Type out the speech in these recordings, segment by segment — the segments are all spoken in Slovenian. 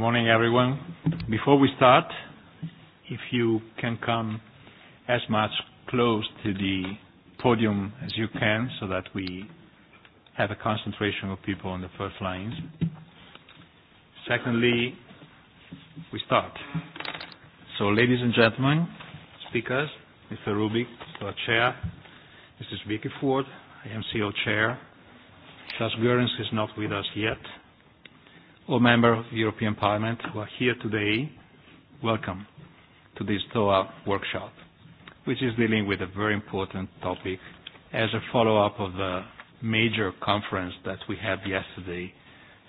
morning, everyone. Before we start, if you can come as much close to the podium as you can so that we have a concentration of people on the first lines. Secondly, we start. Ladies and gentlemen, speakers, Mr. Rubik, our Chair, Mrs. Vicky Ford, IMCO e Chair. Charles Gerens is not with us yet. All members of the European Parliament who are here today, welcome to this Doha workshop, which is dealing with a very important topic as a follow-up of the major conference that we had yesterday,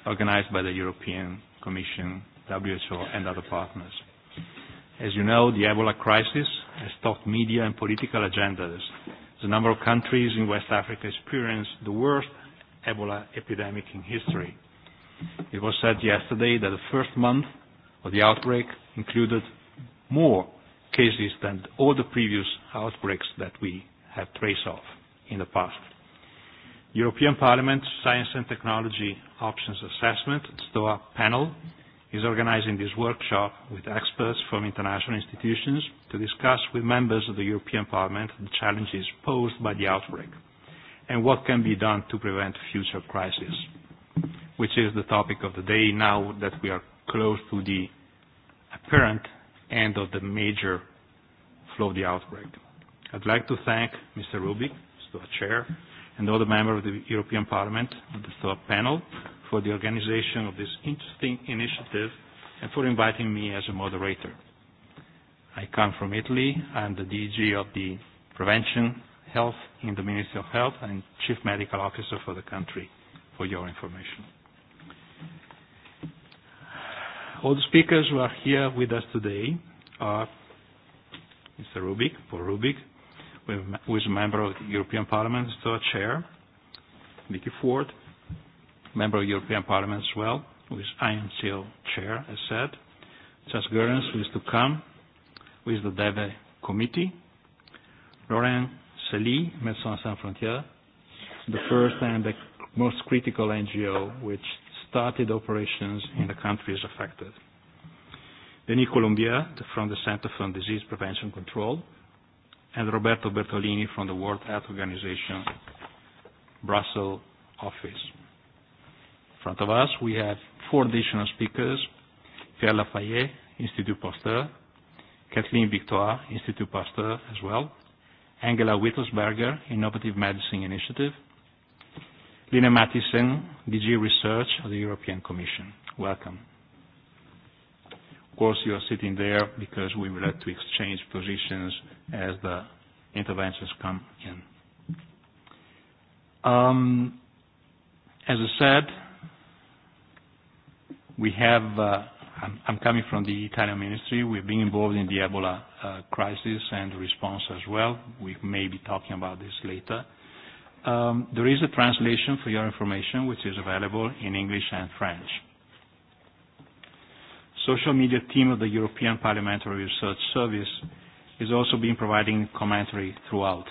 organized by the European Commission, WHO, and other partners. As you know, the Ebola crisis has topped media and political agendas. The number of countries in West Africa experienced the worst Ebola epidemic in history. It was said yesterday that the first month of the outbreak included more cases than all the previous outbreaks that we have traced of in the past. European Parliament Science and Technology Options Assessment, STOA panel, is organizing this workshop with experts from international institutions to discuss with members of the European Parliament the challenges posed by the outbreak and what can be done to prevent future crises which is the topic of the day now that we are close to the apparent end of the major flu of the outbreak. I'd like to thank Mr. Rubik, who's the chair, and all the member of the European Parliament on this top panel for the organization of this interesting initiative and for inviting me as a moderator. I come from Italy. I'm the DG of the Prevention Health in the Ministry of Health and Chief Medical Officer for the country for your information. All the speakers who are here with us today are Mr. Rubik, Paul Rubik, who is a member of the European Parliament, still a chair, Vicky Ford, member of the European Parliament as well, who is I am still chair, as said, Charles Gerens, who is to come, who is the DEVE committee, Laurent Sely, Médecins Sans Frontières, the first and the most critical NGO which started operations in the countries affected. Denis Colombier from the Center for Disease Prevention and Control, and Roberto Bertolini from the World Health Organization Brussels office. In front of us, we have four additional speakers Pierre Lafayette, Institut Pasteur, Kathleen Victoire, Institut Pasteur as well, Angela Wittelsberger, Innovative Medicine Initiative. Line Mathisen, DG Research of the European Commission. Welcome. Of course, you are sitting there because we would like to exchange positions as the interventions come in. Um, as I said, we have, uh, I'm, I'm coming from the Italian ministry, we've been involved in the Ebola uh, crisis and response as well. We may be talking about this later um, there is a translation for your information which is available in English and French. Social media team of the European Parliamentary Research Service is also been providing commentary throughout.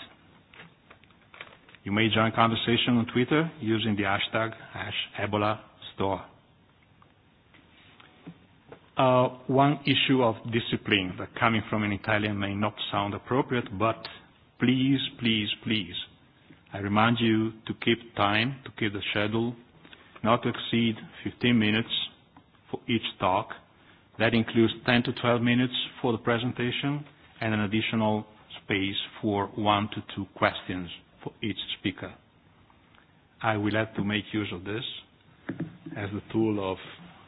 You may join conversation on Twitter using the hashtag hash Ebola store. Uh, one issue of discipline that coming from an Italian may not sound appropriate, but please, please, please, I remind you to keep time, to keep the schedule, not to exceed 15 minutes for each talk. That includes 10-12 minutes for the presentation and an additional space for one to two questions for each speaker. I will have to make use of this as a tool of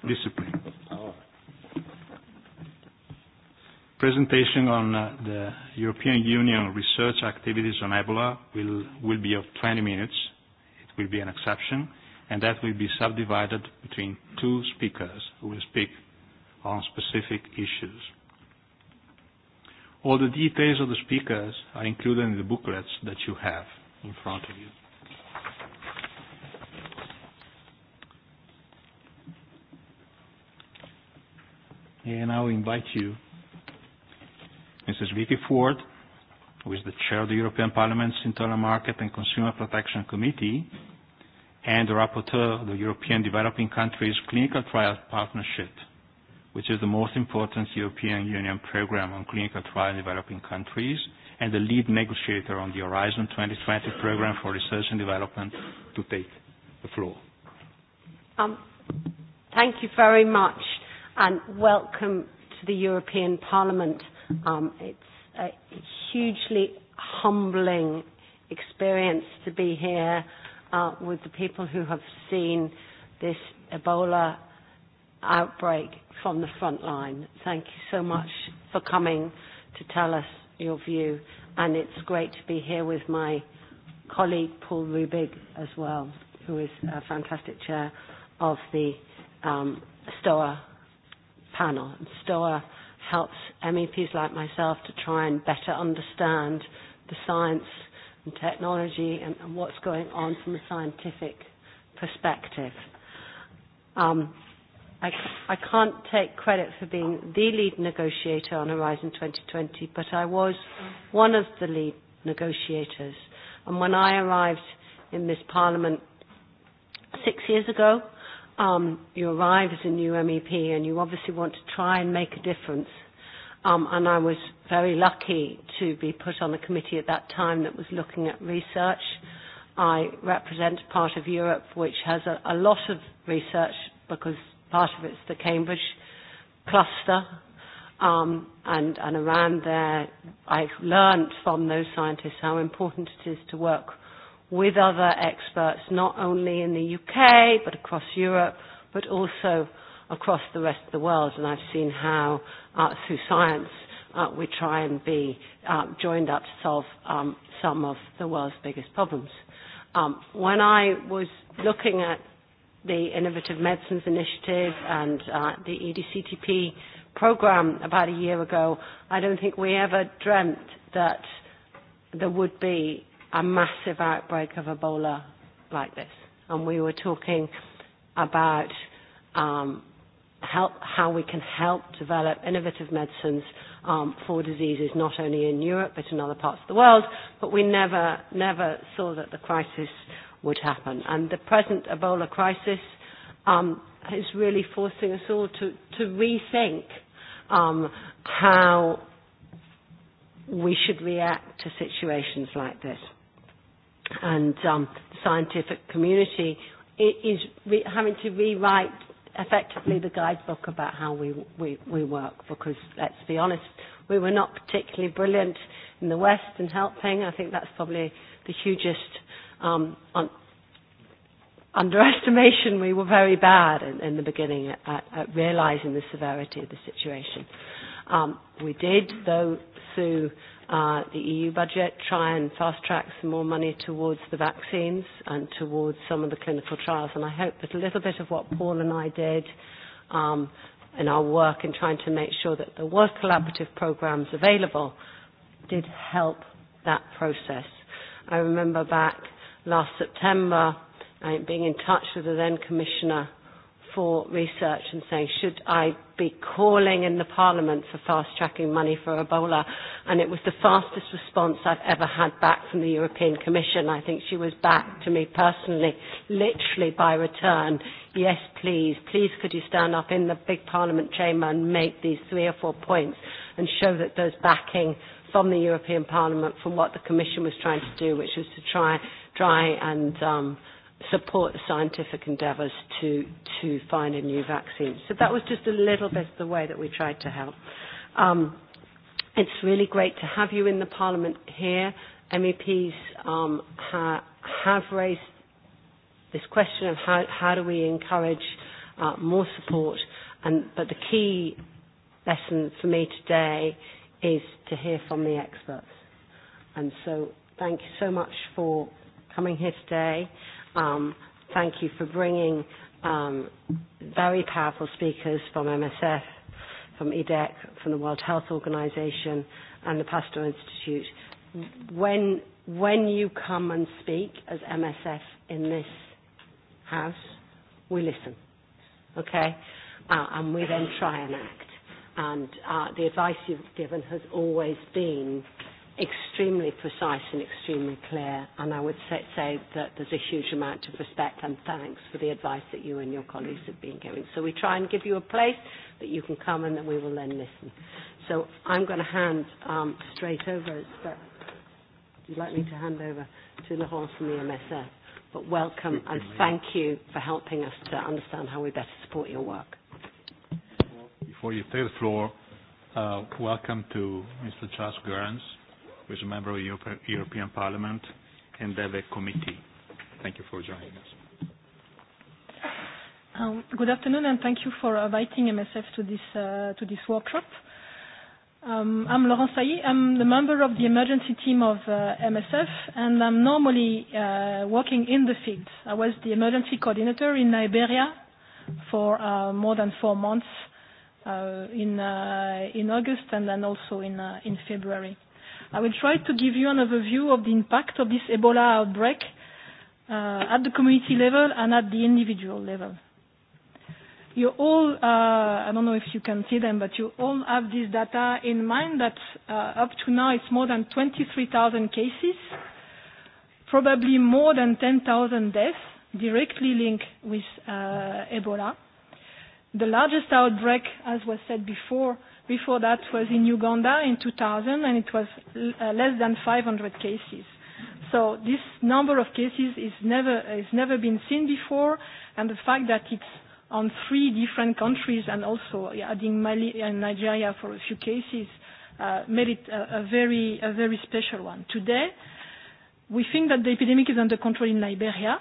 discipline. Oh presentation on uh, the European Union research activities on Ebola will, will be of 20 minutes. It will be an exception, and that will be subdivided between two speakers who will speak on specific issues. All the details of the speakers are included in the booklets that you have in front of you. And I will invite you. Mrs. Vicky Ford, who is the chair of the European Parliament's Internal Market and Consumer Protection Committee, and the rapporteur of the European Developing Countries Clinical Trial Partnership, which is the most important European Union program on clinical trial in developing countries, and the lead negotiator on the Horizon 2020 program for research and development to take the floor. Um, thank you very much, and welcome to the European Parliament. Um, it's a hugely humbling experience to be here uh, with the people who have seen this Ebola outbreak from the front line. Thank you so much for coming to tell us your view, and it's great to be here with my colleague Paul Rubig as well, who is a fantastic chair of the um, STOA panel. STOA helps MEPs like myself to try and better understand the science and technology and, and what's going on from a scientific perspective. Um, I, I can't take credit for being the lead negotiator on Horizon 2020, but I was one of the lead negotiators. And when I arrived in this parliament six years ago, um, you arrive as a new MEP and you obviously want to try and make a difference um, and I was very lucky to be put on a committee at that time that was looking at research. I represent part of Europe which has a, a lot of research because part of it's the Cambridge cluster. Um, and, and around there, I've learned from those scientists how important it is to work with other experts, not only in the UK, but across Europe, but also across the rest of the world, and I've seen how uh, through science uh, we try and be uh, joined up to solve um, some of the world's biggest problems. Um, when I was looking at the Innovative Medicines Initiative and uh, the EDCTP program about a year ago, I don't think we ever dreamt that there would be a massive outbreak of Ebola like this. And we were talking about um, how we can help develop innovative medicines um, for diseases not only in Europe but in other parts of the world. We never saw that the crisis would happen. The present Ebola crisis um, is really forcing us all to rethink um, how we should react to situations like this. The scientific community is having to rewrite effectively the guidebook about how we, we, we work, because let's be honest, we were not particularly brilliant in the West in helping. I think that's probably the hugest um, un- underestimation. We were very bad in, in the beginning at, at, at realizing the severity of the situation. Um, we did, though, through Uh, the EU budget, try and fast track some more money towards the vaccines and towards some of the clinical trials. I hope that a little bit of what Paul and I did um, in our work in trying to make sure that there were collaborative programs available did help that process. I remember back last September being in touch with the then Commissioner for research and say, should I be calling in the Parliament for fast tracking money for Ebola? And it was the fastest response I've ever had back from the European Commission. I think she was back to me personally, literally by return. Yes, please, please could you stand up in the big Parliament chamber and make these three or four points and show that there's backing from the European Parliament for what the Commission was trying to do, which was to try, try and. Um, support scientific endeavours to to find a new vaccine. So that was just a little bit of the way that we tried to help. Um, it's really great to have you in the Parliament here. MEPs um, ha- have raised this question of how, how do we encourage uh, more support, and, but the key lesson for me today is to hear from the experts. And so thank you so much for coming here today. Um, thank you for bringing um, very powerful speakers from MSF, from EDEC, from the World Health Organization, and the Pasteur Institute. When, when you come and speak as MSF in this house, we listen, okay? Uh, and we then try and act. And uh, the advice you've given has always been extremely precise and extremely clear. And I would say, say that there's a huge amount of respect and thanks for the advice that you and your colleagues have been giving. So we try and give you a place that you can come and that we will then listen. So I'm going to hand um, straight over. But you'd like me to hand over to Laurence and the MSF. But welcome and thank you for helping us to understand how we better support your work. Before you take the floor, uh, welcome to Mr. Charles Gerns who is a member of the Europe, European Parliament and the committee. Thank you for joining us. Um, good afternoon and thank you for inviting MSF to this, uh, to this workshop. Um, I'm Laurent Sailly. I'm the member of the emergency team of uh, MSF and I'm normally uh, working in the field. I was the emergency coordinator in Iberia for uh, more than four months uh, in, uh, in August and then also in, uh, in February. I will try to give you an overview of the impact of this Ebola outbreak uh, at the community level and at the individual level. You all, uh, I don't know if you can see them, but you all have this data in mind that uh, up to now it's more than 23,000 cases, probably more than 10,000 deaths directly linked with uh, Ebola. The largest outbreak, as was said before, Before that was in Uganda in 2000, and it was l- uh, less than 500 cases. So this number of cases is never, has never been seen before, and the fact that it's on three different countries and also adding Mali and Nigeria for a few cases uh, made it a, a, very, a very special one. Today, we think that the epidemic is under control in Liberia,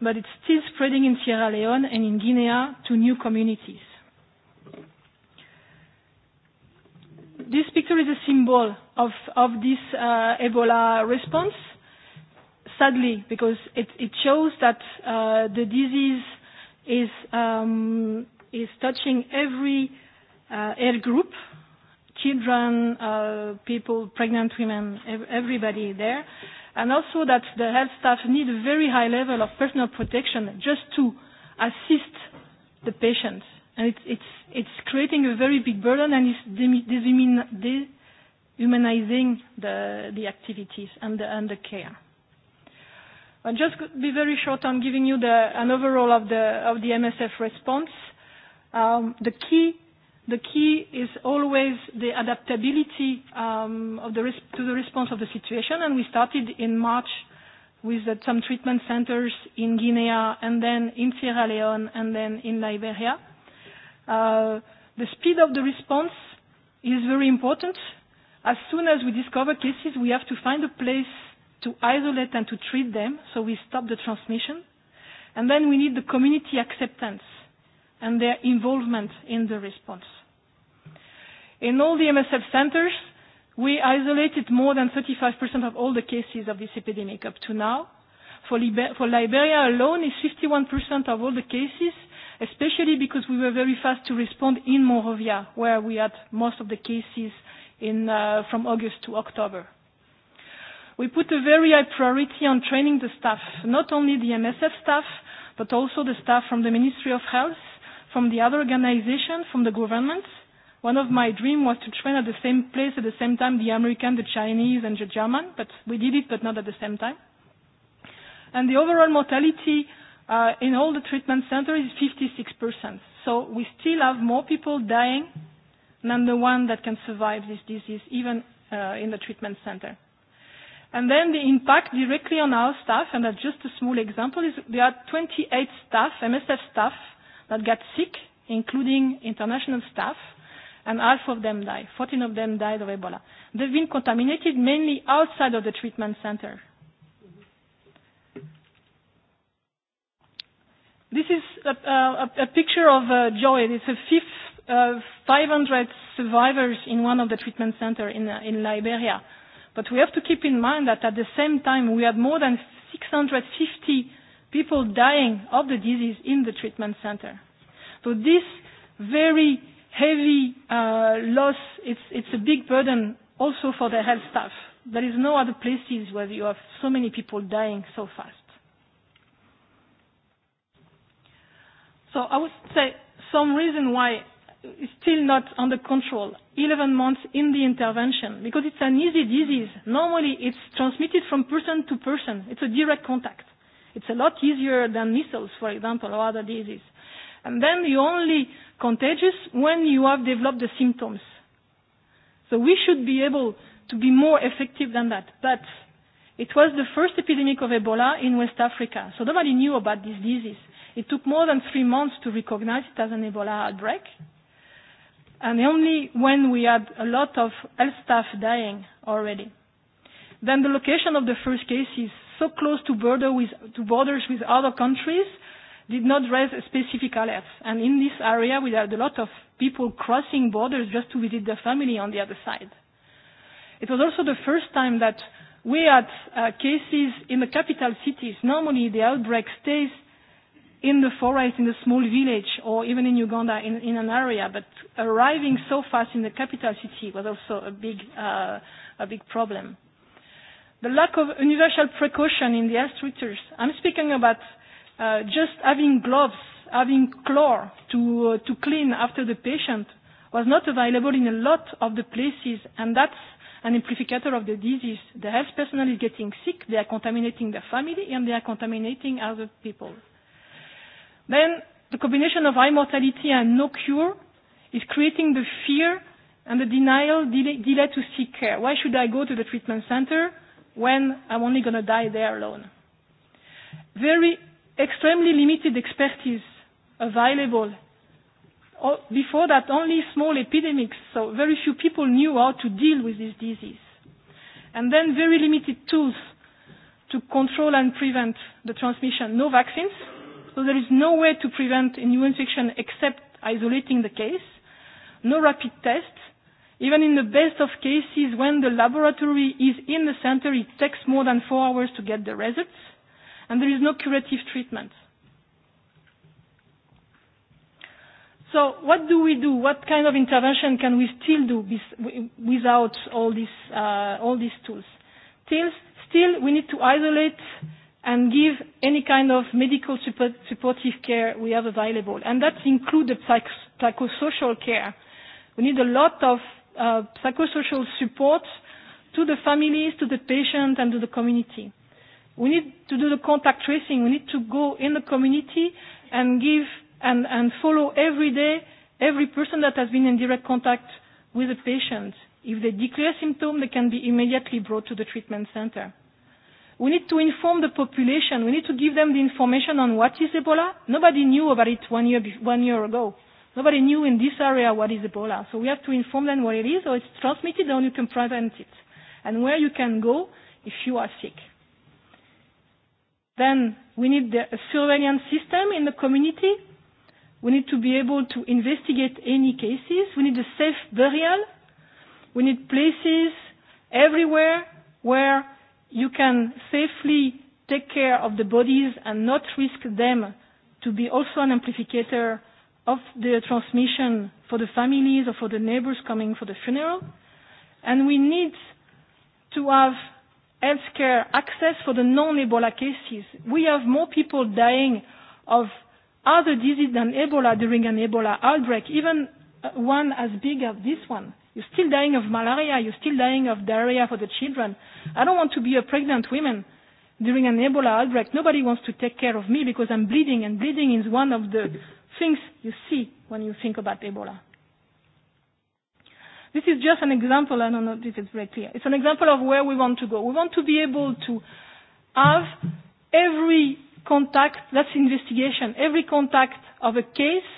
but it's still spreading in Sierra Leone and in Guinea to new communities. this picture is a symbol of, of this uh, Ebola response, sadly, because it, it shows that uh, the disease is, um, is touching every uh, air group children, uh, people, pregnant women, ev- everybody there. And also that the health staff need a very high level of personal protection just to assist the patients and it's it's it's creating a very big burden and it's dehumanizing the the activities and the and the care. I'll just be very short on giving you the an overall of the of the MSF response. Um, the key the key is always the adaptability um, of the res- to the response of the situation, and we started in March with uh, some treatment centers in Guinea, and then in Sierra Leone, and then in Liberia. Uh, uh, the speed of the response is very important. As soon as we discover cases, we have to find a place to isolate and to treat them so we stop the transmission. And then we need the community acceptance and their involvement in the response. In all the MSF centers, we isolated more than 35% of all the cases of this epidemic up to now. For, Liber- for Liberia alone, it's 51% of all the cases especially because we were very fast to respond in Monrovia, where we had most of the cases in, uh, from August to October. We put a very high priority on training the staff, not only the MSF staff, but also the staff from the Ministry of Health, from the other organizations, from the government. One of my dreams was to train at the same place at the same time the American, the Chinese, and the German, but we did it, but not at the same time. And the overall mortality Uh, in all the treatment centers is 56%. So we still have more people dying than the one that can survive this disease, even uh, in the treatment center. And then the impact directly on our staff, and that's just a small example, is there are 28 staff, MSF staff, that got sick, including international staff, and half of them died. 14 of them died of Ebola. They've been contaminated mainly outside of the treatment center. This is a, a, a picture of uh, Joy. It's a fifth of uh, 500 survivors in one of the treatment centers in, uh, in Liberia. But we have to keep in mind that at the same time, we had more than 650 people dying of the disease in the treatment center. So this very heavy uh, loss, it's, it's a big burden also for the health staff. There is no other places where you have so many people dying so fast. So I would say some reason why it's still not under control, 11 months in the intervention, because it's an easy disease. Normally, it's transmitted from person to person. It's a direct contact. It's a lot easier than measles, for example, or other diseases. And then you're only contagious when you have developed the symptoms. So we should be able to be more effective than that. But it was the first epidemic of Ebola in West Africa, so nobody knew about this disease. It took more than three months to recognize it as an Ebola outbreak. And only when we had a lot of health staff dying already. Then the location of the first case is so close to, border with, to borders with other countries did not raise a specific alert. And in this area, we had a lot of people crossing borders just to visit their family on the other side. It was also the first time that we had uh, cases in the capital cities. Normally, the outbreak stays in the forest, in a small village, or even in Uganda, in, in an area, but arriving so fast in the capital city was also a big, uh, a big problem. The lack of universal precaution in the health structures. I'm speaking about uh, just having gloves, having chlor to, uh, to clean after the patient was not available in a lot of the places, and that's an amplificator of the disease. The health personnel is getting sick, they are contaminating their family, and they are contaminating other people. Then the combination of high mortality and no cure is creating the fear and the denial, delay, delay to seek care. Why should I go to the treatment center when I'm only going to die there alone? Very extremely limited expertise available. Oh, before that, only small epidemics, so very few people knew how to deal with this disease. And then very limited tools to control and prevent the transmission. No vaccines, So there is no way to prevent a new infection except isolating the case. No rapid test. Even in the best of cases, when the laboratory is in the center, it takes more than four hours to get the results. And there is no curative treatment. So what do we do? What kind of intervention can we still do without all these, uh, all these tools? Still, still, we need to isolate and give any kind of medical support, supportive care we have available. And that includes the psych- psychosocial care. We need a lot of uh, psychosocial support to the families, to the patient, and to the community. We need to do the contact tracing. We need to go in the community and give and, and follow every day every person that has been in direct contact with the patient. If they declare symptoms, they can be immediately brought to the treatment center. We need to inform the population. We need to give them the information on what is Ebola. Nobody knew about it one year, one year ago. Nobody knew in this area what is Ebola. So we have to inform them what it is, or it's transmitted, or you can prevent it, and where you can go if you are sick. Then we need the, a surveillance system in the community. We need to be able to investigate any cases. We need a safe burial. We need places everywhere where you can safely take care of the bodies and not risk them to be also an amplificator of the transmission for the families or for the neighbors coming for the funeral. And we need to have healthcare access for the non-Ebola cases. We have more people dying of other diseases than Ebola during an Ebola outbreak, even uh, one as big as this one. You're still dying of malaria. You're still dying of diarrhea for the children. I don't want to be a pregnant woman during an Ebola outbreak. Nobody wants to take care of me because I'm bleeding, and bleeding is one of the things you see when you think about Ebola. This is just an example. I don't know if it's very clear. It's an example of where we want to go. We want to be able to have every contact, that's investigation, every contact of a case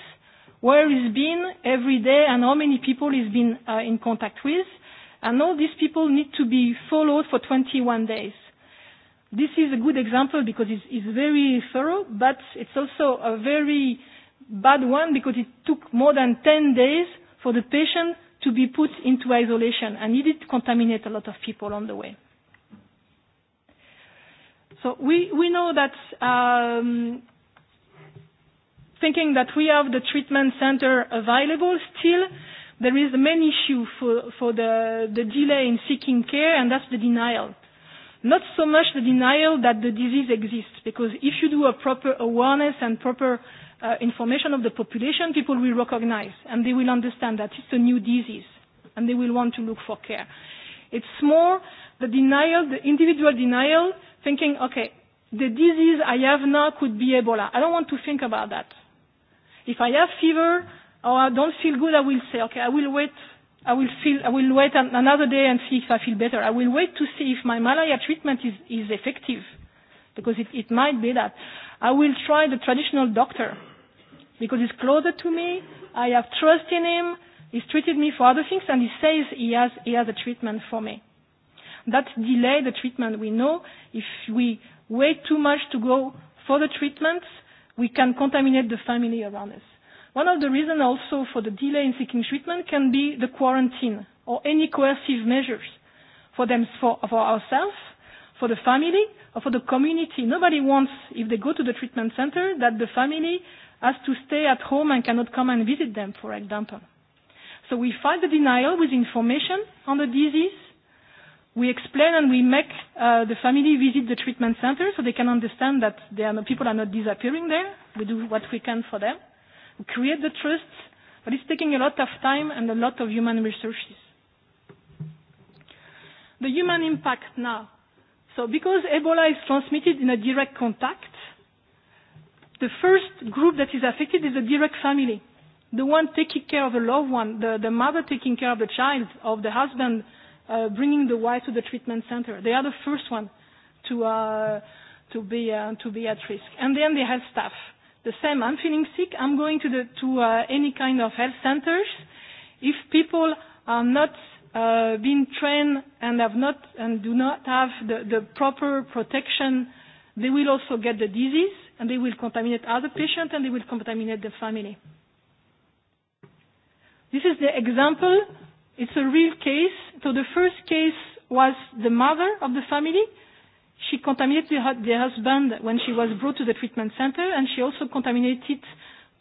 where he's been every day and how many people he's been uh, in contact with. And all these people need to be followed for 21 days. This is a good example because it's, it's very thorough, but it's also a very bad one because it took more than 10 days for the patient to be put into isolation and he did contaminate a lot of people on the way. So we, we know that um, thinking that we have the treatment center available still, there is the main issue for, for the, the delay in seeking care, and that's the denial. Not so much the denial that the disease exists, because if you do a proper awareness and proper uh, information of the population, people will recognize and they will understand that it's a new disease and they will want to look for care. It's more the denial, the individual denial, thinking, okay, the disease I have now could be Ebola. I don't want to think about that. If I have fever or oh, I don't feel good, I will say, okay, I will wait. I will feel. I will wait an, another day and see if I feel better. I will wait to see if my malaria treatment is, is effective, because it, it might be that. I will try the traditional doctor, because he's closer to me. I have trust in him. He's treated me for other things, and he says he has he has a treatment for me. That delay the treatment. We know if we wait too much to go for the treatments, we can contaminate the family around us. One of the reasons also for the delay in seeking treatment can be the quarantine or any coercive measures for them, for, for ourselves, for the family, or for the community. Nobody wants, if they go to the treatment center, that the family has to stay at home and cannot come and visit them, for example. So we fight the denial with information on the disease, we explain and we make uh, the family visit the treatment center so they can understand that they are not, people are not disappearing there. We do what we can for them. We create the trust, but it's taking a lot of time and a lot of human resources. The human impact now. So because Ebola is transmitted in a direct contact, the first group that is affected is the direct family. The one taking care of the loved one, the, the mother taking care of the child, of the husband, uh, bringing the wife to the treatment center. They are the first one to uh, to be uh, to be at risk. And then the health staff. The same. I'm feeling sick. I'm going to the to uh, any kind of health centers. If people are not uh, being trained and have not and do not have the, the proper protection, they will also get the disease and they will contaminate other patients and they will contaminate the family. This is the example It's a real case. So the first case was the mother of the family. She contaminated the husband when she was brought to the treatment center, and she also contaminated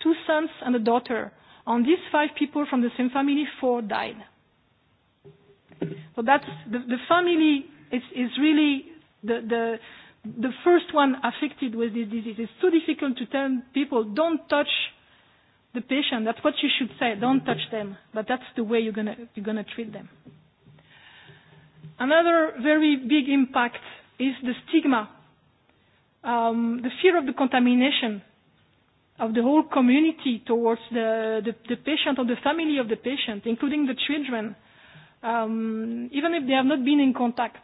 two sons and a daughter. On these five people from the same family, four died. So that's the, the family is, is really the, the, the first one affected with this disease. It's too difficult to tell people don't touch the patient, that's what you should say. Don't touch them, but that's the way you're going you're gonna to treat them. Another very big impact is the stigma, um, the fear of the contamination of the whole community towards the, the, the patient or the family of the patient, including the children, um, even if they have not been in contact.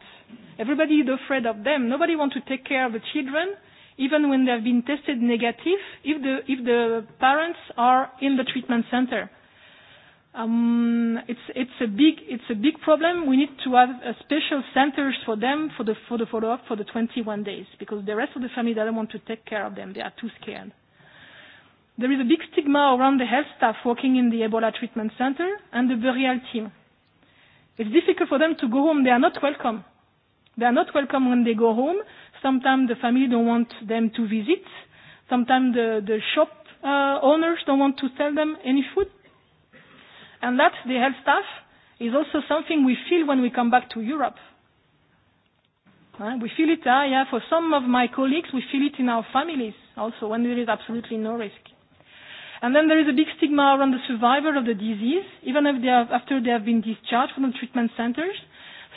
Everybody is afraid of them. Nobody wants to take care of the children even when they have been tested negative, if the, if the parents are in the treatment center. Um, it's, it's, a big, it's a big problem. We need to have a special centers for them for the, for the follow up for the 21 days because the rest of the family doesn't want to take care of them. They are too scared. There is a big stigma around the health staff working in the Ebola treatment center and the burial team. It's difficult for them to go home. They are not welcome. They are not welcome when they go home Sometimes the family don't want them to visit. Sometimes the, the shop uh, owners don't want to sell them any food. And that, the health staff, is also something we feel when we come back to Europe. Uh, we feel it, uh, yeah, for some of my colleagues, we feel it in our families also when there is absolutely no risk. And then there is a big stigma around the survivor of the disease, even if they have, after they have been discharged from the treatment centers.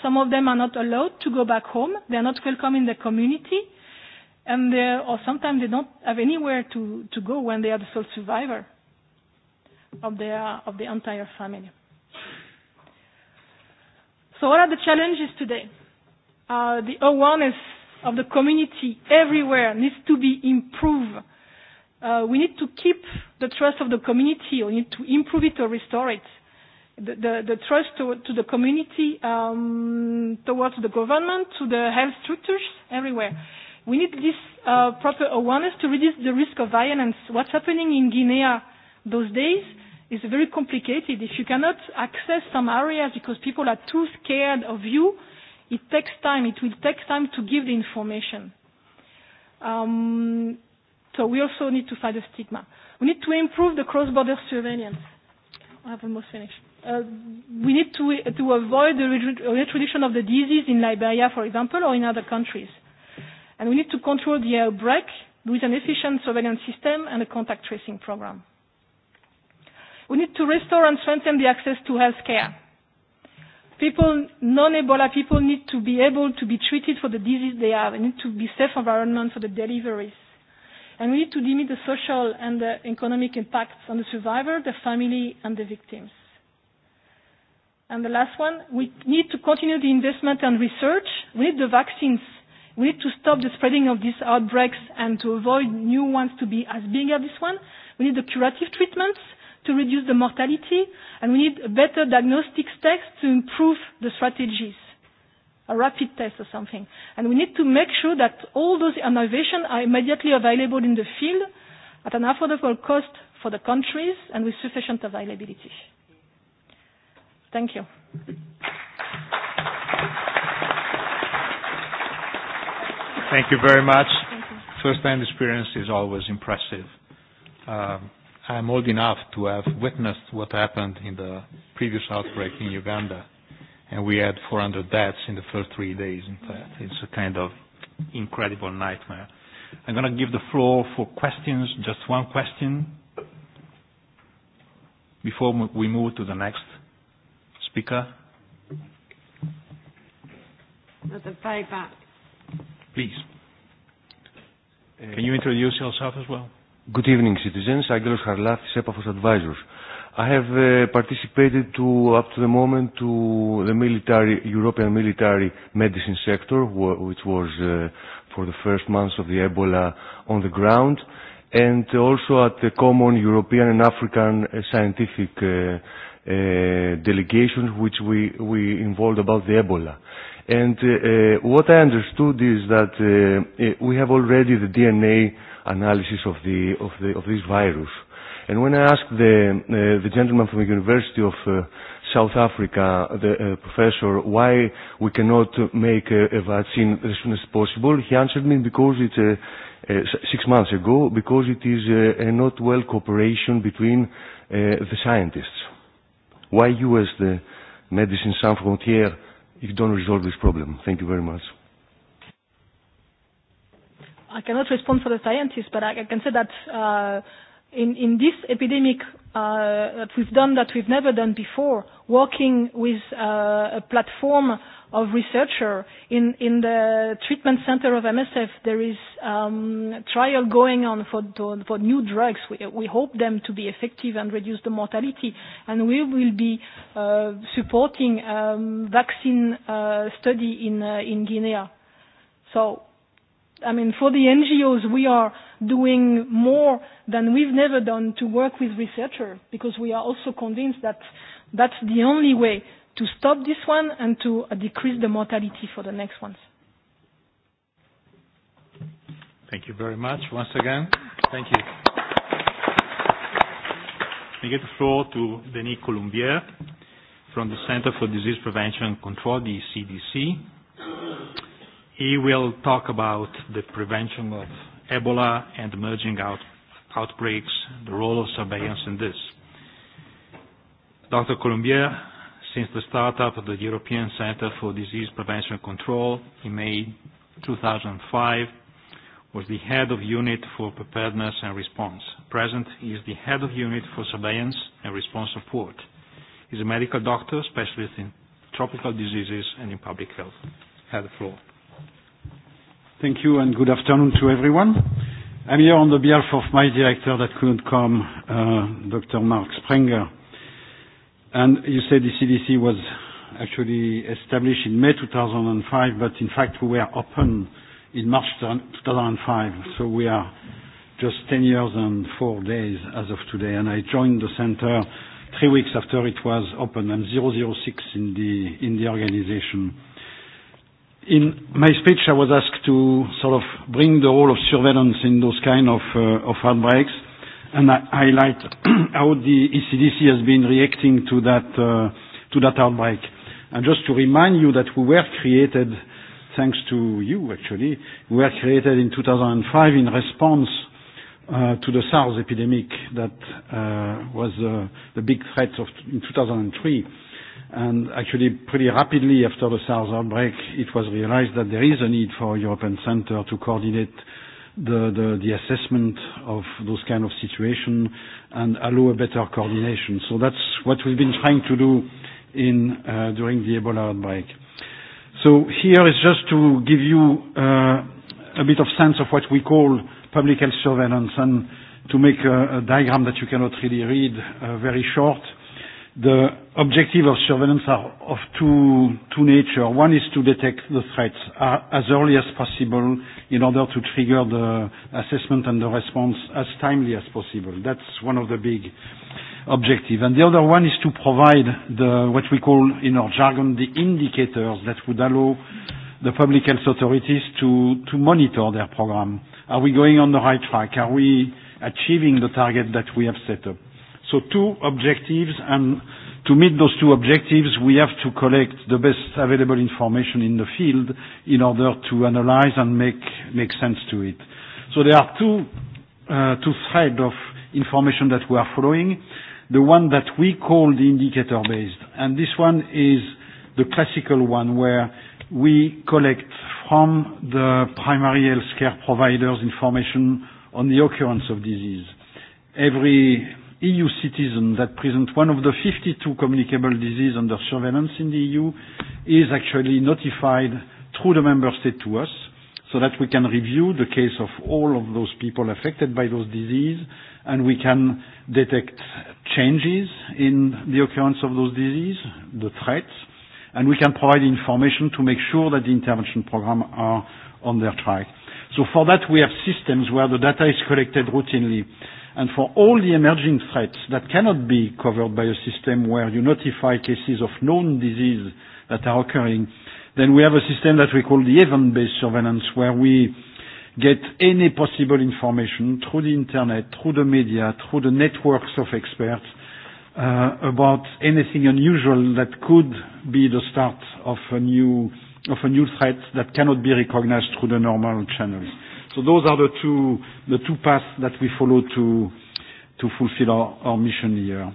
Some of them are not allowed to go back home. They are not welcome in the community, and or sometimes they don't have anywhere to, to go when they are the sole survivor of their of the entire family. So, what are the challenges today? Uh, the awareness of the community everywhere needs to be improved. Uh, we need to keep the trust of the community. We need to improve it or restore it the, the trust to, to the community, um, towards the government, to the health structures, everywhere. We need this uh, proper awareness to reduce the risk of violence. What's happening in Guinea those days is very complicated. If you cannot access some areas because people are too scared of you, it takes time. It will take time to give the information. Um, so we also need to fight the stigma. We need to improve the cross-border surveillance. I have almost finished uh, we need to, to avoid the reintroduction of the disease in Liberia, for example, or in other countries. And we need to control the outbreak with an efficient surveillance system and a contact tracing program. We need to restore and strengthen the access to health care. People, non-Ebola people need to be able to be treated for the disease they have. They need to be safe environment for the deliveries. And we need to limit the social and the uh, economic impacts on the survivor, the family, and the victims. The last one, we need to continue the investment and research. We need the vaccines. We need to stop the spreading of these outbreaks and to avoid new ones to be as big as this one. We need the curative treatments to reduce the mortality, and we need better diagnostics tests to improve the strategies, a rapid test or something. We need to make sure that all those innovation are immediately available in the field at an affordable cost for the countries and with sufficient availability. Thank you. Thank you very much. First-hand experience is always impressive. Uh, I'm old enough to have witnessed what happened in the previous outbreak in Uganda, and we had 400 deaths in the first three days, in fact. It's a kind of incredible nightmare. I'm going to give the floor for questions, just one question, before we move to the next. Pika. At the very back. Please. Uh, Can you introduce yourself as well? Good evening, citizens. Agilos Harlathis, Epaphos Advisors. I have uh, participated to, up to the moment to the military, European military medicine sector, wh- which was uh, for the first months of the Ebola on the ground, and also at the common European and African uh, scientific uh, Eh, delegation which we, we involved about the Ebola. And uh, uh, what I understood is that uh, uh, we have already the DNA analysis of, the, of, the, of this virus. And when I asked the, uh, the gentleman from the University of uh, South Africa, the uh, professor, why we cannot make a, a vaccine as soon as possible, he answered me because it's a, a, six months ago, because it is a, a not well cooperation between uh, the scientists why you as the Medicine Sans Frontières you don't resolve this problem? Thank you very much. I cannot respond for the scientists, but I can say that uh, in, in this epidemic uh, that we've done that we've never done before, working with uh, a platform of researcher in, in the treatment center of MSF. There is um, trial going on for, for new drugs. We, we hope them to be effective and reduce the mortality. And we will be uh, supporting um, vaccine uh, study in, uh, in Guinea. So, I mean, for the NGOs, we are doing more than we've never done to work with researchers because we are also convinced that That's the only way to stop this one and to uh, decrease the mortality for the next ones. Thank you very much once again. Thank you. I give the floor to Denis Colombier from the Center for Disease Prevention and Control, the CDC. He will talk about the prevention of Ebola and emerging out- outbreaks, the role of surveillance in this. Dr. Colombier, since the startup of the European Center for Disease Prevention and Control in May 2005, was the head of unit for preparedness and response. Present, he is the head of unit for surveillance and response support. He is a medical doctor, specialist in tropical diseases and in public health. Have the floor. Thank you and good afternoon to everyone. I'm here on the behalf of my director that couldn't come, uh, Dr. Mark Sprenger. You said the CDC was actually established in May 2005, but in fact, we were open in March 2005. We are just 10 years and four days as of today. I joined the center three weeks after it was open. I'm 006 in the organization. In my speech, I was asked to sort of bring the role of surveillance in those kind of uh, outbreaks and I highlight how the ECDC has been reacting to that, uh, to that outbreak. And just to remind you that we were created, thanks to you actually, we were created in 2005 in response uh, to the SARS epidemic that uh, was uh, the big threat of t- in 2003. And actually, pretty rapidly after the SARS outbreak, it was realized that there is a need for a European center to coordinate uh, the, the, the assessment of those kind of situation and allow a better coordination. So that's what we've been trying to do in, uh, during the Ebola outbreak. So here is just to give you uh, a bit of sense of what we call public health surveillance and to make a, a diagram that you cannot really read uh, very short the objective of surveillance are of two, two nature. One is to detect the threats uh, as early as possible in order to trigger the assessment and the response as timely as possible. That's one of the big objectives. And the other one is to provide the, what we call in our jargon the indicators that would allow the public health authorities to, to monitor their program. Are we going on the right track? Are we achieving the target that we have set up? Two objectives, and to meet those two objectives, we have to collect the best available information in the field in order to analyze and make sense to it. There are two uh, threads of information that we are following. The one that we call the indicator-based, and this one is the classical one, where we collect from the primary healthcare providers information on the occurrence of disease. Every EU citizen that present one of the 52 communicable diseases under surveillance in the EU is actually notified through the member state to us so that we can review the case of all of those people affected by those diseases and we can detect changes in the occurrence of those diseases, the threats, and we can provide information to make sure that the intervention programs are on their track. So for that we have systems where the data is collected routinely and for all the emerging threats that cannot be covered by a system where you notify cases of known disease that are occurring, then we have a system that we call the event-based surveillance, where we get any possible information through the internet, through the media, through the networks of experts uh, about anything unusual that could be the start of a new of a new threat that cannot be recognized through the normal channels. So those are the two, the two paths that we follow to fulfill our mission here.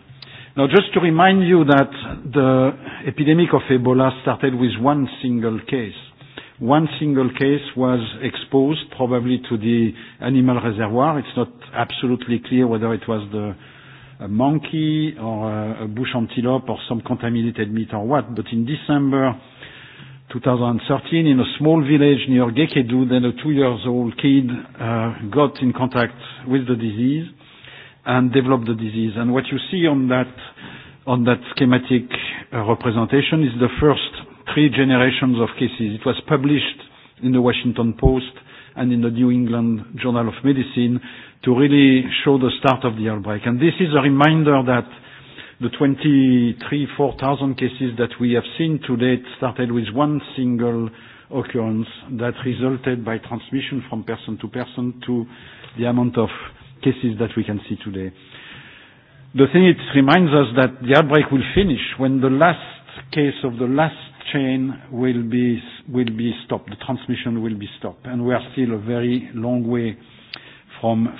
Now, just to remind you that the epidemic of Ebola started with one single case. One single case was exposed, probably to the animal reservoir. It's not absolutely clear whether it was the, a monkey or a bush antelope or some contaminated meat or what, but in December 2013 in a small village near Gekedu, then a two years old kid uh, got in contact with the disease and developed the disease. And what you see on that, on that schematic uh, representation is the first three generations of cases. It was published in the Washington Post and in the New England Journal of Medicine to really show the start of the outbreak. And this is a reminder that the 23, 4,000 cases that we have seen to date started with one single occurrence that resulted by transmission from person to person to the amount of cases that we can see today. The thing it reminds us that the outbreak will finish when the last case of the last chain will be, will be stopped, the transmission will be stopped, and we are still a very long way uh,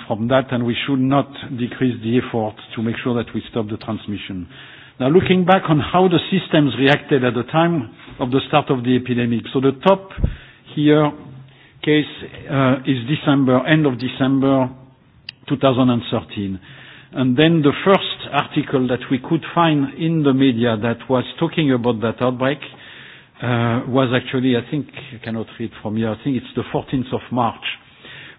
from that, and we should not decrease the effort to make sure that we stop the transmission. Now, looking back on how the systems reacted at the time of the start of the epidemic. The top here case uh, is December, end of December 2013. The first article that we could find in the media that was talking about that outbreak uh, was actually, I think, I cannot read from here. I think it's the 14th of March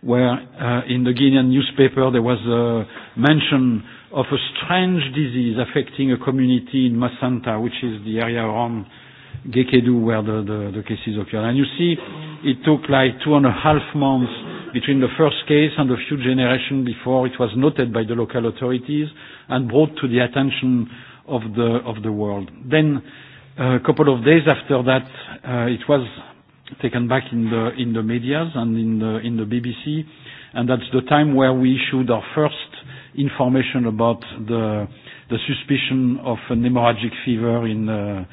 where uh, in the Guinean newspaper there was a mention of a strange disease affecting a community in Masanta, which is the area around Gekedu where the, the, the cases occurred. And you see, it took like two and a half months between the first case and a few generations before it was noted by the local authorities and brought to the attention of the, of the world. Then, uh, a couple of days after that, uh, it was taken back in the in the medias and in the in the BBC and that's the time where we issued our first information about the the suspicion of an hemorrhagic fever in uh,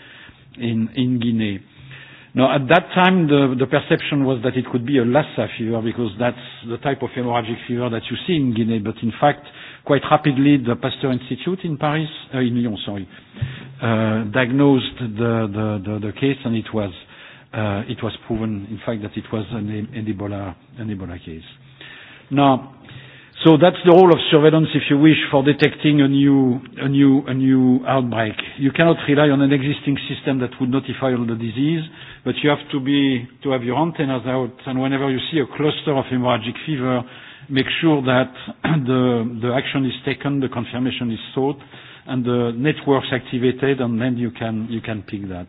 in in Guinea now at that time the the perception was that it could be a Lassa fever because that's the type of hemorrhagic fever that you see in Guinea but in fact quite rapidly the Pasteur Institute in Paris uh, in Lyon sorry uh, diagnosed the, the the the case and it was uh, Uh, it was proven, in fact, that it was e-, an Ebola case. Now, so that's the role of surveillance, if you wish, for detecting a new outbreak. You cannot rely on an existing system that would notify all the disease, but you have to have your antennas out, and whenever you see a cluster of hemorrhagic fever, make sure that the action is taken, the confirmation is sought, and the network's activated, and then you can pick that.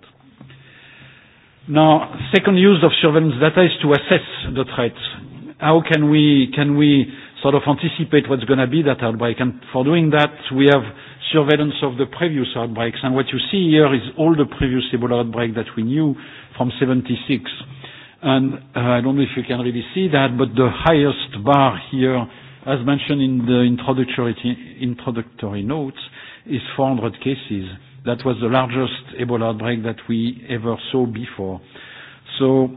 Now, second use of surveillance data is to assess the threat. How can we, can we sort of anticipate what's going to be that outbreak? And for doing that, we have surveillance of the previous outbreaks. And what you see here is all the previous Ebola outbreak that we knew from 76. And uh, I don't know if you can really see that, but the highest bar here, as mentioned in the introductory, introductory notes, is 400 cases that was the largest Ebola outbreak that we ever saw before. So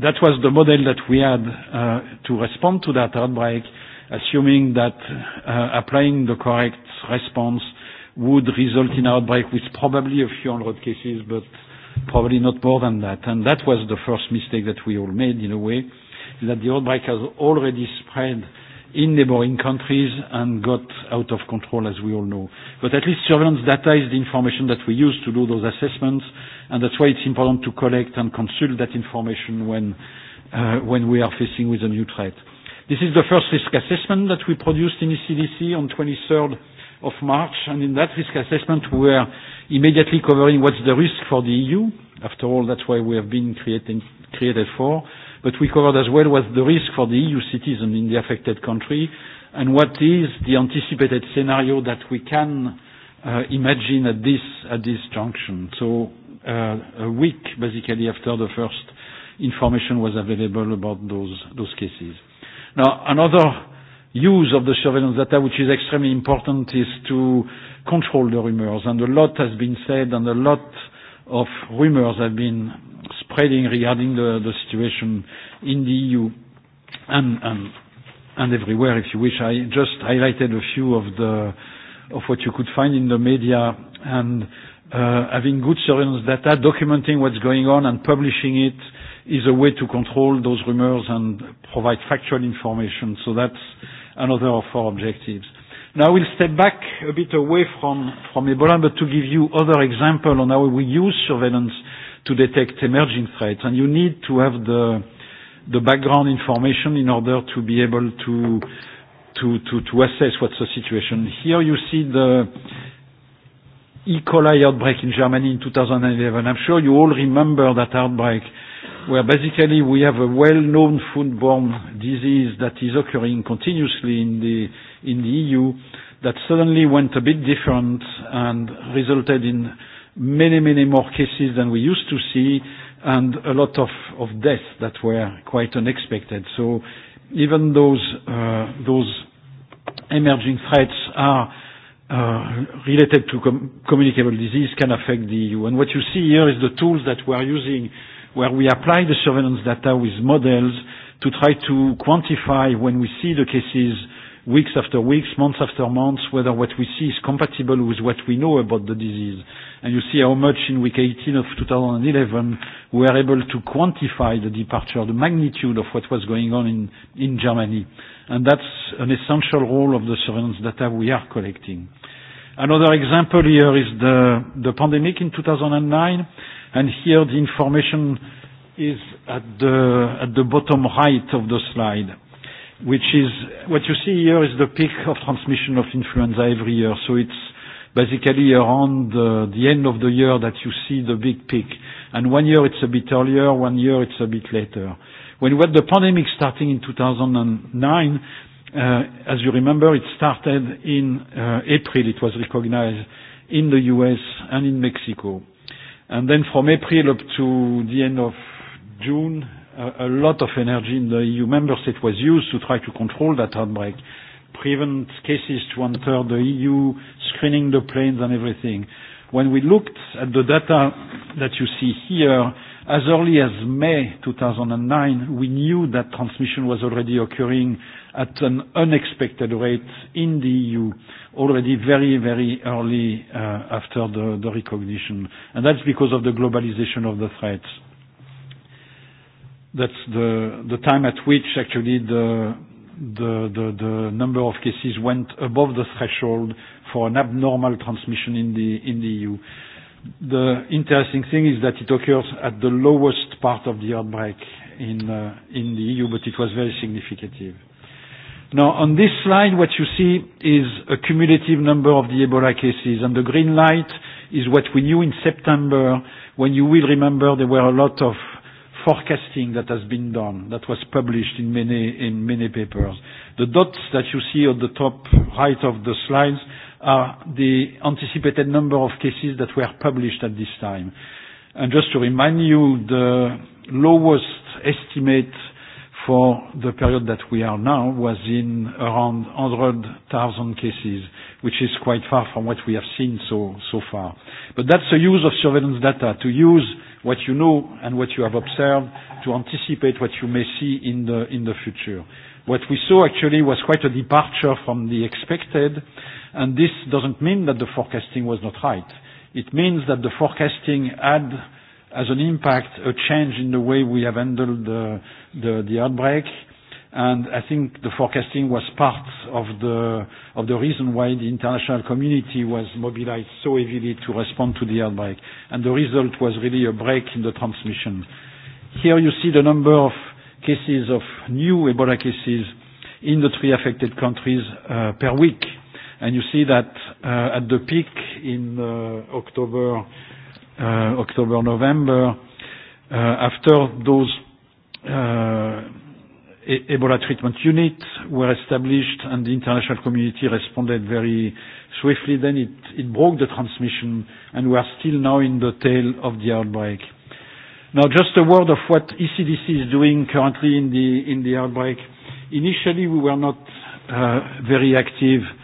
that was the model that we had uh, to respond to that outbreak, assuming that uh, applying the correct response would result in outbreak with probably a few hundred cases, but probably not more than that. And that was the first mistake that we all made, in a way, that the outbreak has already spread uh, in neighboring countries and got out of control, as we all know. But at least surveillance data is the information that we use to do those assessments, and that's why it's important to collect and consult that information when, uh, when we are facing with a new threat. This is the first risk assessment that we produced in ECDC on 23rd of March, and in that risk assessment we were immediately covering what's the risk for the EU. After all, that's why we have been created, created for but we covered as well what's the risk for the EU citizen in the affected country and what is the anticipated scenario that we can uh, imagine at this, at this junction. So uh, a week basically after the first information was available about those, those cases. Now another use of the surveillance data which is extremely important is to control the rumors and a lot has been said and a lot of rumors have been spreading regarding the, the situation in the EU and, and, and everywhere, if you wish. I just highlighted a few of, the, of what you could find in the media and uh, having good surveillance data, documenting what's going on and publishing it is a way to control those rumors and provide factual information. So that's another of our objectives. Now we'll step back a bit away from, from Ebola, but to give you other examples on how we use surveillance to detect emerging threats, and you need to have the the background information in order to be able to to to, to assess what's the situation. Here you see the E. coli outbreak in Germany in 2011. I'm sure you all remember that outbreak, where basically we have a well-known foodborne disease that is occurring continuously in the in the EU, that suddenly went a bit different and resulted in many, many more cases than we used to see, and a lot of, of deaths that were quite unexpected. So even those, uh, those emerging threats are uh, related to com- communicable disease can affect the EU. And what you see here is the tools that we are using, where we apply the surveillance data with models to try to quantify when we see the cases – weeks after weeks, months after months, whether what we see is compatible with what we know about the disease. And you see how much in week 18 of 2011, we are able to quantify the departure, the magnitude of what was going on in, in Germany. And that's an essential role of the surveillance data we are collecting. Another example here is the, the pandemic in 2009. And here the information is at the, at the bottom right of the slide which is what you see here is the peak of transmission of influenza every year. It's basically around the end of the year that you see the big peak. One year it's a bit earlier, one year it's a bit later. When we had the pandemic starting in 2009, uh, as you remember, it started in uh, April. It was recognized in the U.S. and in Mexico. From April up to the end of June, a lot of energy in the EU member state was used to try to control that outbreak, prevent cases to enter the EU, screening the planes and everything. When we looked at the data that you see here, as early as May 2009, we knew that transmission was already occurring at an unexpected rate in the EU, already very, very early uh, after the, the recognition. And that's because of the globalization of the threats that's the the time at which actually the the the the number of cases went above the threshold for an abnormal transmission in the in the EU. The interesting thing is that it occurs at the lowest part of the outbreak in uh, in the EU, but it was very significant. Now, on this slide, what you see is a cumulative number of the Ebola cases, and the green light is what we knew in September, when you will remember there were a lot of forecasting that has been done, that was published in many, in many papers. The dots that you see on the top right of the slides are the anticipated number of cases that were published at this time. And just to remind you, the lowest estimate for the period that we are now was in around 100,000 cases, which is quite far from what we have seen so, so far. But that's the use of surveillance data, to use what you know and what you have observed to anticipate what you may see in the future. What we saw actually was quite a departure from the expected, and this doesn't mean that the forecasting was not right. It means that the forecasting had, as an impact, a change in the way we have handled the outbreak, and I think the forecasting was part of the of the reason why the international community was mobilized so heavily to respond to the outbreak. And the result was really a break in the transmission. Here you see the number of cases of new Ebola cases in the three affected countries uh, per week, and you see that uh, at the peak in uh, October, uh, October, November, uh, after those. Uh, E- Ebola treatment unit were established and the international community responded very swiftly. Then it, it broke the transmission and we are still now in the tail of the outbreak. Now just a word of what ECDC is doing currently in the, in the outbreak. Initially we were not uh, very active uh,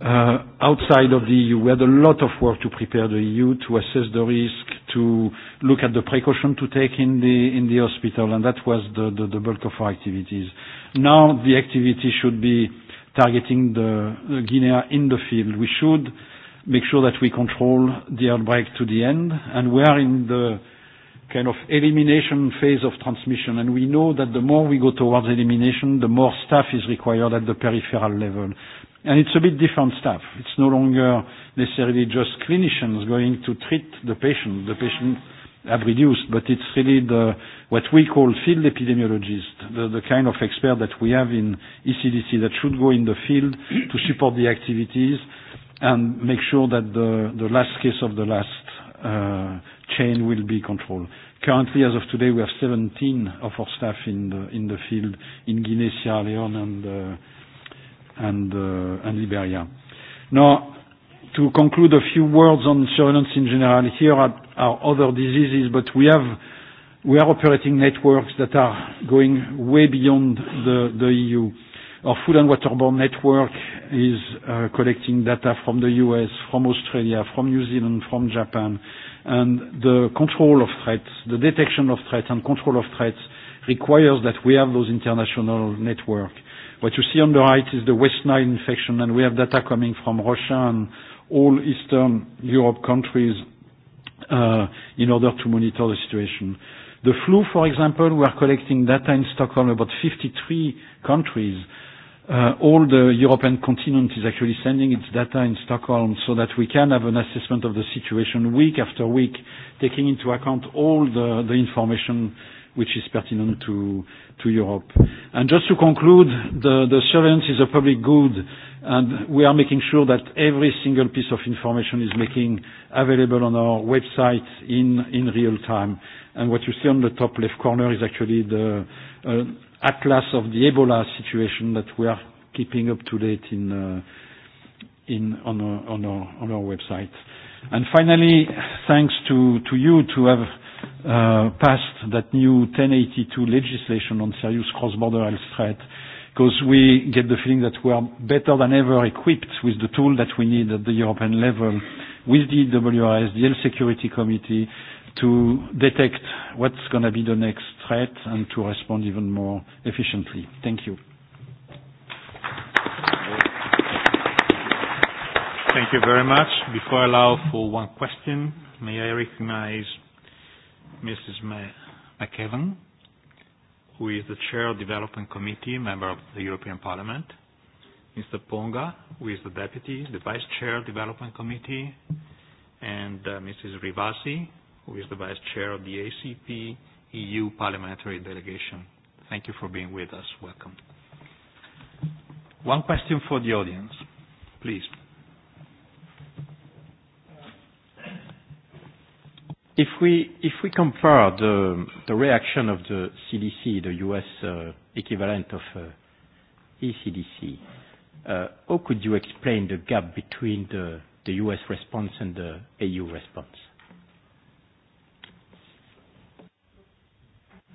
Uh, outside of the EU. We had a lot of work to prepare the EU to assess the risk, to look at the precaution to take in the in the hospital, and that was the, the, the bulk of our activities. Now the activity should be targeting the, the Guinea in the field. We should make sure that we control the outbreak to the end, and we are in the kind of elimination phase of transmission, and we know that the more we go towards elimination, the more staff is required at the peripheral level. And it's a bit different stuff. It's no longer necessarily just clinicians going to treat the patient. The patient have reduced, but it's really the, what we call field epidemiologists, the, the kind of expert that we have in ECDC that should go in the field to support the activities and make sure that the, the last case of the last uh, chain will be controlled. Currently, as of today, we have 17 of our staff in the, in the field in Guinea, Sierra Leone, and uh, and, uh, and Liberia. Now, to conclude a few words on surveillance in general, here are our other diseases, but we have we are operating networks that are going way beyond the, the EU. Our food and waterborne network is uh, collecting data from the US, from Australia, from New Zealand, from Japan, and the control of threats, the detection of threats and control of threats requires that we have those international networks. What you see on the right is the West Nile infection, and we have data coming from Russia and all Eastern Europe countries uh, in order to monitor the situation. The flu, for example, we are collecting data in Stockholm about 53 countries. Uh, all the European continent is actually sending its data in Stockholm so that we can have an assessment of the situation week after week, taking into account all the, the information uh, which is pertinent to, to Europe. And just to conclude, the, the surveillance is a public good, and we are making sure that every single piece of information is making available on our website in, in real time. And what you see on the top left corner is actually the uh, atlas of the Ebola situation that we are keeping up to date in, uh, in, on, our, uh, on, our, on our website. And finally, thanks to, to you to have uh, passed that new 1082 legislation on serious cross-border health threat because we get the feeling that we are better than ever equipped with the tool that we need at the European level with the EWRS, the Health Security Committee, to detect what's going to be the next threat and to respond even more efficiently. Thank you. Thank you very much. Before I allow for one question, may I recognize Mrs. McKevin, who is the Chair of the Development Committee, Member of the European Parliament, Mr. Ponga, who is the Deputy, the Vice Chair of the Development Committee, and uh, Mrs. Rivasi, who is the Vice Chair of the ACP EU Parliamentary Delegation. Thank you for being with us. Welcome. One question for the audience, please. If we if we compare the the reaction of the CDC, the U.S. Uh, equivalent of uh, ECDC, uh, how could you explain the gap between the the U.S. response and the EU response?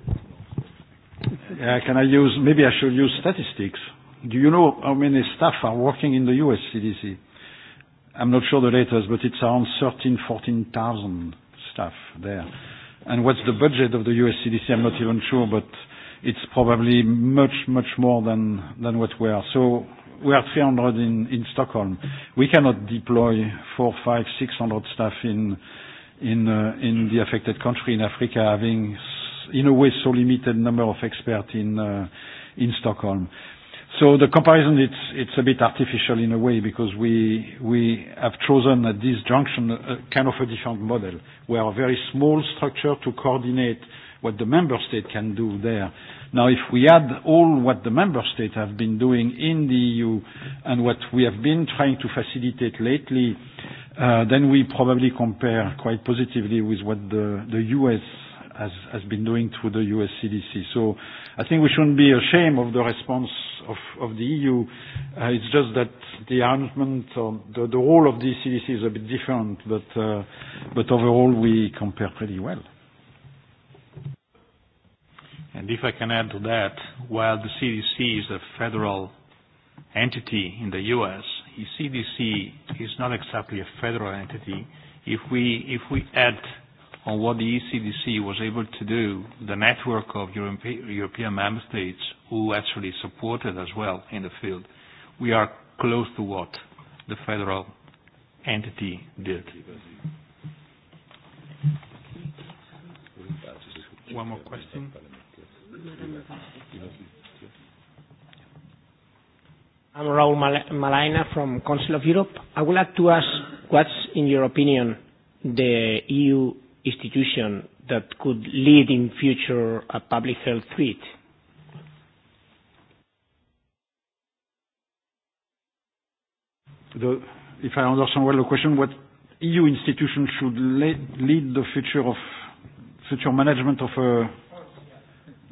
Uh, can I use? Maybe I should use statistics. Do you know how many staff are working in the U.S. CDC? I'm not sure the latest, but it's around 13, 14,000 stuff there. And what's the budget of the USCDC? I'm not even sure, but it's probably much, much more than, than what we are. So we are 300 in, in Stockholm. We cannot deploy four, five, 600 staff in, in, uh, in the affected country in Africa, having, in a way, so limited number of experts in, uh, in Stockholm. Uh, The comparison, it's a bit artificial in a way because we have chosen at this junction kind of a different model. We are a very small structure to coordinate what the member state can do there. Now, if we add all what the member state have been doing in the EU and what we have been trying to facilitate lately, uh, then we probably compare quite positively with what the U.S has, has been doing through the US CDC. So I think we shouldn't be ashamed of the response of, of the EU. Uh, it's just that the arrangement, or the, the role of the CDC is a bit different, but, uh, but overall we compare pretty well. And if I can add to that, while the CDC is a federal entity in the US, the CDC is not exactly a federal entity. If we, if we add on what the ECDC was able to do, the network of Europe, European member states who actually supported as well in the field, we are close to what the federal entity did. One more question. I'm Raul Malaina from Council of Europe. I would like to ask what's, in your opinion, the EU institution that could lead in future a public health threat? The, if I understand well the question, what EU institutions should lead the future of future management of uh,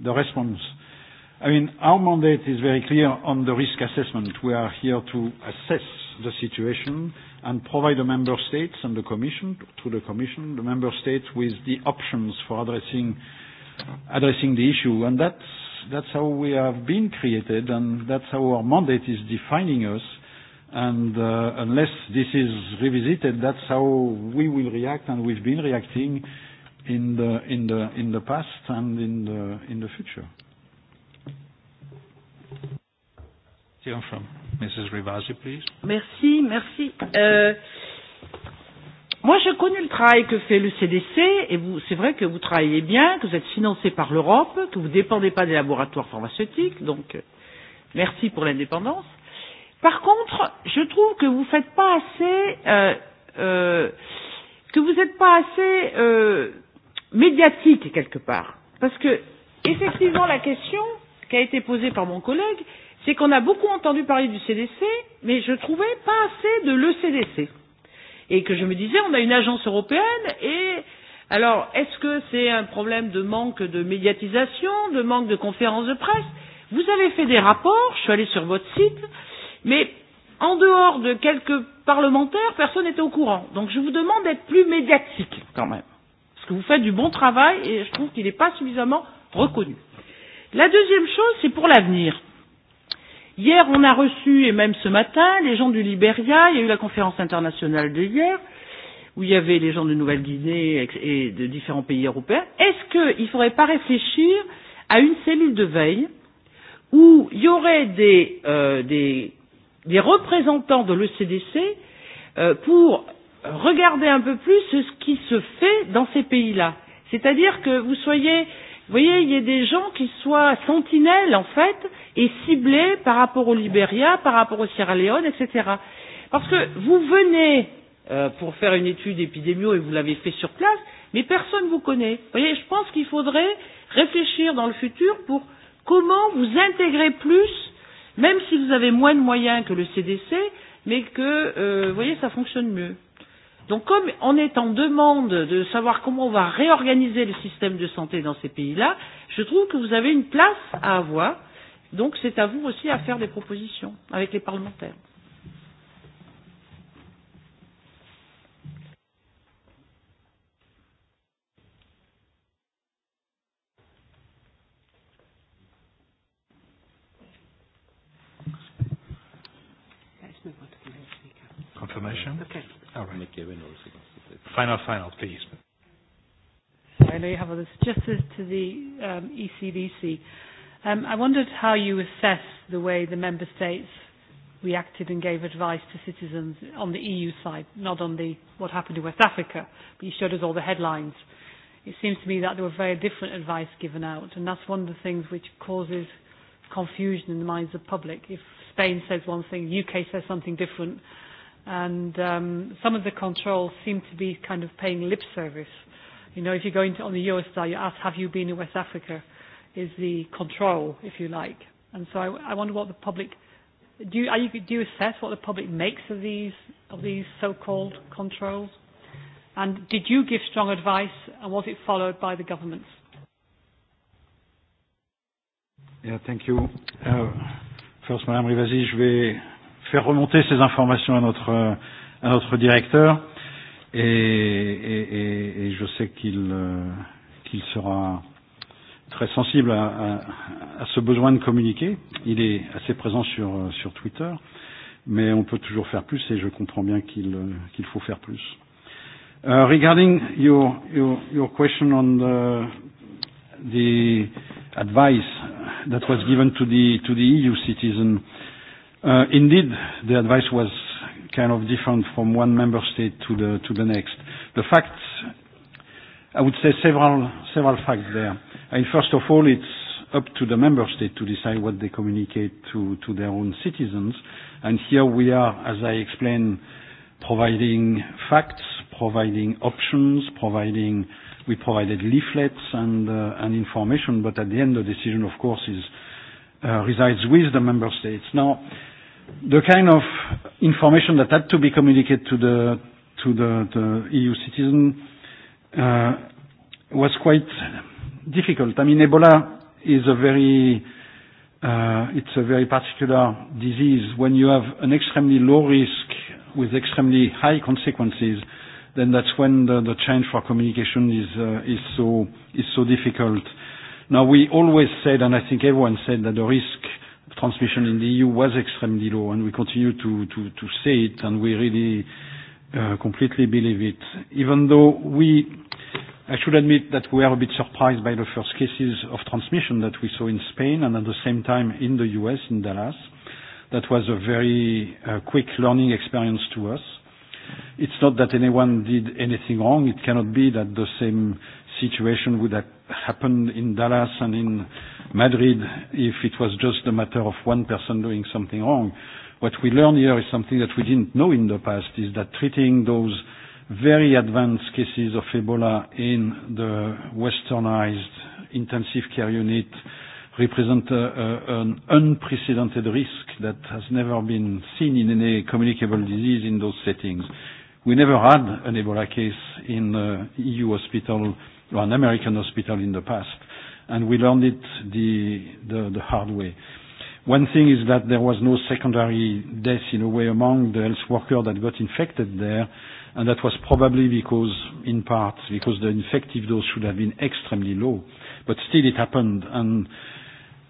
the response? I mean, our mandate is very clear on the risk assessment. We are here to assess the situation and provide the member states and the commission to the commission the member states with the options for addressing addressing the issue and that's that's how we have been created and that's how our mandate is defining us and uh, unless this is revisited that's how we will react and we've been reacting in the in the in the past and in the in the future See you from. Mrs. Rivasi, please. Merci, merci. Euh, moi, j'ai connu le travail que fait le CDC, et c'est vrai que vous travaillez bien, que vous êtes financé par l'Europe, que vous ne dépendez pas des laboratoires pharmaceutiques, donc euh, merci pour l'indépendance. Par contre, je trouve que vous faites pas assez, euh, euh, que vous n'êtes pas assez euh, médiatique quelque part. Parce que, effectivement, la question qui a été posée par mon collègue, c'est qu'on a beaucoup entendu parler du CDC, mais je ne trouvais pas assez de le CDC. Et que je me disais, on a une agence européenne, et alors, est-ce que c'est un problème de manque de médiatisation, de manque de conférences de presse Vous avez fait des rapports, je suis allée sur votre site, mais en dehors de quelques parlementaires, personne n'était au courant. Donc je vous demande d'être plus médiatique, quand même. Parce que vous faites du bon travail, et je trouve qu'il n'est pas suffisamment reconnu. La deuxième chose, c'est pour l'avenir. Hier, on a reçu, et même ce matin, les gens du Liberia, il y a eu la conférence internationale de hier, où il y avait les gens de Nouvelle-Guinée et de différents pays européens. Est-ce qu'il ne faudrait pas réfléchir à une cellule de veille où il y aurait des, euh, des, des représentants de l'ECDC euh, pour regarder un peu plus ce qui se fait dans ces pays-là C'est-à-dire que vous soyez. Euh, voyez, il y a des gens qui soient sentinelles, en fait, et ciblés par rapport au Liberia, par rapport au Sierra Leone, etc. Parce que vous venez euh, pour faire une étude épidémio et vous l'avez fait sur place, mais personne ne vous connaît. Vous voyez, je pense qu'il faudrait réfléchir dans le futur pour comment vous intégrer plus, même si vous avez moins de moyens que le CDC, mais que, euh, vous voyez, ça fonctionne mieux. Donc comme on est en demande de savoir comment on va réorganiser le système de santé dans ces pays-là, je trouve que vous avez une place à avoir. Donc c'est à vous aussi à faire des propositions avec les parlementaires. No, Confirmation. Okay. All right. Final, final, please. I know you have others. Just as to the um, ECDC, um, I wondered how you assess the way the member states reacted and gave advice to citizens on the EU side, not on the what happened in West Africa, but you showed us all the headlines. It seems to me that there were very different advice given out, and that's one of the things which causes confusion in the minds of the public. If Spain says one thing, UK says something different, and um, some of the controls seem to be kind of paying lip service. You know, if you go into on the US side, you ask, "Have you been in West Africa?" Is the control, if you like. And so I, I wonder what the public do. You, are you, do you assess what the public makes of these of these so-called controls? And did you give strong advice, and was it followed by the governments? Yeah, thank you. Uh, first, Madame Rivasi, je vais faire remonter ces informations à notre, à notre directeur et, et, et, et je sais qu'il euh, qu sera très sensible à, à, à ce besoin de communiquer. Il est assez présent sur, euh, sur Twitter, mais on peut toujours faire plus et je comprends bien qu'il euh, qu faut faire plus. Uh, regarding your, your, your question on the, the advice that was given to the, to the EU citizen, uh, Uh, indeed, the advice was kind of different from one member state to the, to the next. The facts, I would say several, several facts there. And first of all, it's up to the member state to decide what they communicate to, to their own citizens. And here we are, as I explained, providing facts, providing options, providing, we provided leaflets and, uh, and information, but at the end the decision, of course, is, uh, resides with the member states. Now, uh, the kind of information that had to be communicated to the to the, the EU citizen uh, was quite difficult. I mean, Ebola is a very uh, it's a very particular disease. When you have an extremely low risk with extremely high consequences, then that's when the, the change for communication is uh, is so is so difficult. Now we always said, and I think everyone said that the risk uh, transmission in the EU was extremely low, and we continue to say it, and we really uh, completely believe it. Even though I should admit that we are a bit surprised by the first cases of transmission that we saw in Spain and at the same time in the U.S., in Dallas. That was a very uh, quick learning experience to us. It's not that anyone did anything wrong. It cannot be that the same situation would have happened in Dallas and in Madrid if it was just a matter of one person doing something wrong. What we learn here is something that we didn't know in the past is that treating those very advanced cases of Ebola in the westernized intensive care unit represent a, a, an unprecedented risk that has never been seen in any communicable disease in those settings. We never had an Ebola case in an uh, EU hospital or an American hospital in the past and we learned it the, the, the hard way. One thing is that there was no secondary death in a way among the health workers that got infected there, and that was probably because, in part, because the infective dose should have been extremely low. But still it happened, and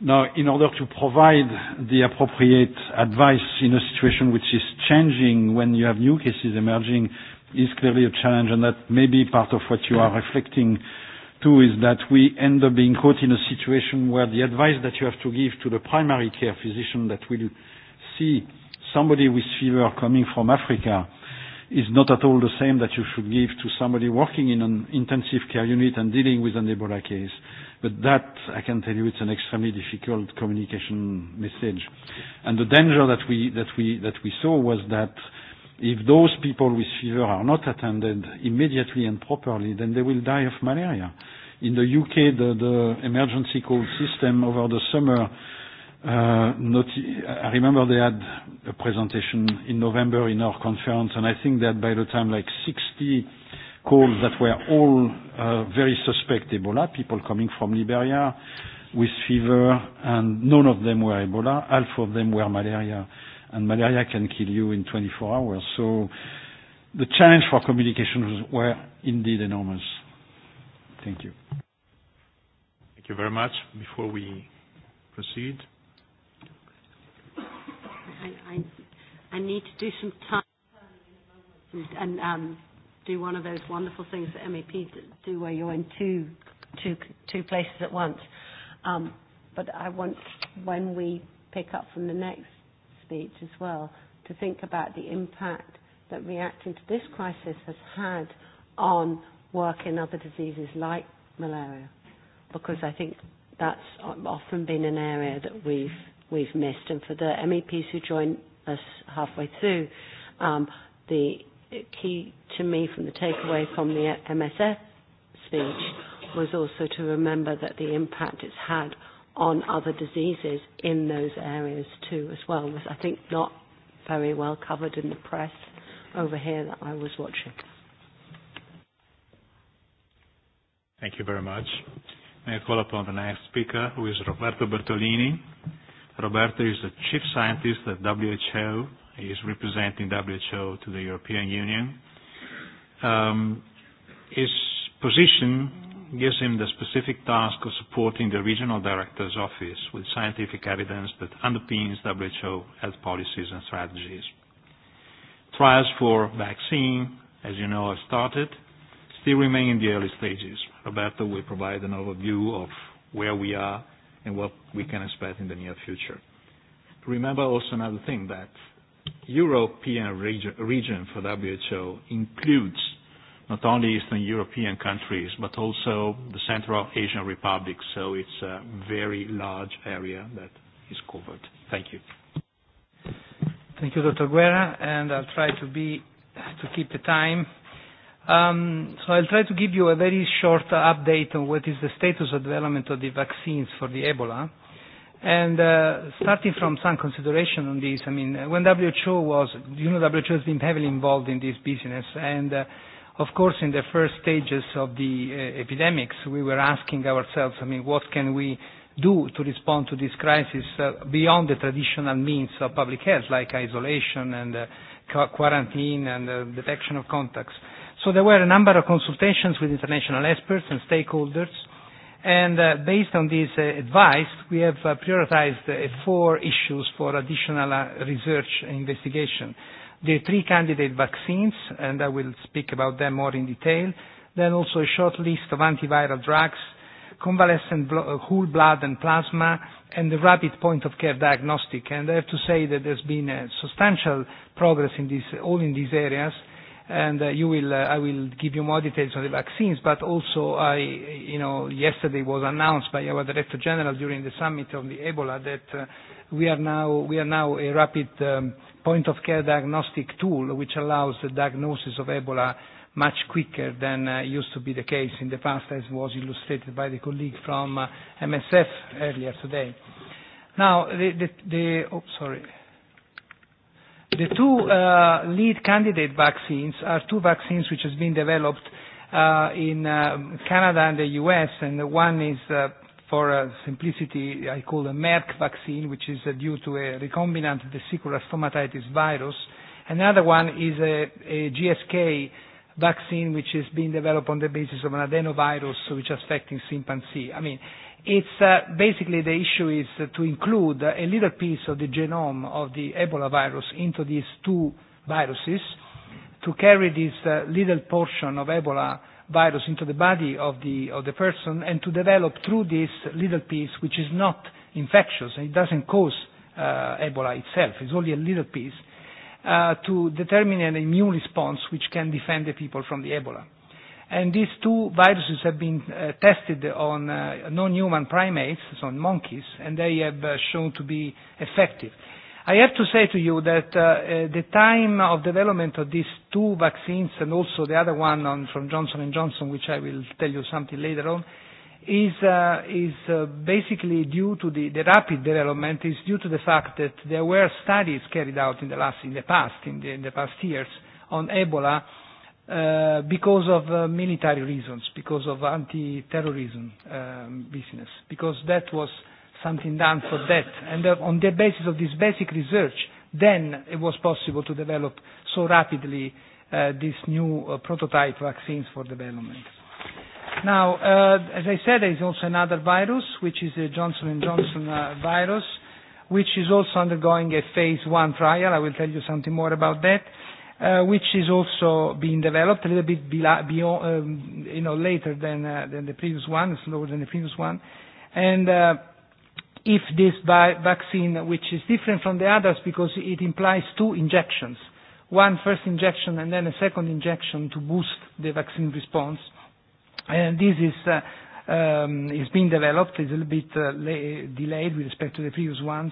now in order to provide the appropriate advice in a situation which is changing when you have new cases emerging is clearly a challenge, and that may be part of what you are reflecting two is that we end up being caught in a situation where the advice that you have to give to the primary care physician that will see somebody with fever coming from Africa is not at all the same that you should give to somebody working in an intensive care unit and dealing with an Ebola case. That, I can tell you, it's an extremely difficult communication message. The danger that we saw was that if those people with fever are not attended immediately and properly, then they will die of malaria. In the UK, the, the emergency call system over the summer, uh, not, I remember they had a presentation in November in our conference, and I think that by the time like 60 calls that were all uh, very suspect Ebola, people coming from Liberia with fever, and none of them were Ebola, half of them were malaria and malaria can kill you in 24 hours. So the challenge for communication was, were indeed enormous. Thank you. Thank you very much. Before we proceed, I, I, I need to do some time and, and um, do one of those wonderful things that MEPs do where you're in two, two, two places at once. Um, but I want, when we pick up from the next, speech as well to think about the impact that reacting to this crisis has had on work in other diseases like malaria, because I think that's often been an area that we've we've missed. And for the MEPs who join us halfway through, um, the key to me from the takeaway from the MSF speech was also to remember that the impact it's had on other diseases in those areas too as well was i think not very well covered in the press over here that i was watching thank you very much may i call upon the next speaker who is roberto bertolini roberto is the chief scientist at who he is representing who to the european union um, his position mm-hmm gives him the specific task of supporting the regional director's office with scientific evidence that underpins WHO health policies and strategies. Trials for vaccine, as you know, have started, still remain in the early stages. Roberto will provide an overview of where we are and what we can expect in the near future. Remember also another thing that European region for WHO includes not only Eastern European countries, but also the Central Asian Republic. It's a very large area that is covered. Thank you. Thank you, Dr. Guerra, and I'll try to keep the time. Um, I'll try to give you a very short update on what is the status of development of the vaccines for the Ebola. Uh, starting from some consideration on this, when WHO was, you know WHO has been heavily involved in this business, uh, Of course, in the first stages of the uh, epidemics, we were asking ourselves, I mean, what can we do to respond to this crisis uh, beyond the traditional means of public health, like isolation and uh, quarantine and uh, detection of contacts. So there were a number of consultations with international experts and stakeholders, and uh, based on this uh, advice, we have uh, prioritized uh, four issues for additional uh, research and investigation the three candidate vaccines, and I will speak about them more in detail. Also a short list of antiviral drugs, convalescent uh, whole blood and plasma, and the rapid point-of-care diagnostic. I have to say that there's been a uh, substantial progress in this, all in these areas. Uh, I will give you more details on the vaccines, but also, you know, yesterday was announced by our director general during the summit on the Ebola that we are now a rapid um, point of care diagnostic tool which allows the diagnosis of Ebola much quicker than uh, used to be the case in the past as was illustrated by the colleague from uh, MSF earlier today. Now, the, the, the oh, sorry. The two uh, lead candidate vaccines are two vaccines which have been developed uh, in uh, Canada and the US and one is uh, for uh, simplicity, I call a Merck vaccine, which is uh, due to a recombinant vesicular stomatitis virus. Another one is a, a GSK vaccine, which is being developed on the basis of an adenovirus, which is affecting chimpanzee. I mean, it's uh, basically the issue is uh, to include a little piece of the genome of the Ebola virus into these two viruses to carry this uh, little portion of Ebola virus into the body of the of the person and to develop through this little piece which is not infectious and it doesn't cause uh, Ebola itself, it's only a little piece, uh, to determine an immune response which can defend the people from the Ebola. And these two viruses have been uh, tested on uh, non-human primates, so on monkeys, and they have uh, shown to be effective. I have to say to you that uh, uh, the time of development of these two vaccines and also the other one on, from Johnson & Johnson, which I will tell you something later on, is, uh, is uh, basically due to the, the rapid development, is due to the fact that there were studies carried out in the, last, in the past, in the, in the past years, on Ebola uh, because of uh, military reasons, because of anti-terrorism um, business, because that was something done for that. And uh, on the basis of this basic research, then it was possible to develop so rapidly uh, these new uh, prototype vaccines for development. Now, uh, as I said, there is also another virus, which is the Johnson & Johnson uh, virus, which is also undergoing a phase one trial. I will tell you something more about that. Uh, which is also being developed a little bit beyond, um, you know, later than, uh, than the previous one, slower than the previous one. And uh, if this bi- vaccine, which is different from the others because it implies two injections, one first injection and then a second injection to boost the vaccine response, and this is uh, um, is being developed, it's a little bit uh, la- delayed with respect to the previous ones,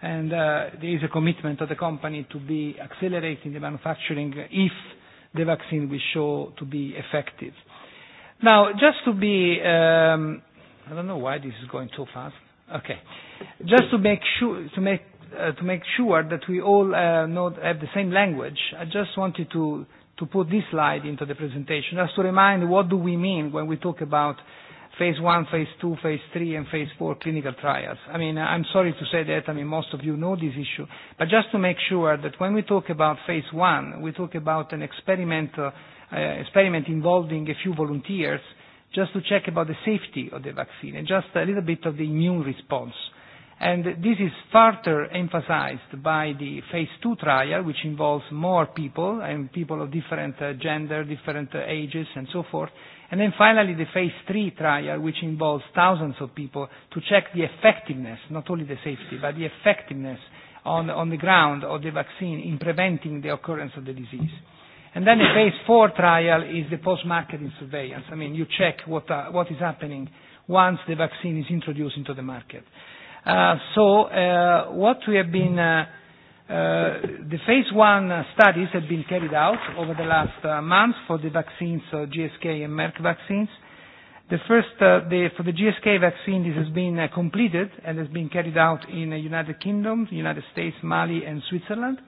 and uh, there is a commitment of the company to be accelerating the manufacturing if the vaccine will show to be effective. Now, just to be, um, I don't know why this is going so fast. Okay. Just to make sure to make uh, to make sure that we all uh, know have the same language, I just wanted to to put this slide into the presentation, just to remind what do we mean when we talk about phase one, phase two, phase three, and phase four clinical trials. I mean, I'm sorry to say that. I mean, most of you know this issue, but just to make sure that when we talk about phase one, we talk about an experiment uh, experiment involving a few volunteers just to check about the safety of the vaccine and just a little bit of the immune response. And this is further emphasized by the phase two trial, which involves more people and people of different uh, gender, different uh, ages, and so forth. And then finally, the phase three trial, which involves thousands of people to check the effectiveness, not only the safety, but the effectiveness on, on the ground of the vaccine in preventing the occurrence of the disease. Mm-hmm. And then the phase four trial is the post-marketing surveillance. I mean, you check what, uh, what is happening once the vaccine is introduced into the market. Uh, so uh, what we have been, uh, uh, the phase one studies have been carried out over the last uh, months for the vaccines, uh, GSK and Merck vaccines. The first, uh, the, for the GSK vaccine, this has been uh, completed and has been carried out in the United Kingdom, United States, Mali, and Switzerland. Uh,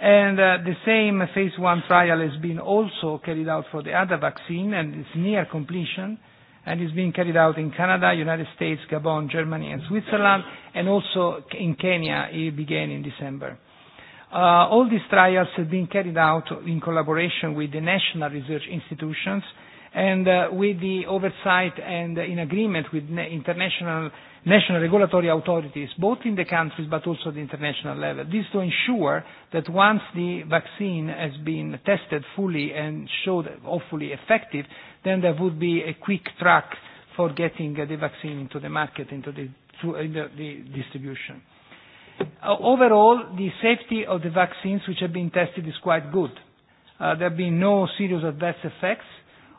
Uh, the same phase I trial has been also carried out for the other vaccine, and it's near completion, and is being carried out in Canada, United States, Gabon, Germany, and Switzerland, and also in Kenya, it began in December. Uh, all these trials have been carried out in collaboration with the national research institutions and uh, with the oversight and in agreement with international national regulatory authorities, both in the countries but also at the international level. This to ensure that once the vaccine has been tested fully and showed hopefully effective, then there would be a quick track for getting uh, the vaccine into the market, into the, to, uh, the, the distribution. Uh, overall, the safety of the vaccines which have been tested is quite good. Uh, there have been no serious adverse effects,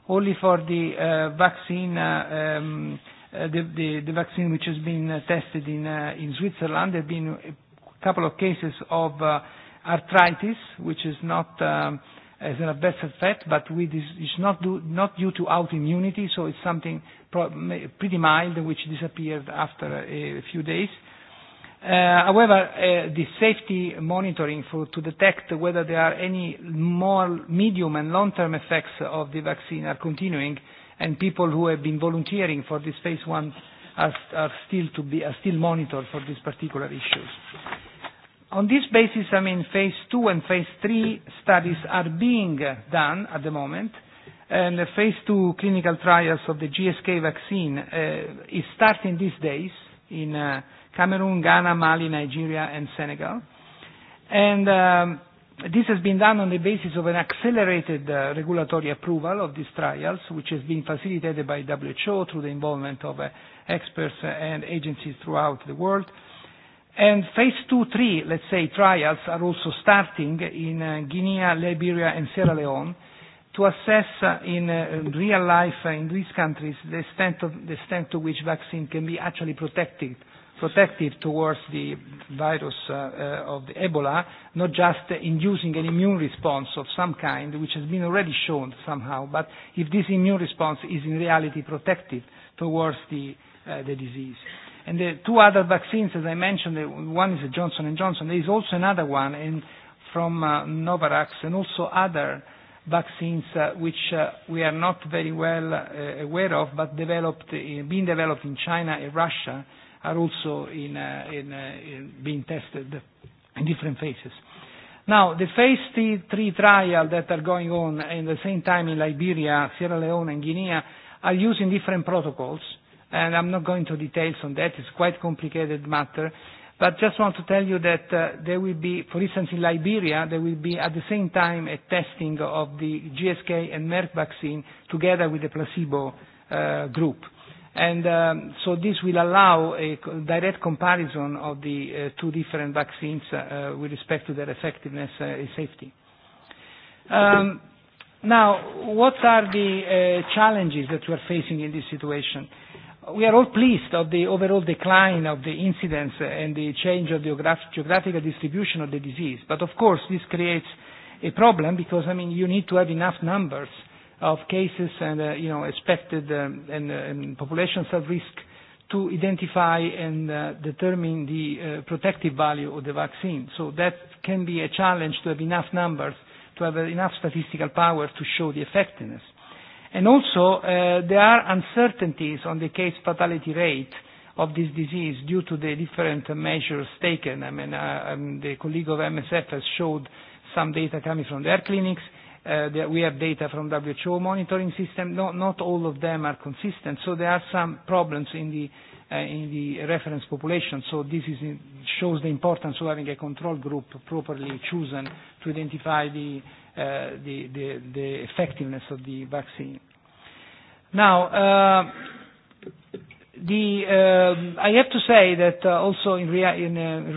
only for the uh, vaccine uh, um, Eh, the vaccine which has been uh, tested uh, in Switzerland. There have been a couple of cases of uh, arthritis, which is not um, as an adverse effect, but it's not due to autoimmunity, so it's something pretty mild, which disappeared after a few days. However, the safety monitoring to detect whether there are any more medium and long-term effects of the vaccine are continuing, and people who have been volunteering for this phase I are still to be monitored for these particular issues. On this basis, I mean, phase II and phase III studies are being done at the moment, and the phase II clinical trials of the GSK vaccine uh, is starting these days in uh, Cameroon, Ghana, Mali, Nigeria, and Senegal. Um, This has been done on the basis of an accelerated uh, regulatory approval of these trials, which has been facilitated by WHO through the involvement of uh, experts uh, and agencies throughout the world. Phase II/III, let's say, trials are also starting in Guinea, Liberia, and Sierra Leone to assess in real life in these countries the extent to which vaccine can be actually protective protective towards the virus uh, uh, of the Ebola, not just uh, inducing an immune response of some kind, which has been already shown somehow, but if this immune response is in reality protective towards the, uh, the disease. And the two other vaccines, as I mentioned, one is the Johnson & Johnson. There is also another one in, from uh, Novavax and also other vaccines uh, which uh, we are not very well uh, aware of, but developed, uh, being developed in China and Russia, uh, are also uh, uh, being tested in different phases. Now, the phase III trial that are going on in the same time in Liberia, Sierra Leone, and Guinea are using different protocols, and I'm not going to details on that. It's quite complicated matter. Just want to tell you that uh, there will be, for instance, in Liberia, there will be at the same time a testing of the GSK and Merck vaccine together with the placebo group. And um, so this will allow a direct comparison of the uh, two different vaccines uh, with respect to their effectiveness uh, and safety. Um, now, what are the challenges that we are facing in this situation? We are all pleased of the overall decline of the incidence and the change of the geographical distribution of the disease. But of course, this creates a problem because, I mean, you need to have enough numbers of cases and uh, you know expected um, and, uh, and populations at risk to identify and uh, determine the uh, protective value of the vaccine. So that can be a challenge to have enough numbers, to have enough statistical power to show the effectiveness. And also, uh, there are uncertainties on the case fatality rate of this disease due to the different measures taken. I mean, uh, um, the colleague of MSF has showed some data coming from their clinics uh, we have data from WHO monitoring system. No, not all of them are consistent, so there are some problems in the, uh, in the reference population. So this is in, shows the importance of having a control group properly chosen to identify the, uh, the, the, the effectiveness of the vaccine. Now, uh, The, um, I have to say that uh, also uh, in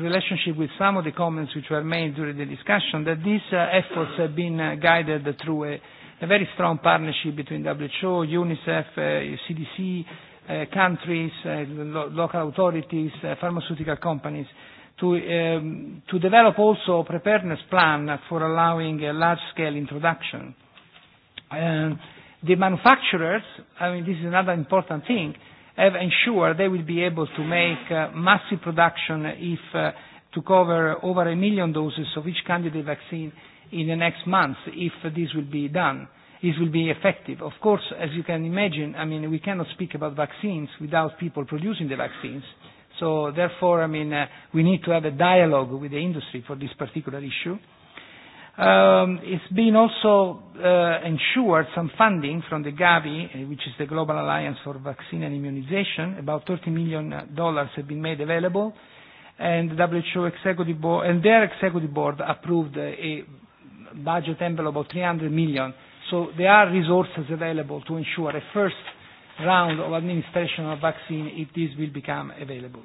relationship with some of the comments which were made during the discussion, that these uh, efforts have been guided through a very strong partnership between WHO, UNICEF, CDC, countries, local authorities, pharmaceutical companies, um, to develop also a preparedness plan for allowing a large-scale introduction. The manufacturers, I mean, this is another important thing, have ensured they will be able to make uh, massive production if uh, to cover over a million doses of each candidate vaccine in the next months if this will be done. This will be effective. Of course, as you can imagine, I mean, we cannot speak about vaccines without people producing the vaccines. So therefore, I mean, uh, we need to have a dialogue with the industry for this particular issue. Um, it's been also uh, ensured some funding from the Gavi, uh, which is the Global Alliance for Vaccine and Immunization. About 30 million dollars have been made available, and the WHO executive board and their executive board approved a budget envelope of 300 million. So there are resources available to ensure a first round of administration of vaccine if this will become available.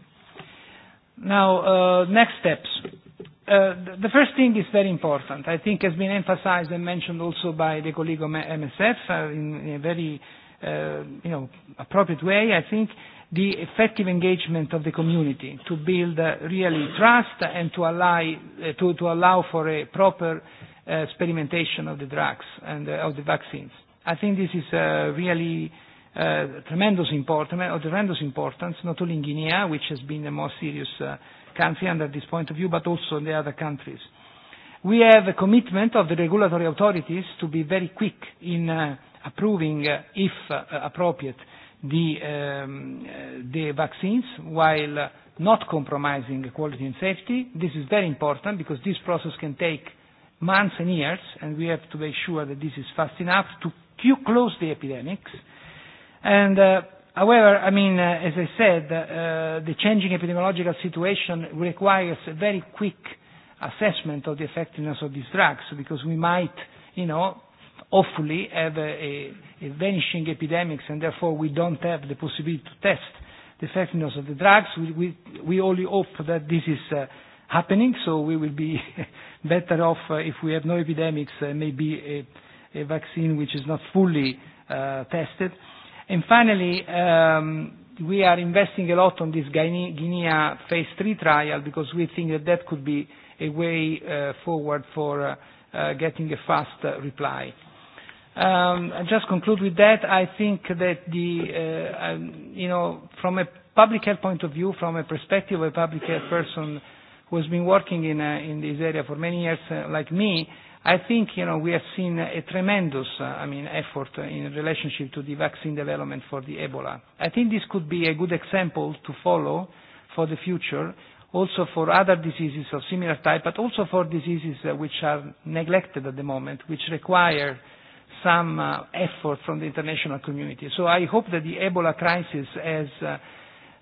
Now, uh, next steps. Uh, Uh, the first thing is very important. I think has been emphasized and mentioned also by the colleague of MSF uh, in, in a very uh, you know, appropriate way, I think, the effective engagement of the community to build uh, really trust and to allow, uh, to, to allow for a proper uh, experimentation of the drugs and uh, of the vaccines. I think this is uh, really uh, tremendous, important, or tremendous importance, not only in Guinea, which has been the most serious uh, country under this point of view, but also in the other countries. We have a commitment of the regulatory authorities to be very quick in uh, approving, uh, if uh, appropriate, the, um, uh, the vaccines while uh, not compromising quality and safety. This is very important because this process can take months and years, and we have to be sure that this is fast enough to close the epidemics. And uh, However, I mean, uh, as I said, uh, the changing epidemiological situation requires a very quick assessment of the effectiveness of these drugs, because we might, you know, hopefully have a vanishing epidemics, and therefore we don't have the possibility to test the effectiveness of the drugs. We only hope that this is uh, happening, so we will be better off if we have no epidemics, maybe a vaccine which is not fully tested. Finally, um, we are investing a lot on this Guinea phase III trial because we think that that could be a way uh, forward for uh, uh, getting a fast reply. I um, just conclude with that. I think that um, from a public health point of view, from a perspective of a public health person who has been working in this area for many years like me, I think, you know, we have seen a tremendous, uh, I mean, effort in relationship to the vaccine development for the Ebola. I think this could be a good example to follow for the future, also for other diseases of similar type, but also for diseases uh, which are neglected at the moment, which require some uh, effort from the international community. So I hope that the Ebola crisis has, uh,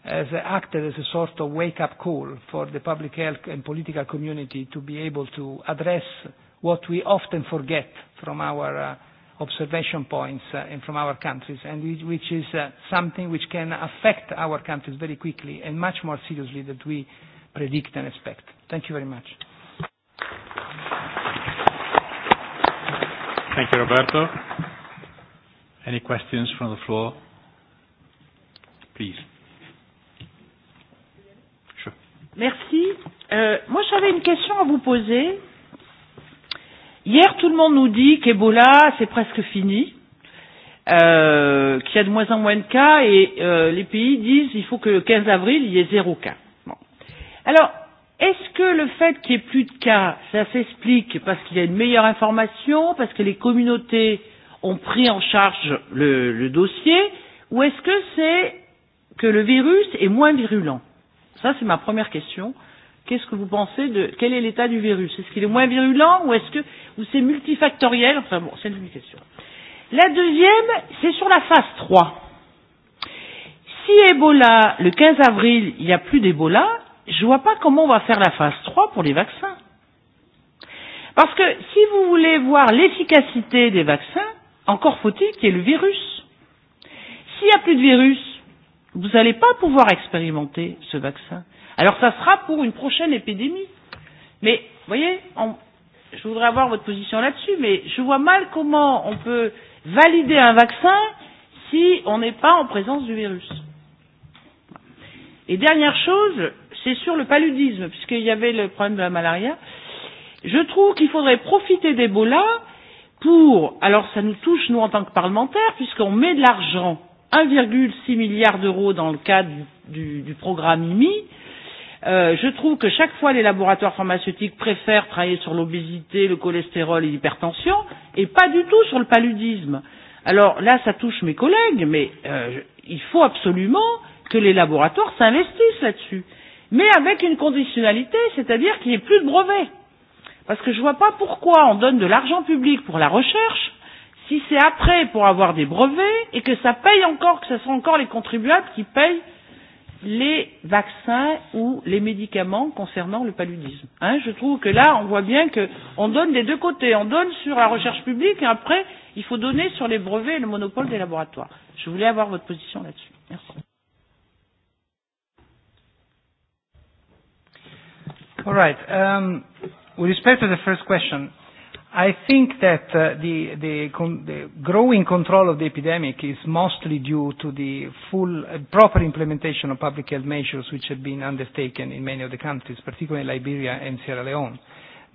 has acted as a sort of wake-up call for the public health and political community to be able to address what we often forget from our uh, observation points uh, and from our countries, and which, which is uh, something which can affect our countries very quickly and much more seriously than we predict and expect. Thank you very much. Thank you, Roberto. Any questions from the floor? Please. Sure. Merci. Euh, moi, j'avais une question à vous poser. Hier, tout le monde nous dit qu'Ebola, c'est presque fini, euh, qu'il y a de moins en moins de cas, et euh, les pays disent qu'il faut que le 15 avril, il y ait zéro cas. Bon. Alors, est-ce que le fait qu'il n'y ait plus de cas, ça s'explique parce qu'il y a une meilleure information, parce que les communautés ont pris en charge le, le dossier, ou est-ce que c'est que le virus est moins virulent Ça, c'est ma première question qu'est-ce que vous pensez de quel est l'état du virus Est-ce qu'il est moins virulent ou est-ce que ou c'est multifactoriel Enfin bon, c'est une question. La deuxième, c'est sur la phase 3. Si Ebola, le 15 avril, il n'y a plus d'Ebola, je ne vois pas comment on va faire la phase 3 pour les vaccins. Parce que si vous voulez voir l'efficacité des vaccins, encore faut-il qu'il y ait le virus. S'il n'y a plus de virus, vous n'allez pas pouvoir expérimenter ce vaccin. Alors ça sera pour une prochaine épidémie. Mais vous voyez, on, je voudrais avoir votre position là-dessus, mais je vois mal comment on peut valider un vaccin si on n'est pas en présence du virus. Et dernière chose, c'est sur le paludisme, puisqu'il y avait le problème de la malaria. Je trouve qu'il faudrait profiter d'Ebola pour, alors ça nous touche nous en tant que parlementaires, puisqu'on met de l'argent 1,6 milliard d'euros dans le cadre du, du, du programme IMI. Euh, je trouve que chaque fois les laboratoires pharmaceutiques préfèrent travailler sur l'obésité, le cholestérol et l'hypertension, et pas du tout sur le paludisme. Alors là, ça touche mes collègues, mais euh, je, il faut absolument que les laboratoires s'investissent là-dessus, mais avec une conditionnalité, c'est-à-dire qu'il n'y ait plus de brevets. Parce que je ne vois pas pourquoi on donne de l'argent public pour la recherche Si c'est après pour avoir des brevets et que ça paye encore, que ce sont encore les contribuables qui payent les vaccins ou les médicaments concernant le paludisme. Hein, je trouve que là, on voit bien qu'on donne des deux côtés. On donne sur la recherche publique et après, il faut donner sur les brevets et le monopole des laboratoires. Je voulais avoir votre position là-dessus. Merci. All right. Um, with respect to the first question, I think that uh, the, the, con- the growing control of the epidemic is mostly due to the full uh, proper implementation of public health measures which have been undertaken in many of the countries, particularly Liberia and Sierra Leone.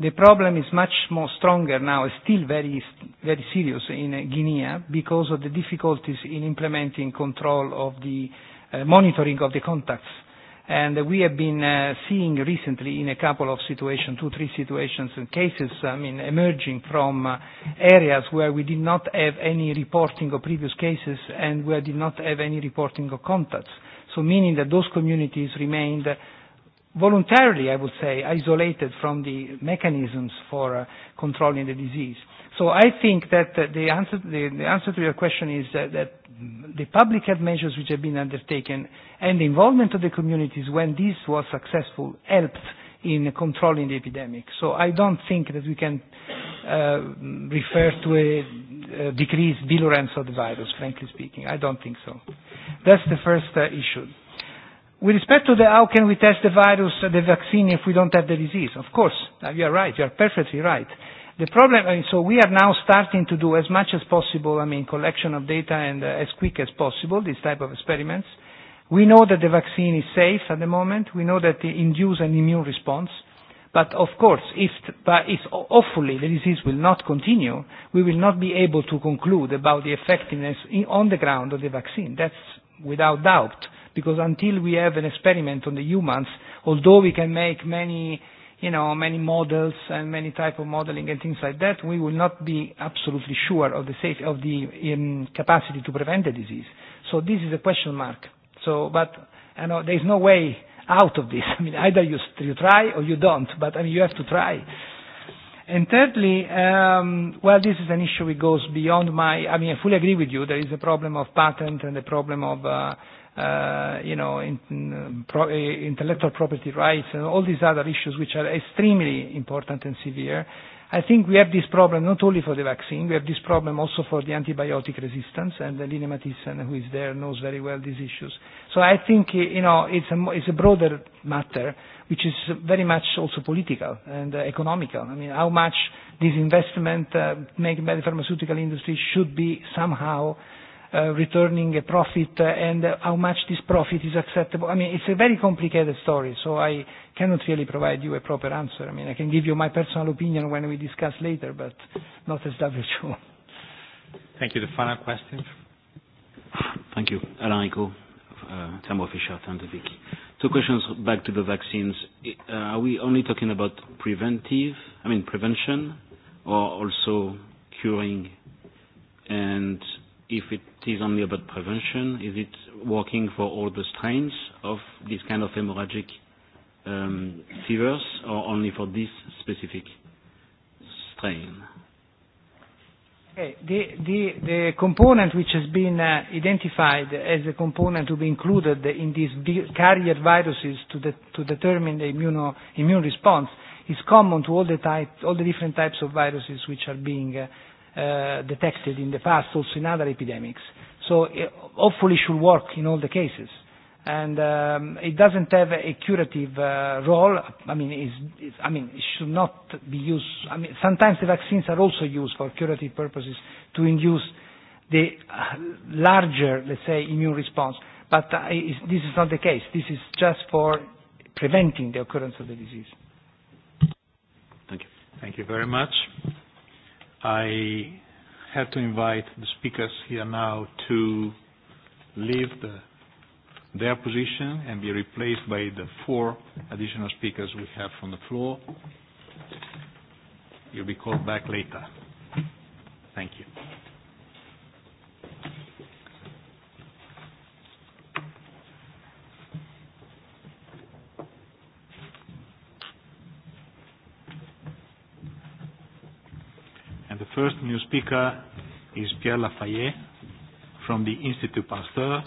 The problem is much more stronger now, still very, very serious in uh, Guinea because of the difficulties in implementing control of the uh, monitoring of the contacts. Uh, and we have been uh, seeing recently in a couple of situations, two, three situations and cases, I mean, emerging from uh, areas where we did not have any reporting of previous cases and where did not have any reporting of contacts. Meaning that those communities remained voluntarily, I would say, isolated from the mechanisms for uh, controlling the disease. So I think that the answer, the, the answer to your question is that, that the public health measures which have been undertaken and the involvement of the communities when this was successful helped in controlling the epidemic. So I don't think that we can uh, refer to a, a decreased virulence of the virus, frankly speaking. I don't think so. That's the first uh, issue. With respect to the how can we test the virus, the vaccine, if we don't have the disease? Of course, uh, you are right. You are perfectly right. Uh, The problem, I eh, mean, so we are now starting to do as much as possible, I mean, collection of data and uh, as quick as possible, these type of experiments. We know that the vaccine is safe at the moment. We know that it induces an immune response. But of course, if, but if hopefully the disease will not continue, we will not be able to conclude about the effectiveness in, on the ground of the vaccine. That's without doubt. Because until we have an experiment on the humans, although we can make many you know, many models and many type of modeling and things like that, we will not be absolutely sure of the safety of the um, capacity to prevent the disease. So this is a question mark. So, but you know, there is no way out of this. I mean, either you, you try or you don't. But I mean, you have to try. Uh, Thirdly, um, well, this is an issue which goes beyond my. I mean, I fully agree with you. There is a problem of patent and a problem of, uh, uh, you know, eh, intellectual property rights and all these other issues which are extremely important and severe. I think we have this problem not only for the vaccine, we have this problem also for the antibiotic resistance, and Lina Matissen, who is there, knows very well these issues. So I think, eh, you know, it's a, it's a broader matter, which is very much also political and uh, economical. I mean, how much this investment uh, made by the pharmaceutical industry should be somehow uh, Uh, returning a profit uh, and how much this profit is acceptable. I mean, it's a very complicated story, so I cannot really provide you a proper answer. I mean, I can give you my personal opinion when we discuss later, but not as WHO. Thank you. The final question. Thank you. Alain Gault, uh, Thermo Fisher Scientific. Two questions back to the vaccines. Are we only talking about preventive, I mean, prevention or also curing? If it is only about prevention? Is it working for all the strains of this kind of hemorrhagic um, fevers or only for this specific strain? Okay. The, the, the component which has been uh, identified as a component to be included in these carrier viruses to, de- to determine the immuno- immune response is common to all the, type- all the different types of viruses which are being uh, Uh, detected in the past also in other epidemics. So it uh, hopefully should work in all the cases. And um, it doesn't have a curative uh, role. I mean, it's, it's, I mean, it should not be used. I mean, sometimes the vaccines are also used for curative purposes to induce the uh, larger, let's say, immune response. But uh, this is not the case. This is just for preventing the occurrence of the disease. Thank you. Thank you very much. I have to invite the speakers here now to leave the, their position and be replaced by the four additional speakers we have from the floor. You'll be called back later. Thank you. first new speaker is Pierre Lafayette from the Institut Pasteur,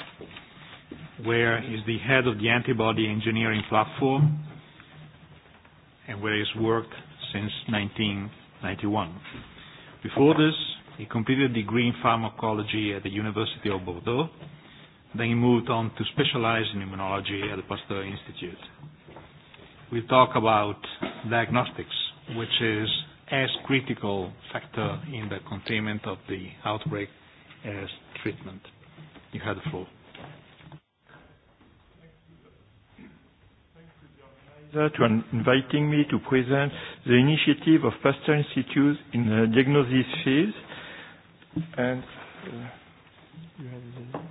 where he's the head of the antibody engineering platform and where he's worked since 1991. Before this, he completed a degree in pharmacology at the University of Bordeaux. Then he moved on to specialize in immunology at the Pasteur Institute. We'll talk about diagnostics, which is as critical factor in the containment of the outbreak as treatment. You have the floor. To an inviting me to present the initiative of Pasteur Institute in the diagnosis phase. And uh, you have the,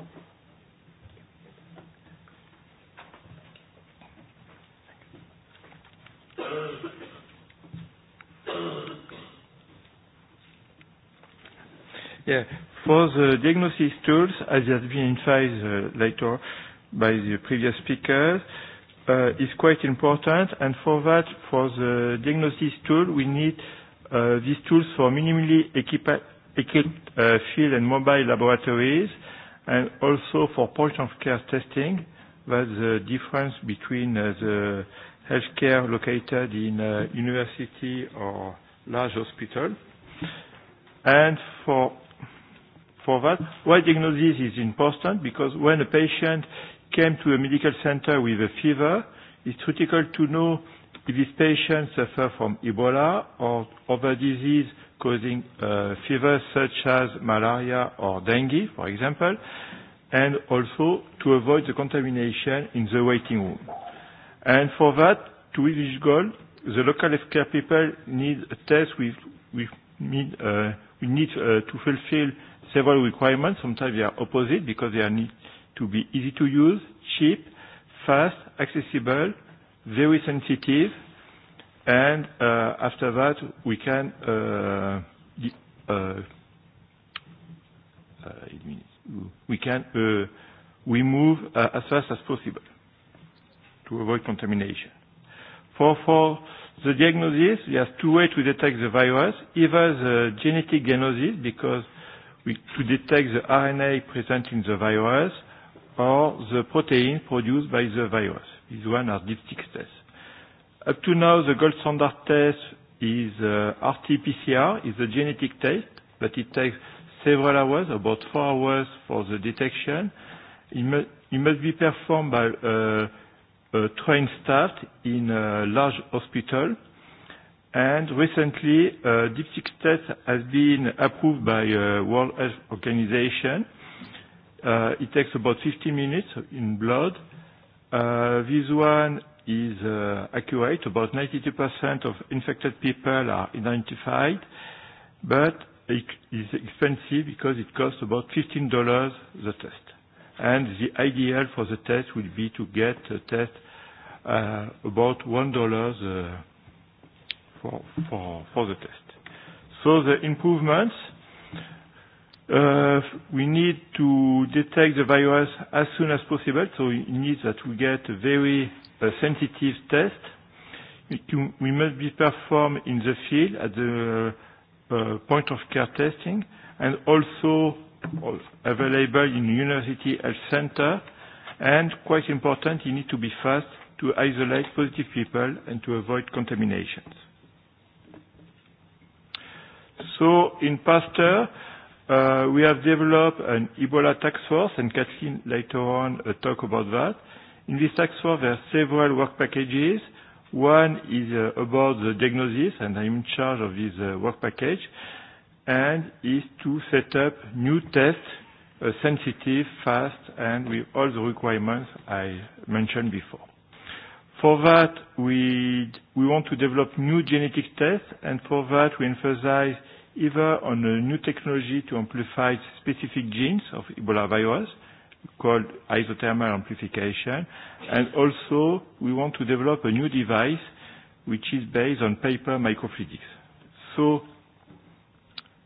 Yeah. For the diagnosis tools, as has been emphasized uh, later by the previous speakers, uh, is quite important. For that, for the diagnosis tool, we need uh, these tools for minimally equipped field and mobile laboratories, and also for point-of-care testing. That's the difference between the healthcare located in a university or large hospital. For for that. Why diagnosis is important? Because when a patient came to a medical center with a fever, it's critical to know if this patient suffers from Ebola or other disease causing uh, fever such as malaria or dengue, for example, and also to avoid the contamination in the waiting room. And for that, to reach this goal, the local healthcare people need a test with, with need, uh, we need uh, to fulfill several requirements. Sometimes they are opposite because they need to be easy to use, cheap, fast, accessible, very sensitive, and uh, after that, we can uh, uh, remove as fast as possible to avoid contamination. For the diagnosis, there are two ways to detect the virus, either the genetic diagnosis, because to detect the RNA present in the virus or the protein produced by the virus. These one are distinct tests. Up to now, the gold standard test is uh, RT-PCR, is a genetic test, but it takes several hours, about four hours for the detection. It, mu it must be performed by uh, a trained staff in a large hospital Recently, uh, DeepSeek test has been approved by uh, World Health Organization. Uh, it takes about 50 minutes in blood. This one is accurate. About 92% of infected people are identified, but it is expensive because it costs about $15, the test. The ideal for the test would be to get a test about $1 for, for, for the test. So the improvements, uh, we need to detect the virus as soon as possible, so it needs that we get a very uh, sensitive test. We must be performed in the field at the uh, point of care testing and also available in university health center. And quite important, you need to be fast to isolate positive people and to avoid contaminations. In Pasteur, uh, we have developed an Ebola task force, and Kathleen later on uh, talk about that. In this task force, there are several work packages. One is uh, about the diagnosis, and I'm in charge of this work package, and is to set up new tests, sensitive, fast, and with all the requirements I mentioned before. For that, we want to develop new genetic tests, and for that, we emphasize either on a new technology to amplify specific genes of Ebola virus called isothermal amplification, and also we want to develop a new device which is based on paper microfluidics.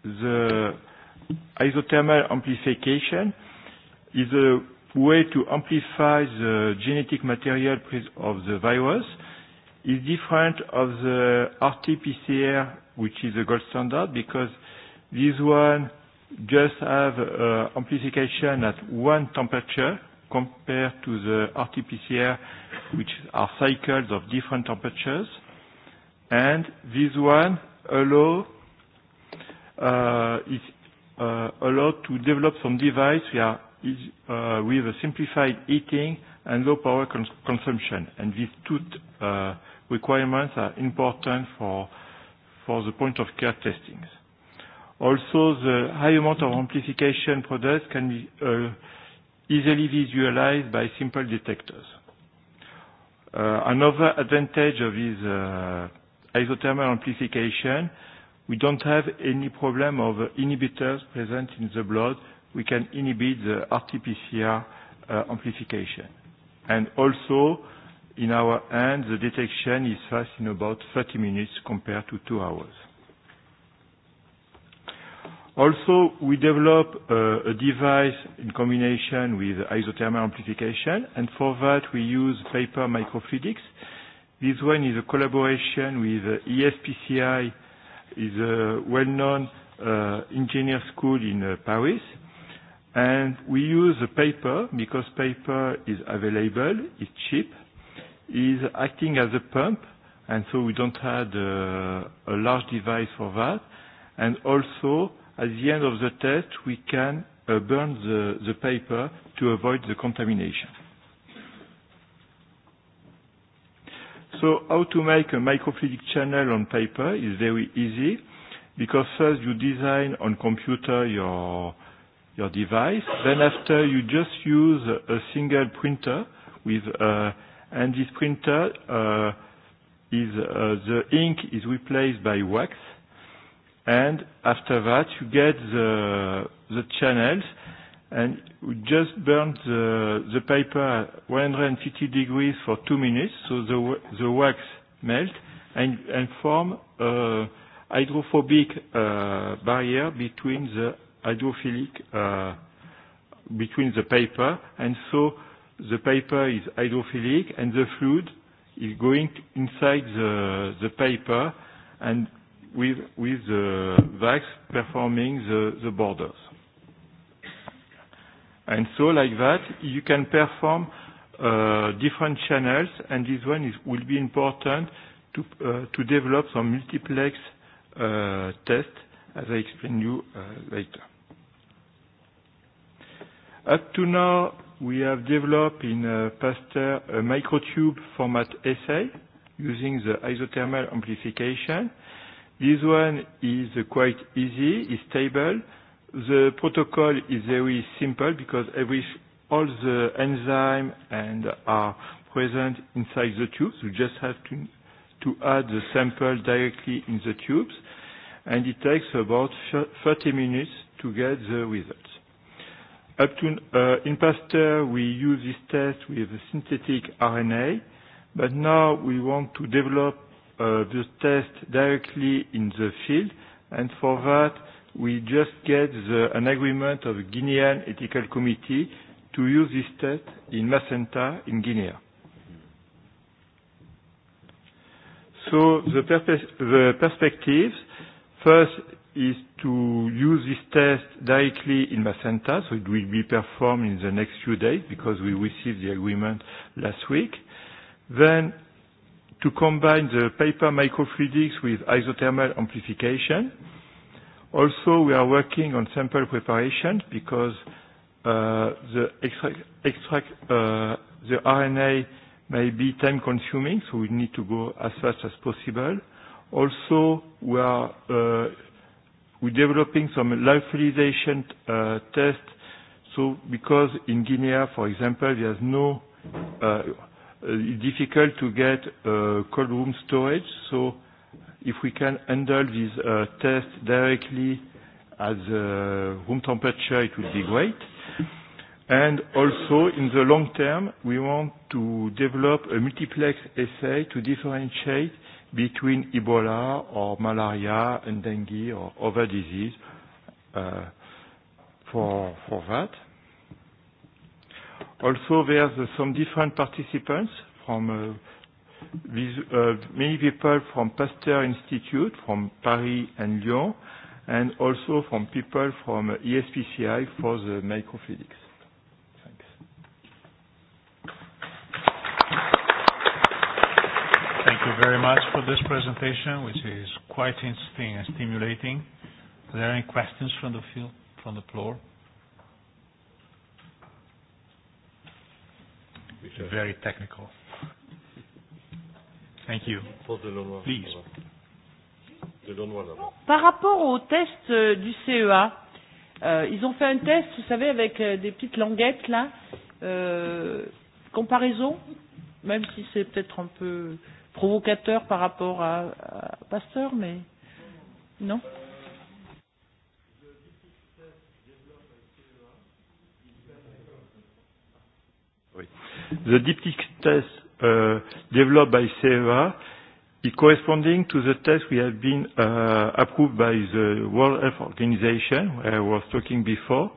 The isothermal amplification is way to amplify the genetic material of the virus is different of the RT-PCR, which is the gold standard, because this one just have uh, amplification at one temperature compared to the RT-PCR, which are cycles of different temperatures. And this one allow, uh, is, uh, allow to develop some device we are is with uh, a simplified heating and low power consumption. These two uh, requirements are important for the point of care testings. Also, the high amount of amplification products can be uh, easily visualized by simple detectors. Another advantage of this isothermal amplification, we don't have any problem of inhibitors present in the blood, we can inhibit the RT-PCR uh, amplification. And also, in our end, the detection is fast in about 30 minutes compared to two hours. Also, we develop uh, a device in combination with isothermal amplification, and for that we use paper microfluidics. This one is a collaboration with uh, ESPCI, is a well-known uh, engineer school in uh, Paris, and we use the paper because paper is available, it's cheap, is acting as a pump, and so we don't have uh, a large device for that. And also, at the end of the test, we can burn the paper to avoid the contamination. So how to make a microfluidic channel on paper is very easy, because first you design on computer your your device. Then after you just use a single printer with uh, and this printer uh, is uh, the ink is replaced by wax and after that you get the the channels and we just burn the the paper at 150 degrees for two minutes so the the wax melt and and form a hydrophobic uh, barrier between the hydrophilic uh, between the paper, and so the paper is hydrophilic, and the fluid is going inside the, the paper, and with, with the vax performing the, the borders. And so, like that, you can perform uh, different channels, and this one is, will be important to, uh, to develop some multiplex uh, tests as I explain you uh, later. Up to now, we have developed in uh, PASTEUR a microtube format assay using the isothermal amplification. This one is quite easy, is stable. The protocol is very simple because all the enzyme and are present inside the tubes. We just have to add the sample directly in the tubes and it takes about 30 minutes to get the results. Uh, in Pasteur, we use this test with a synthetic RNA, but now we want to develop uh, the test directly in the field, and for that, we just get an agreement of Guinean Ethical Committee to use this test in Macenta in Guinea. The perspectives, First is to use this test directly in Macenta, so it will be performed in the next few days because we received the agreement last week. Then to combine the paper microfluidics with isothermal amplification. Also, we are working on sample preparation because uh, the, extract, extract, uh, the RNA may be time consuming, so we need to go as fast as possible. Also, we are uh, developing some lyophilization uh, test. Because in Guinea, for example, there's no, uh, difficult to get cold room storage. If we can handle these tests directly at room temperature, it would be great. Also in the long term, we want to develop a multiplex assay to differentiate between Ebola or malaria and dengue or other disease uh, for, for that. Also, there's uh, some different participants from uh, vis- uh, many people from Pasteur Institute from Paris and Lyon, and also from people from uh, ESPCI for the microphysics. Thank you very much for this presentation, which is quite interesting and stimulating. Are there any questions from the field, from the floor? Very technical. Thank you. Please. Par rapport au test euh, du CEA, euh, ils ont fait un test, vous savez, avec euh, des petites languettes là. Comparaison, même si c'est peut-être un peu provocateur par rapport à, à Pasteur, mais non Oui. The diptych test uh, developed by CEA is corresponding to the test we have been uh, approved by the World Health Organization, where I was talking before.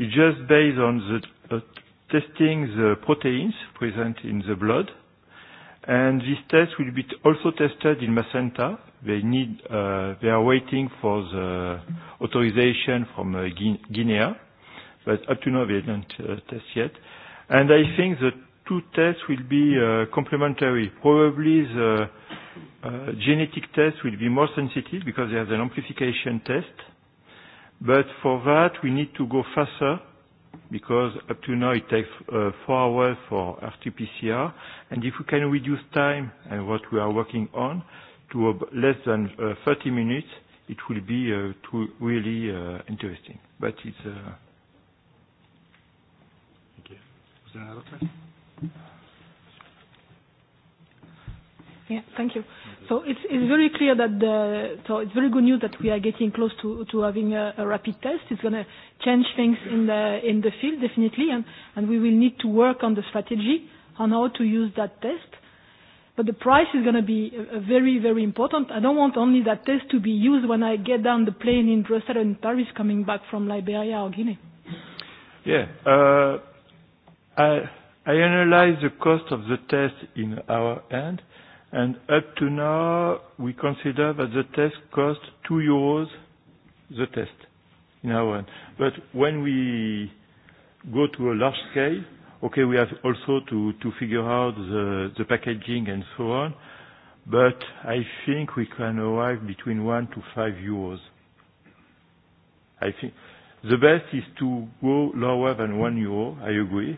It's just based on the uh, testing the proteins present in the blood and this test will be also tested in Macenta. They need, uh, they are waiting for the authorization from uh, Guinea, but up to now they don't uh, test yet. And I think the two tests will be uh, complementary. Probably the uh, genetic test will be more sensitive because there's an amplification test. But for that, we need to go faster because up to now it takes uh, four hours for RT-PCR. If we can reduce time, and what we are working on, to less than 30 uh, minutes, it will be uh, really interesting. Thank you. Was there another question? Yeah, thank you. It's very clear that it's very good news that we are getting close to having a rapid test. It's gonna change things in the field, definitely, and we will need to work on the strategy on how to use that test. The price is gonna be very important. I don't want only that test to be used when I get on the plane in Brussels and Paris coming back from Liberia or Guinea. Yeah. Uh, I analyze the cost of the test in our hand, Up to now, we consider that the test cost 2 euros, the test in our end. When we go to a large scale, okay, we have also to figure out the packaging and so on, but I think we can arrive between 1-5 euros. I think the best is to go lower than 1 euro, I agree,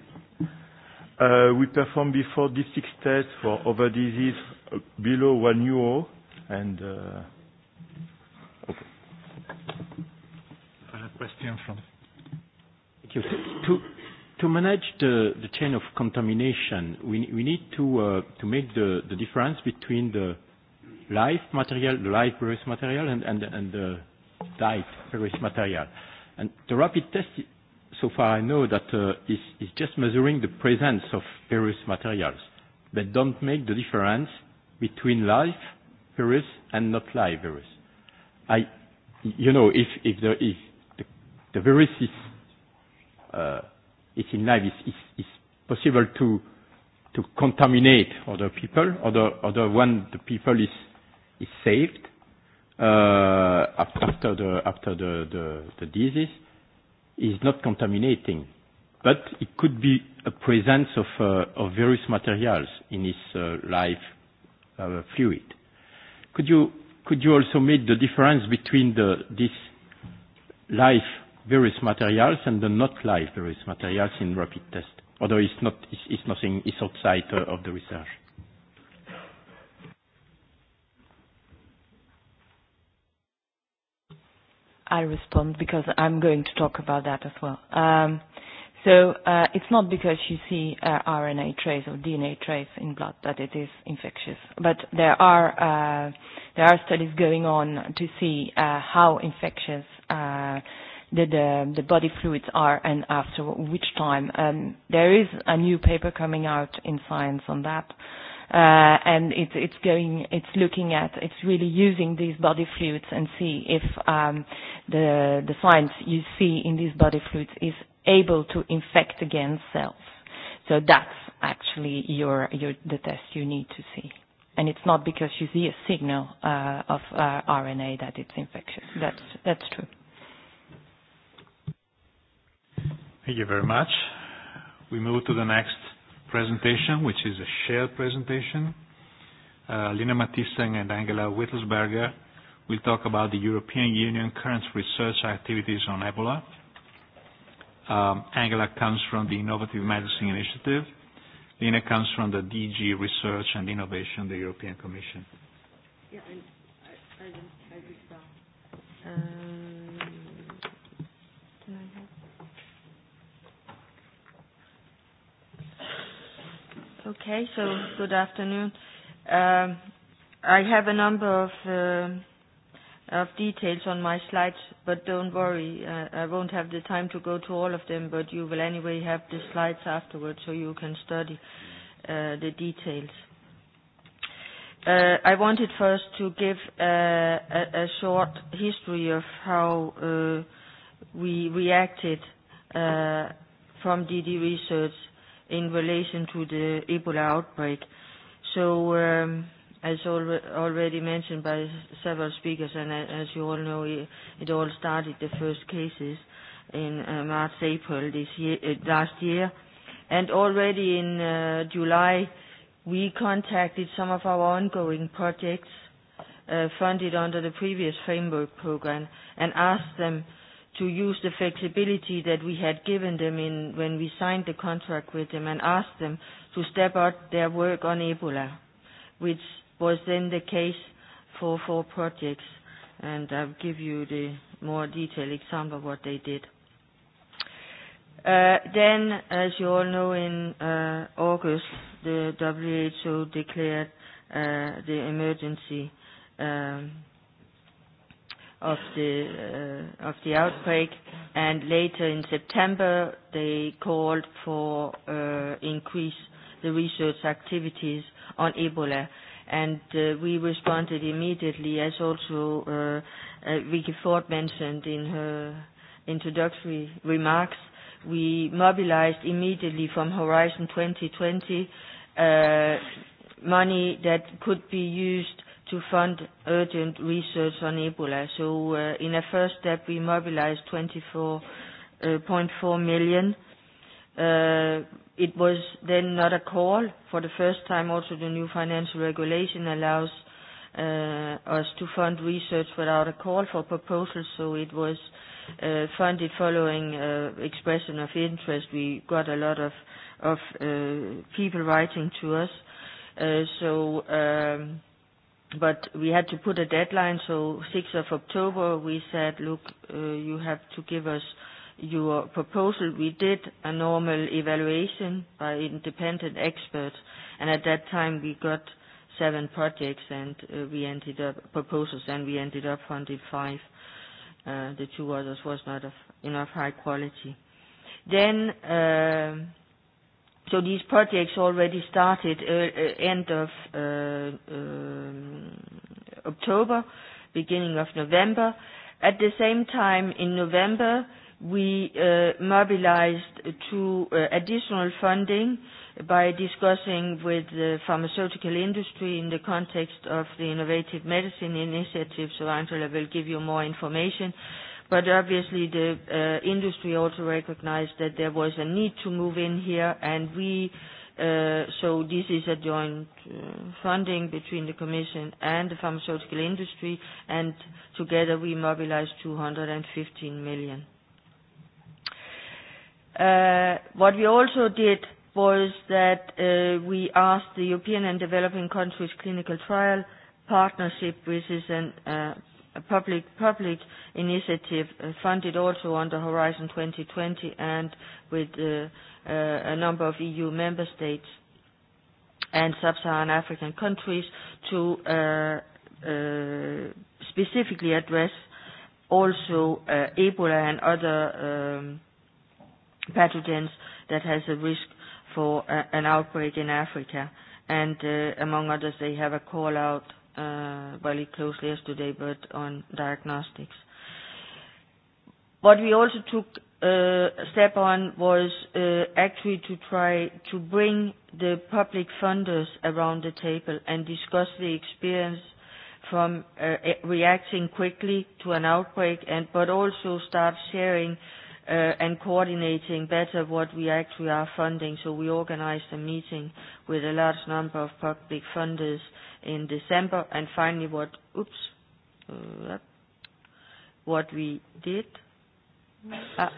Uh, we performed before these six tests for other disease uh, below one euro. And uh, okay. I have a question from. Thank you. To, to manage the, the chain of contamination, we, we need to, uh, to make the, the difference between the live material, the live virus material, and, and, and the died virus material. And the rapid test so far I know that uh, it's, it's just measuring the presence of various materials that don't make the difference between live virus and not live virus. I, you know, if, if, there is, the, the virus is, uh, is in live, it's, it's, it's possible to, to contaminate other people, other, other when the people is, is saved uh, after, the, after the, the, the disease is not contaminating, but it could be a presence of uh, various materials in this uh, live uh, fluid. Could you also make the difference between this live various materials and the not live various materials in rapid test? Although it's nothing, it's outside of the research. I respond because I'm going to talk about that as well. Um, so uh, it's not because you see uh, RNA trace or DNA trace in blood that it is infectious, but there are uh, there are studies going on to see uh, how infectious uh, the the body fluids are and after which time. Um, there is a new paper coming out in Science on that. Uh, and it's it's going it's looking at it's really using these body fluids and see if um the the signs you see in these body fluids is able to infect again cells so that's actually your your the test you need to see and it's not because you see a signal uh of uh, RNA that it's infectious that's that's true thank you very much we move to the next presentation, which is a shared presentation. Uh, Lina Mathiesen and Angela Wittelsberger will talk about the European Union current research activities on Ebola. Um, Angela comes from the Innovative Medicine Initiative. Lina comes from the DG Research and Innovation of the European Commission. Yeah, I will start. Uh, Okay, so good afternoon. Uh, I have a number of, uh, of details on my slides, but don't worry, uh, I won't have the time to go to all of them, but you will anyway have the slides afterwards so you can study uh, the details. Uh, I wanted first to give a, uh, a, a short history of how uh, we reacted uh, from DD Research in relation to the Ebola outbreak. So, um, as already mentioned by several speakers, and as you all know, it all started the first cases in uh, March, April this year, uh, last year. And already in uh, July, we contacted some of our ongoing projects funded under the previous framework program, and asked them to use the flexibility that we had given them in when we signed the contract with them and asked them to step up their work on Ebola, which was then the case for four projects. I'll give you the more detailed example of what they did. Uh, as you all know, in uh, August, the WHO declared uh, the emergency um, of the uh, of the outbreak, and later in September they called for uh, increase the research activities on Ebola, and uh, we responded immediately, as also uh, uh, Ricky Ford mentioned in her introductory remarks. We mobilized immediately from Horizon 2020 uh, money that could be used to fund urgent research on Ebola. Uh, in a first step, we mobilized 24.4 uh, million. Uh, it was then not a call. For the first time, also, the new financial regulation allows us to fund research without a call for proposals, so it was funded following expression of interest. We got a lot of people writing to us. So, um, We had to put a deadline, so 6th of October, we said, "Look, uh, you have to give us your proposal." We did a normal evaluation by independent experts, and at that time, we got seven projects, and uh, we ended up proposals, and we ended up funding five. Uh, the two others was not of enough high quality. Then, um, These projects already started uh, uh, end of uh, um, October, beginning of November. At the same time, in November, we mobilized two additional funding by discussing with the pharmaceutical industry in the context of the Innovative Medicine Initiative. Angela will give you more information. But obviously, the uh, industry also recognized that there was a need to move in here, and we, uh, so this is a joint uh, funding between the commission and the pharmaceutical industry, and together we mobilized 215 million. What we also did was that we asked the European and developing countries clinical trial partnership, which is a public-public initiative uh, funded also under Horizon 2020 and with uh, uh, a number of EU member states and sub-Saharan African countries to specifically address also Ebola and other um, pathogens that has a risk for an outbreak in Africa. Among others, they have a call-out Uh, very closely as today, but on diagnostics. What we also took uh, a step on was uh, actually to try to bring the public funders around the table and discuss the experience from reacting quickly to an outbreak, but also start sharing and coordinating better what we actually are funding. We organized a meeting with a large number of public funders in December. Finally, uh, what we did. Uh,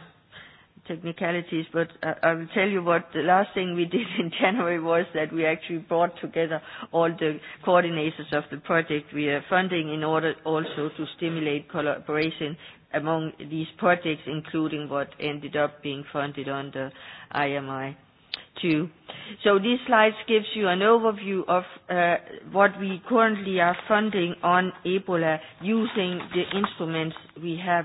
technicalities, but uh, I will tell you what the last thing we did in January was that we actually brought together all the coordinators of the project we are funding in order also to stimulate collaboration among these projects, including what ended up being funded under IMI. 2. These slides gives you an overview of uh, what we currently are funding on Ebola using the instruments we have.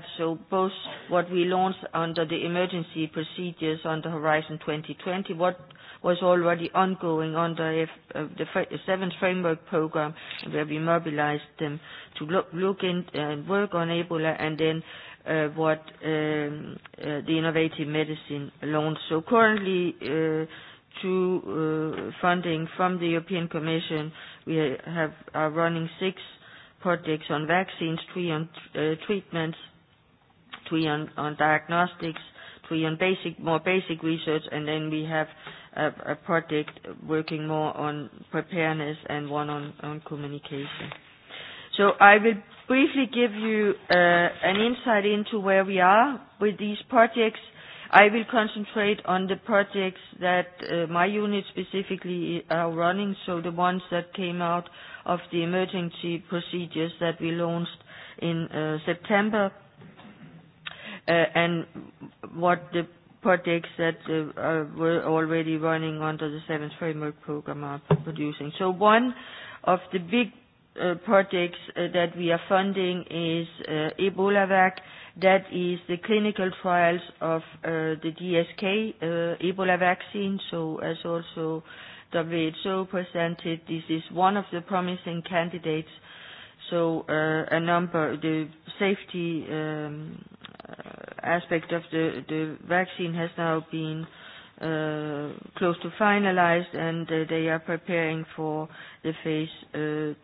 Both what we launched under the emergency procedures under Horizon 2020, what was already ongoing under uh, the seventh framework program, where we mobilized them to look in and uh, work on Ebola, and then Uh, what um, uh, the innovative medicine launch. So currently, uh, through funding from the European Commission, we are running six projects on vaccines, three on treatments, three on diagnostics, three on more basic research, and then we have a project working more on preparedness and one on communication. So I will briefly give you uh, an insight into where we are with these projects. I will concentrate on the projects that uh, my unit specifically are running, so the ones that came out of the emergency procedures that we launched in uh, September, and what the projects that were already running under the seventh framework program are producing. One of the big Uh, projects uh, that we are funding is uh, EbolaVac. That is the clinical trials of the GSK Ebola vaccine. So as also WHO presented, this is one of the promising candidates. So a number, the safety um, aspect of the vaccine has now been Uh, close to finalized, and uh, they are preparing for the phase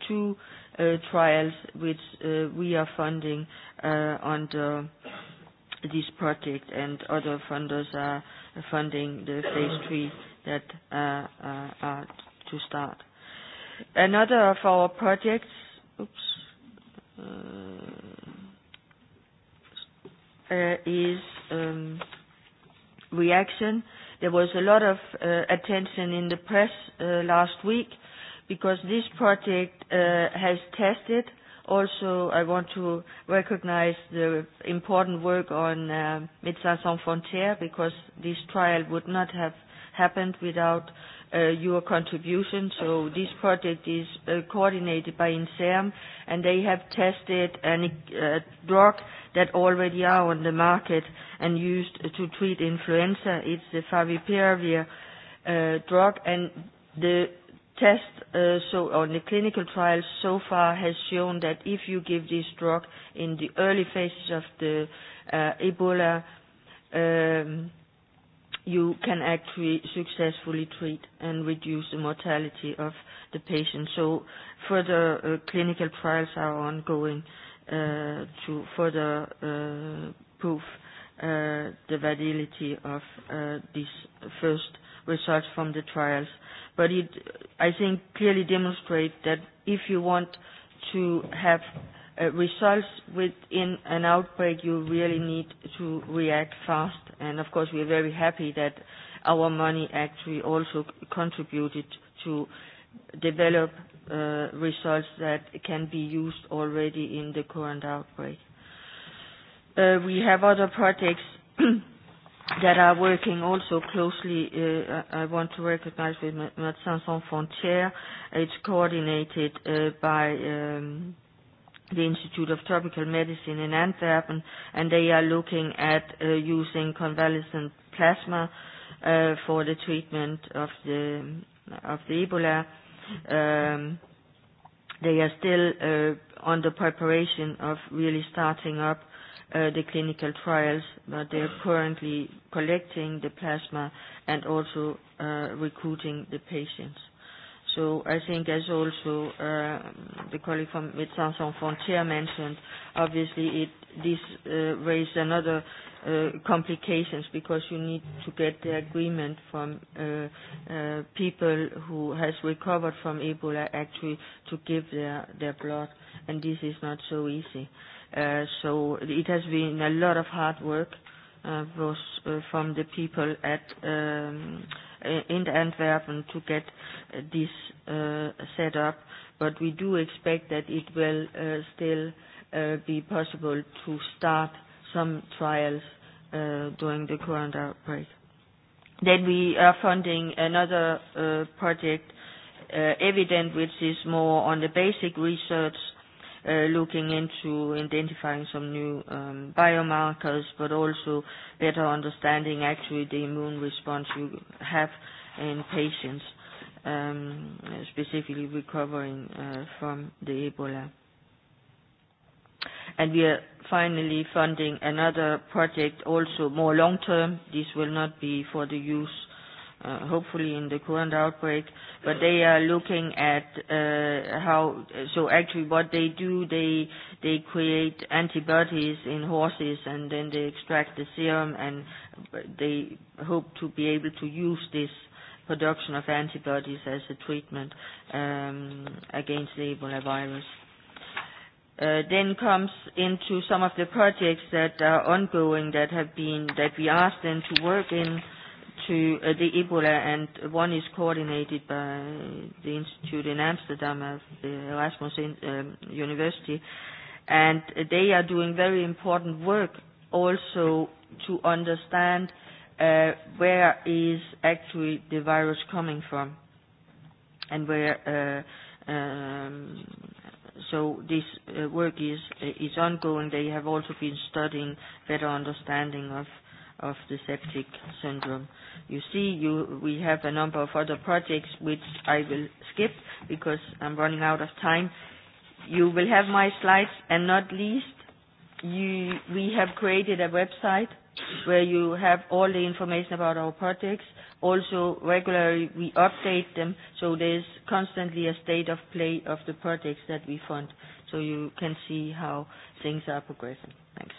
II uh, trials, which we are funding under this project, and other funders are funding the phase III that are to start. Another of our projects. Oops. is um, ReAction. There was a lot of uh, attention in the press uh, last week because this project uh, has tested. Also, I want to recognize the important work on uh, Médecins Sans Frontières because this trial would not have happened without uh, Uh, your contribution. This project is uh, coordinated by INSERM, and they have tested a uh, drug that already are on the market and used to treat influenza. It's the favipiravir drug, and the test on the clinical trials so far has shown that if you give this drug in the early phases of the Ebola um, you can actually successfully treat and reduce the mortality of the patient. Further uh, clinical trials are ongoing uh, to further uh, prove the validity of these first results from the trials. It, I think, clearly demonstrate that if you want to have results within an outbreak, you really need to react fast. Of course, we are very happy that our money actually also contributed to develop results that can be used already in the current outbreak. We have other projects that are working also closely. I want to recognize with Médecins Sans Frontières. It's coordinated by Médecins the Institute of Tropical Medicine in Antwerp, and they are looking at uh, using convalescent plasma uh, for the treatment of the Ebola. Um, they are still uh, on the preparation of really starting up the clinical trials, but they are currently collecting the plasma and also recruiting the patients. I think as also uh, the colleague from Médecins Sans Frontières mentioned, obviously this uh, raised another uh, complications because you need to get the agreement from people who has recovered from Ebola actually to give their blood, and this is not so easy. It has been a lot of hard work both from the people at Médecins um, Uh, in Antwerp to get uh, this uh, set up. We do expect that it will still be possible to start some trials during the current outbreak. We are funding another project, Evident, which is more on the basic research Uh, looking into identifying some new um, biomarkers, but also better understanding actually the immune response you have in patients, um, specifically recovering uh, from the Ebola. We are finally funding another project also more long-term. This will not be for the use Uh, hopefully in the current outbreak. They are looking at uh, how. Actually what they do, they create antibodies in horses, and then they extract the serum, and they hope to be able to use this production of antibodies as a treatment um, against the Ebola virus. Uh, comes into some of the projects that are ongoing that we asked them to work in to uh, the Ebola, and one is coordinated by the institute in Amsterdam of the Erasmus um, University. They are doing very important work also to understand uh, where is actually the virus coming from and where. Uh, um, this work is ongoing. They have also been studying better understanding of the septic syndrome. You see, you, we have a number of other projects which I will skip because I'm running out of time. You will have my slides and not least, you, we have created a website where you have all the information about our projects. Also, regularly we update them, so there's constantly a state of play of the projects that we fund, so you can see how things are progressing. Thanks.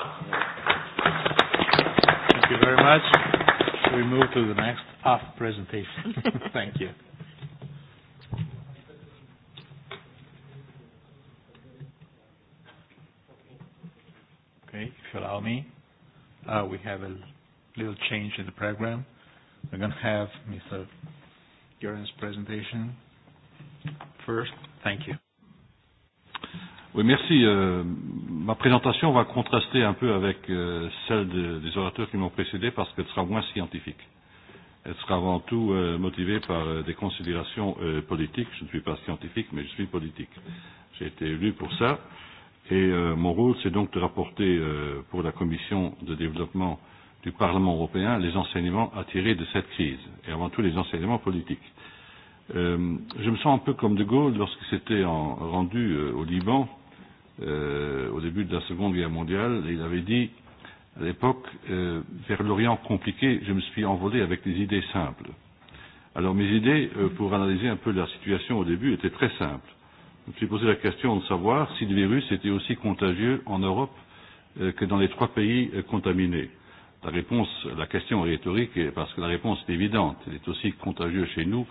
Yeah you very much. Should we move to the next half presentation? Thank you. Okay, if you allow me, uh, we have a little change in the program. We're going to have Mr. Guerin's presentation first. Thank you. Oui, merci. Euh, ma présentation va contraster un peu avec euh, celle de, des orateurs qui m'ont précédé parce qu'elle sera moins scientifique. Elle sera avant tout euh, motivée par euh, des considérations euh, politiques. Je ne suis pas scientifique, mais je suis politique. J'ai été élu pour ça. Et euh, mon rôle, c'est donc de rapporter euh, pour la Commission de développement du Parlement européen les enseignements à tirer de cette crise, et avant tout les enseignements politiques. Euh, je me sens un peu comme De Gaulle lorsqu'il s'était rendu euh, au Liban, euh, euh, au début de la Seconde Guerre mondiale, et il avait dit à l'époque, euh, vers l'Orient compliqué, je me suis envolé avec des idées simples. Alors mes idées, euh, pour analyser un peu la situation au début, étaient très simples. Je me suis posé la question de savoir si le virus était aussi contagieux en Europe euh, que dans les trois pays euh, contaminés. La réponse, la question est rhétorique, parce que la réponse est évidente. Elle est aussi contagieux chez nous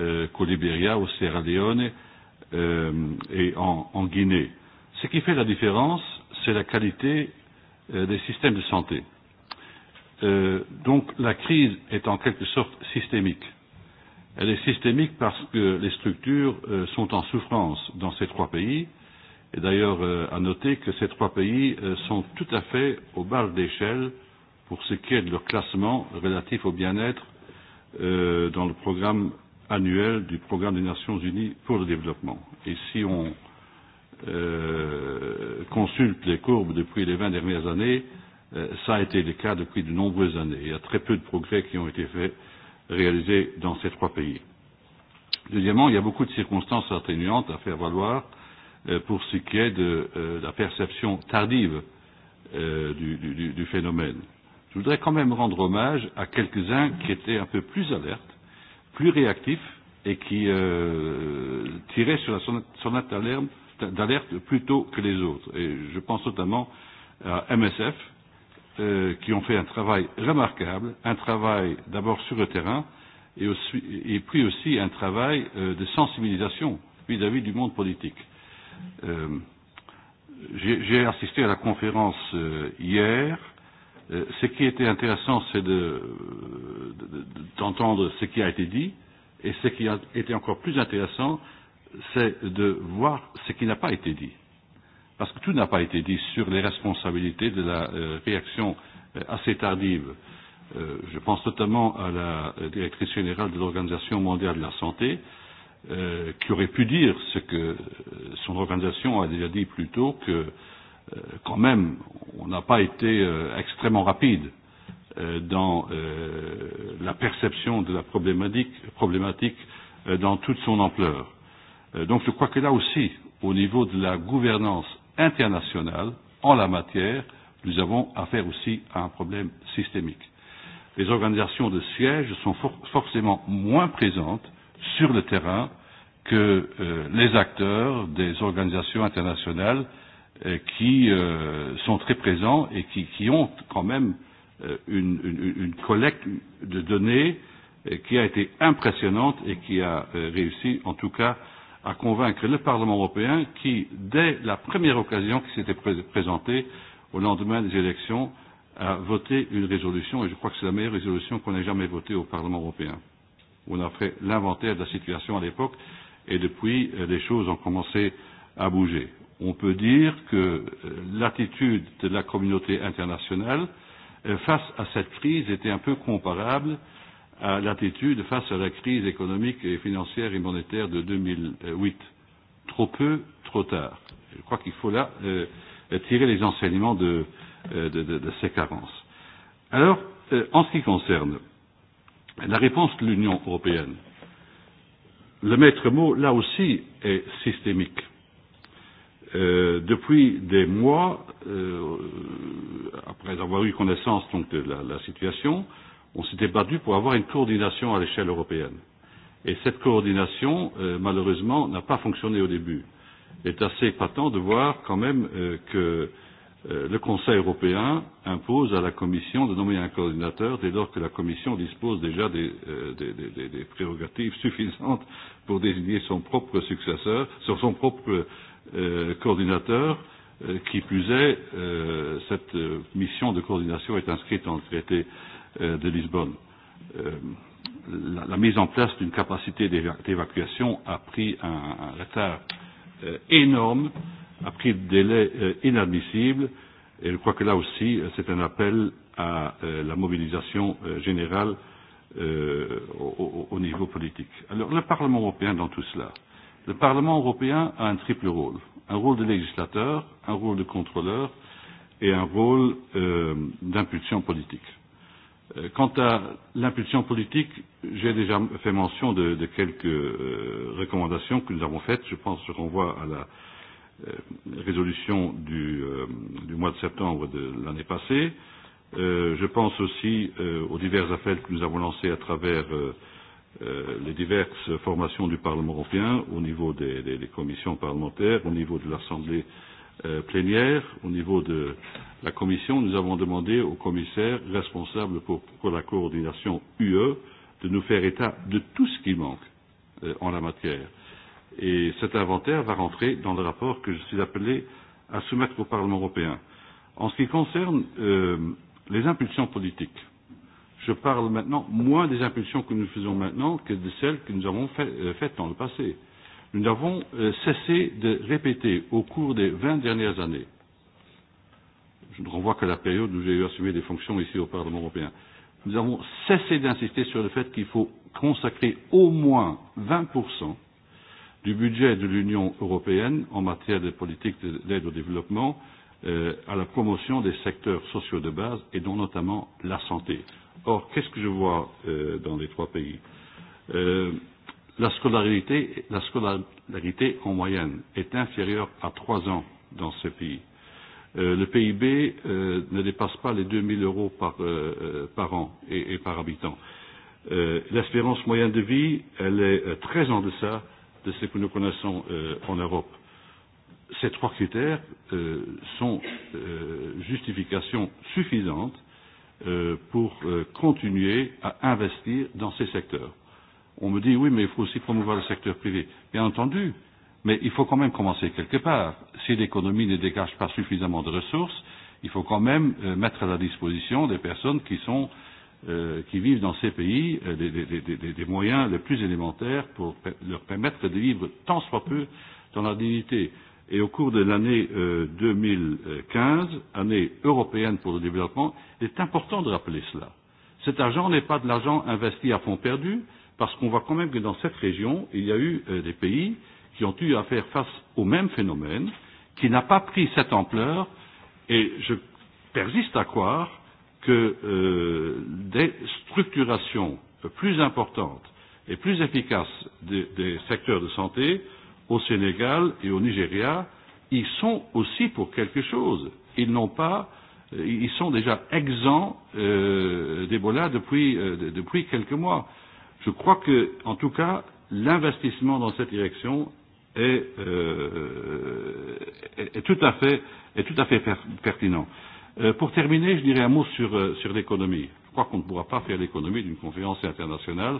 euh, qu'au Libéria, au Sierra Leone euh, et en, en Guinée. Ce qui fait la différence, c'est la qualité euh, des systèmes de santé. Euh, donc la crise est en quelque sorte systémique. Elle est systémique parce que les structures euh, sont en souffrance dans ces trois pays. Et d'ailleurs, euh, à noter que ces trois pays euh, sont tout à fait au bas d'échelle pour ce qui est de leur classement relatif au bien-être euh, dans le programme annuel du programme des Nations Unies pour le développement. Et si on, Euh, consulte les courbes depuis les vingt dernières années, euh, ça a été le cas depuis de nombreuses années. Il y a très peu de progrès qui ont été faits, réalisés dans ces trois pays. Deuxièmement, il y a beaucoup de circonstances atténuantes à faire valoir euh, pour ce qui est de euh, la perception tardive euh, du, du, du phénomène. Je voudrais quand même rendre hommage à quelques-uns qui étaient un peu plus alertes, plus réactifs et qui euh, tiraient sur la sonnette d'alerte d'alerte plus tôt que les autres. Et je pense notamment à MSF, euh, qui ont fait un travail remarquable, un travail d'abord sur le terrain et, aussi, et puis aussi un travail euh, de sensibilisation vis-à-vis -vis du monde politique. Euh, J'ai assisté à la conférence euh, hier. Euh, ce qui était intéressant, c'est d'entendre de, de, de, ce qui a été dit et ce qui a été encore plus intéressant, c'est de voir ce qui n'a pas été dit. Parce que tout n'a pas été dit sur les responsabilités de la euh, réaction euh, assez tardive. Euh, je pense notamment à la directrice générale de l'Organisation mondiale de la santé, euh, qui aurait pu dire ce que euh, son organisation a déjà dit plus tôt, que euh, quand même, on n'a pas été euh, extrêmement rapide euh, dans euh, la perception de la problématique, problématique euh, dans toute son ampleur. Euh, donc je crois que là aussi, au niveau de la gouvernance internationale en la matière, nous avons affaire aussi à un problème systémique. Les organisations de siège sont for forcément moins présentes sur le terrain que euh, les acteurs des organisations internationales euh, qui euh, sont très présents et qui, qui ont quand même euh, une, une, une collecte de données euh, qui a été impressionnante et qui a euh, réussi en tout cas euh, à convaincre le Parlement européen qui, dès la première occasion qui s'était pré présentée au lendemain des élections, a voté une résolution, et je crois que c'est la meilleure résolution qu'on ait jamais votée au Parlement européen. On a fait l'inventaire de la situation à l'époque, et depuis, euh, les choses ont commencé à bouger. On peut dire que euh, l'attitude de la communauté internationale euh, face à cette crise était un peu comparable euh, à l'attitude face à la crise économique et financière et monétaire de 2008. Trop peu, trop tard. Je crois qu'il faut là euh, tirer les enseignements de, euh, de, de, de ces carences. Alors, euh, en ce qui concerne la réponse de l'Union européenne, le maître mot, là aussi, est systémique. Euh, depuis des mois, euh, après avoir eu connaissance donc, de la, la situation, euh, on s'était battu pour avoir une coordination à l'échelle européenne. Et cette coordination, euh, malheureusement, n'a pas fonctionné au début. Il est assez patent de voir quand même euh, que euh, le Conseil européen impose à la Commission de nommer un coordinateur dès lors que la Commission dispose déjà des, euh, des, des, des prérogatives suffisantes pour désigner son propre successeur, sur son propre euh, coordinateur. Euh, qui plus est, euh, cette euh, mission de coordination est inscrite dans le traité. Euh, euh, de Lisbonne. Euh, la, la mise en place d'une capacité d'évacuation a pris un, un retard euh, énorme, a pris des délais euh, inadmissibles, et je crois que là aussi, euh, c'est un appel à euh, la mobilisation euh, générale euh, au, au niveau politique. Alors, le Parlement européen dans tout cela. Le Parlement européen a un triple rôle. Un rôle de législateur, un rôle de contrôleur et un rôle euh, d'impulsion politique. Euh, quant à l'impulsion politique, j'ai déjà fait mention de, de quelques euh, recommandations que nous avons faites. Je pense, je renvoie à la euh, résolution du, euh, du mois de septembre de l'année passée. Euh, je pense aussi euh, aux divers appels que nous avons lancés à travers euh, euh, les diverses formations du Parlement européen, au niveau des, des, des commissions parlementaires, au niveau de l'Assemblée euh, euh, plénière, au niveau de la Commission, nous avons demandé au commissaire responsable pour, pour la coordination UE de nous faire état de tout ce qui manque euh, en la matière. Et cet inventaire va rentrer dans le rapport que je suis appelé à soumettre au Parlement européen. En ce qui concerne euh, les impulsions politiques, je parle maintenant moins des impulsions que nous faisons maintenant que de celles que nous avons fait, euh, faites dans le passé. Euh, nous n'avons euh, cessé de répéter au cours des vingt dernières années je ne renvoie que la période où j'ai eu assumé des fonctions ici au Parlement européen nous avons cessé d'insister sur le fait qu'il faut consacrer au moins vingt du budget de l'Union européenne en matière de politique d'aide au développement euh, à la promotion des secteurs sociaux de base et dont notamment la santé. Or, qu'est ce que je vois euh, dans les trois pays? Euh, La scolarité, la scolarité en moyenne est inférieure à trois ans dans ce pays. Euh, le PIB euh, ne dépasse pas les 2 000 euros par, euh, euh, par an et, et par habitant. Euh, L'espérance moyenne de vie, elle est euh, très en deçà de ce que nous connaissons euh, en Europe. Ces trois critères euh, sont euh, justifications suffisantes euh, pour euh, continuer à investir dans ces secteurs. On me dit oui, mais il faut aussi promouvoir le secteur privé. Bien entendu, mais il faut quand même commencer quelque part. Si l'économie ne dégage pas suffisamment de ressources, il faut quand même euh, mettre à la disposition des personnes qui sont euh, qui vivent dans ces pays euh, des euh, des moyens les plus élémentaires pour leur permettre de vivre tant soit peu dans la dignité. Et au cours de l'année euh, 2015, année européenne pour le développement, il est important de rappeler cela. Cet argent n'est pas de l'argent investi à fond perdu, euh, parce qu'on voit quand même que dans cette région, il y a eu euh, des pays qui ont eu à faire face au même phénomène, qui n'a pas pris cette ampleur, et je persiste à croire que euh, des structurations plus importantes et plus efficaces de, des secteurs de santé au Sénégal et au Nigeria, ils sont aussi pour quelque chose. Ils n'ont pas, euh, ils sont déjà exempts euh, d'Ebola depuis, euh, depuis quelques mois. Euh, je crois que, en tout cas, l'investissement dans cette direction est, euh, est tout à fait, est tout à fait per pertinent. Euh, pour terminer, je dirais un mot sur, euh, sur l'économie. Je crois qu'on ne pourra pas faire l'économie d'une conférence internationale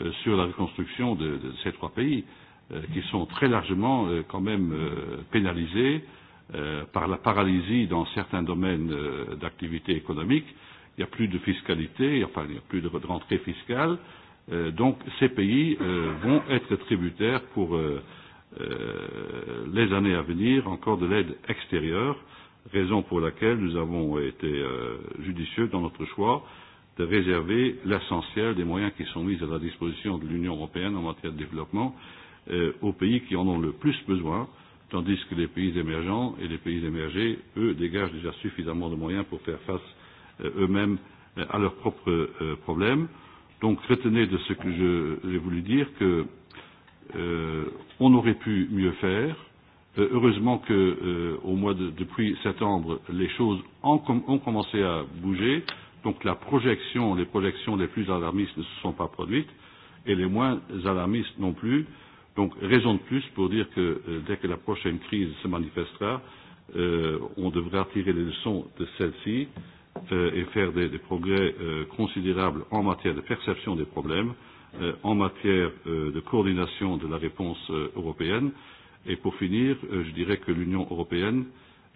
euh, sur la reconstruction de, de ces trois pays euh, qui sont très largement euh, quand même euh, pénalisés euh, par la paralysie dans certains domaines euh, d'activité économique. Il n'y a plus de fiscalité, enfin il n'y a plus de rentrée fiscale. Euh, Euh, donc ces pays euh, vont être tributaires pour euh, euh, les années à venir encore de l'aide extérieure, raison pour laquelle nous avons été euh, judicieux dans notre choix de réserver l'essentiel des moyens qui sont mis à la disposition de l'Union européenne en matière de développement euh, aux pays qui en ont le plus besoin, tandis que les pays émergents et les pays émergés, eux, dégagent déjà suffisamment de moyens pour faire face euh, eux-mêmes euh, à leurs propres euh, problèmes. Euh, Donc retenez de ce que j'ai voulu dire que euh, on aurait pu mieux faire. Euh, heureusement que euh, au mois de, depuis septembre, les choses en com ont commencé à bouger. Donc la projection, les projections les plus alarmistes ne se sont pas produites et les moins alarmistes non plus. Donc raison de plus pour dire que euh, dès que la prochaine crise se manifestera, euh, on devrait tirer les leçons de celle-ci. Euh, euh, et faire des, des progrès euh, considérables en matière de perception des problèmes, euh, en matière euh, de coordination de la réponse euh, européenne. Et pour finir, euh, je dirais que l'Union européenne,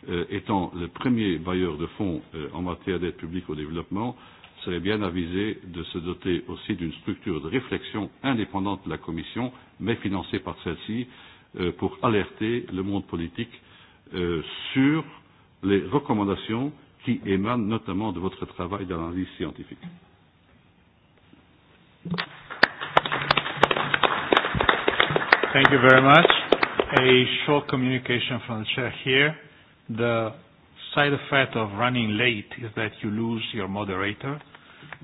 euh, étant le premier bailleur de fonds euh, en matière d'aide publique au développement, serait bien avisé de se doter aussi d'une structure de réflexion indépendante de la Commission, mais financée par celle-ci, euh, pour alerter le monde politique euh, sur les recommandations qui émanent notamment de votre travail dans la vie scientifique. Thank you very much. A short communication from the chair here. The side effect of running late is that you lose your moderator.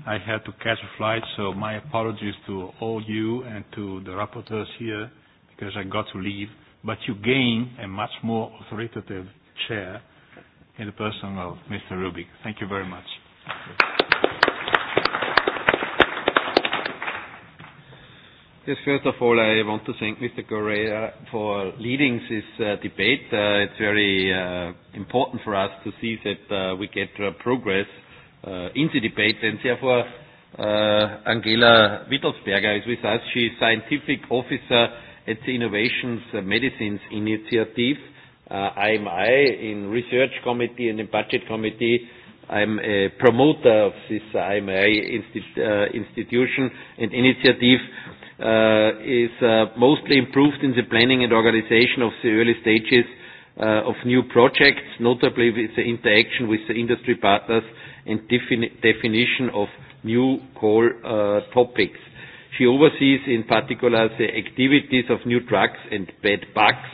I had to catch a flight, so my apologies to all you and to the rapporteurs here because I got to leave. But you gain a much more authoritative chair in the person of Mr. Rubik. Thank you very much. Yes, first of all, I want to thank Mr. Correa for leading this uh, debate. Uh, it's very uh, important for us to see that uh, we get uh, progress uh, in the debate. And therefore, uh, Angela Wittelsberger is with us. She's scientific officer at the Innovations uh, Medicines Initiative uh, I'm I in research committee and in budget committee. I'm a promoter of this IMA insti uh, institution and initiative uh, is uh, mostly improved in the planning and organization of the early stages uh, of new projects, notably with the interaction with the industry partners and defini definition of new call uh, topics. She oversees in particular the activities of new drugs and bad bugs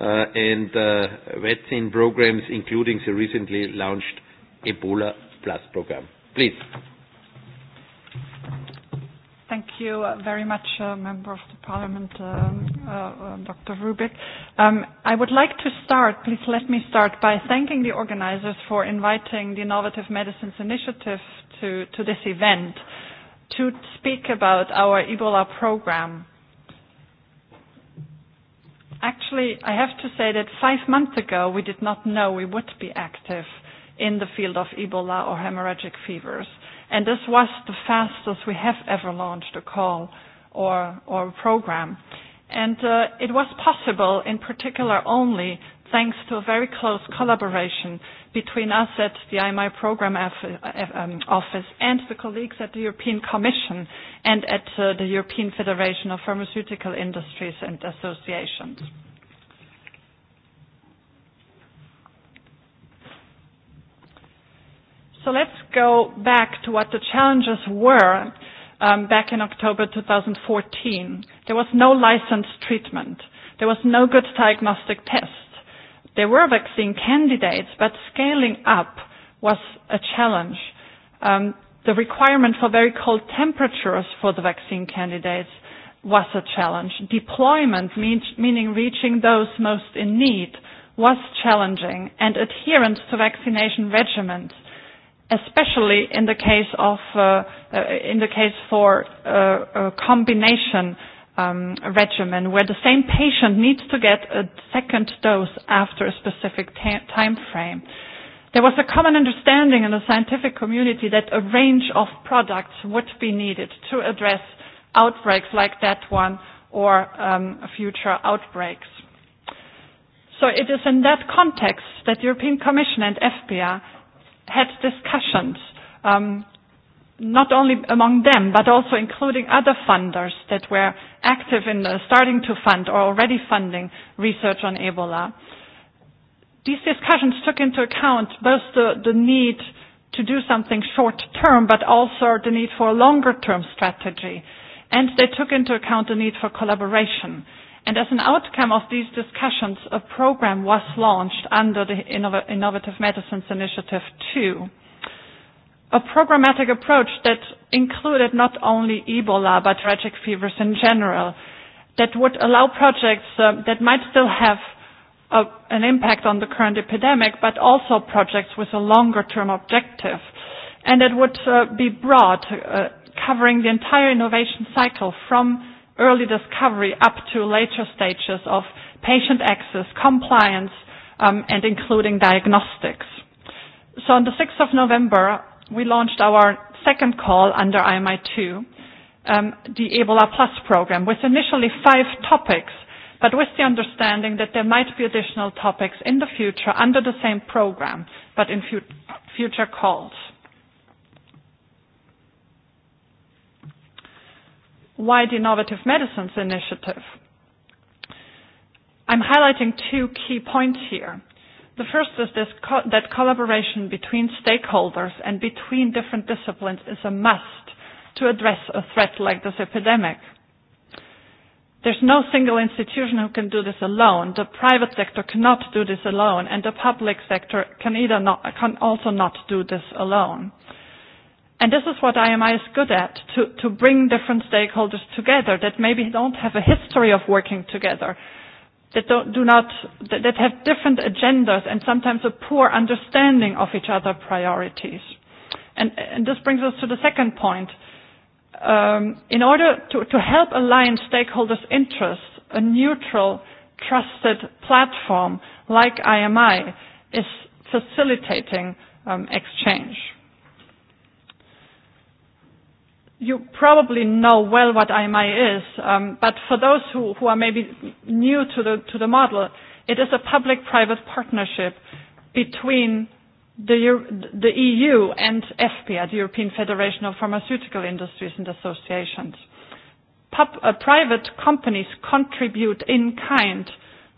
Uh, and uh, vaccine programs, including the recently launched Ebola Plus program. Please. Thank you uh, very much, Member of Parliament, um, Dr. Rubik. Um, I would like to start, please let me start by thanking the organizers for inviting the Innovative Medicines Initiative to this event to speak about our Ebola program. Actually, I have to say that five months ago, we did not know we would be active in the field of Ebola or hemorrhagic fevers. And this was the fastest we have ever launched a call or, or a program. And uh, it was possible, in particular, only thanks to a very close collaboration between us at the IMI Program um, Office and the colleagues at the European Commission and at uh, the European Federation of Pharmaceutical Industries and Associations. So let's go back to what the challenges were um, back in October 2014. There was no licensed treatment. There was no good diagnostic test. There were vaccine candidates, but scaling up was a challenge. Um, the requirement for very cold temperatures for the vaccine candidates was a challenge. Deployment, mean, meaning reaching those most in need, was challenging. And adherence to vaccination regimens, especially in the case of uh, uh, in the case for uh, a combination Um, regimen where the same patient needs to get a second dose after a specific time frame. There was a common understanding in the scientific community that a range of products would be needed to address outbreaks like that one or um, future outbreaks. It is in that context that European Commission and EFPIA had discussions to um, not only among them, but also including other funders that were active in the uh, starting to fund or already funding research on Ebola. These discussions took into account both the, the need to do something short term, but also the need for a longer term strategy. And they took into account the need for collaboration. And as an outcome of these discussions, a program was launched under the Innov- Innovative Medicines Initiative 2 a programmatic approach that included not only Ebola, but tragic fevers in general, that would allow projects uh, that might still have a, an impact on the current epidemic, but also projects with a longer term objective. And it would uh, be broad, uh, covering the entire innovation cycle from early discovery up to later stages of patient access, compliance, um, and including diagnostics. So on the 6th of November, we launched our second call under IMI2, um, the Ebola Plus program, with initially five topics, but with the understanding that there might be additional topics in the future under the same program, but in fu- future calls. Why the Innovative Medicines Initiative? I'm highlighting two key points here. The first is this co- that collaboration between stakeholders and between different disciplines is a must to address a threat like this epidemic. There's no single institution who can do this alone. The private sector cannot do this alone, and the public sector can either not, can also not do this alone. And this is what IMI is good at, to, to bring different stakeholders together that maybe don't have a history of working together, that don't, do not that, that have different agendas and sometimes a poor understanding of each other's priorities. And, and this brings us to the second point. Um, in order to, to help align stakeholders' interests, a neutral, trusted platform like IMI is facilitating um, exchange you probably know well what IMI is, um, but for those who, who are maybe new to the, to the model, it is a public private partnership between the, the EU and FPA, the European Federation of Pharmaceutical Industries and Associations. Pub, uh, private companies contribute in kind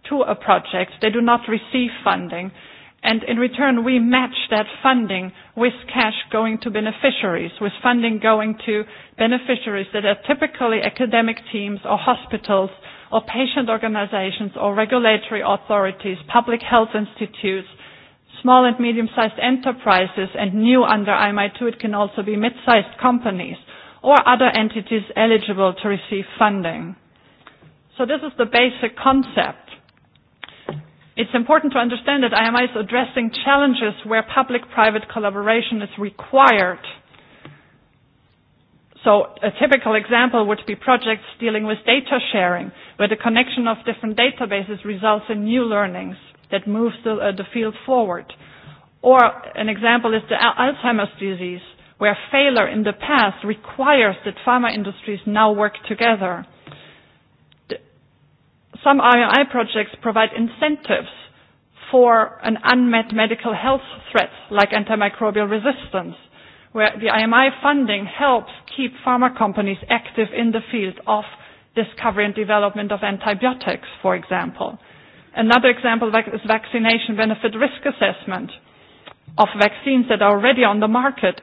to a project, they do not receive funding. And in return, we match that funding with cash going to beneficiaries, with funding going to beneficiaries that are typically academic teams or hospitals or patient organizations or regulatory authorities, public health institutes, small and medium-sized enterprises, and new under IMI2, it can also be mid-sized companies or other entities eligible to receive funding. So this is the basic concept. It's important to understand that IMI is addressing challenges where public-private collaboration is required. So a typical example would be projects dealing with data sharing, where the connection of different databases results in new learnings that moves the, uh, the field forward. Or an example is the Al- Alzheimer's disease, where failure in the past requires that pharma industries now work together some IOI projects provide incentives for an unmet medical health threat like antimicrobial resistance, where the IMI funding helps keep pharma companies active in the field of discovery and development of antibiotics, for example. Another example is vaccination benefit risk assessment, of vaccines that are already on the market,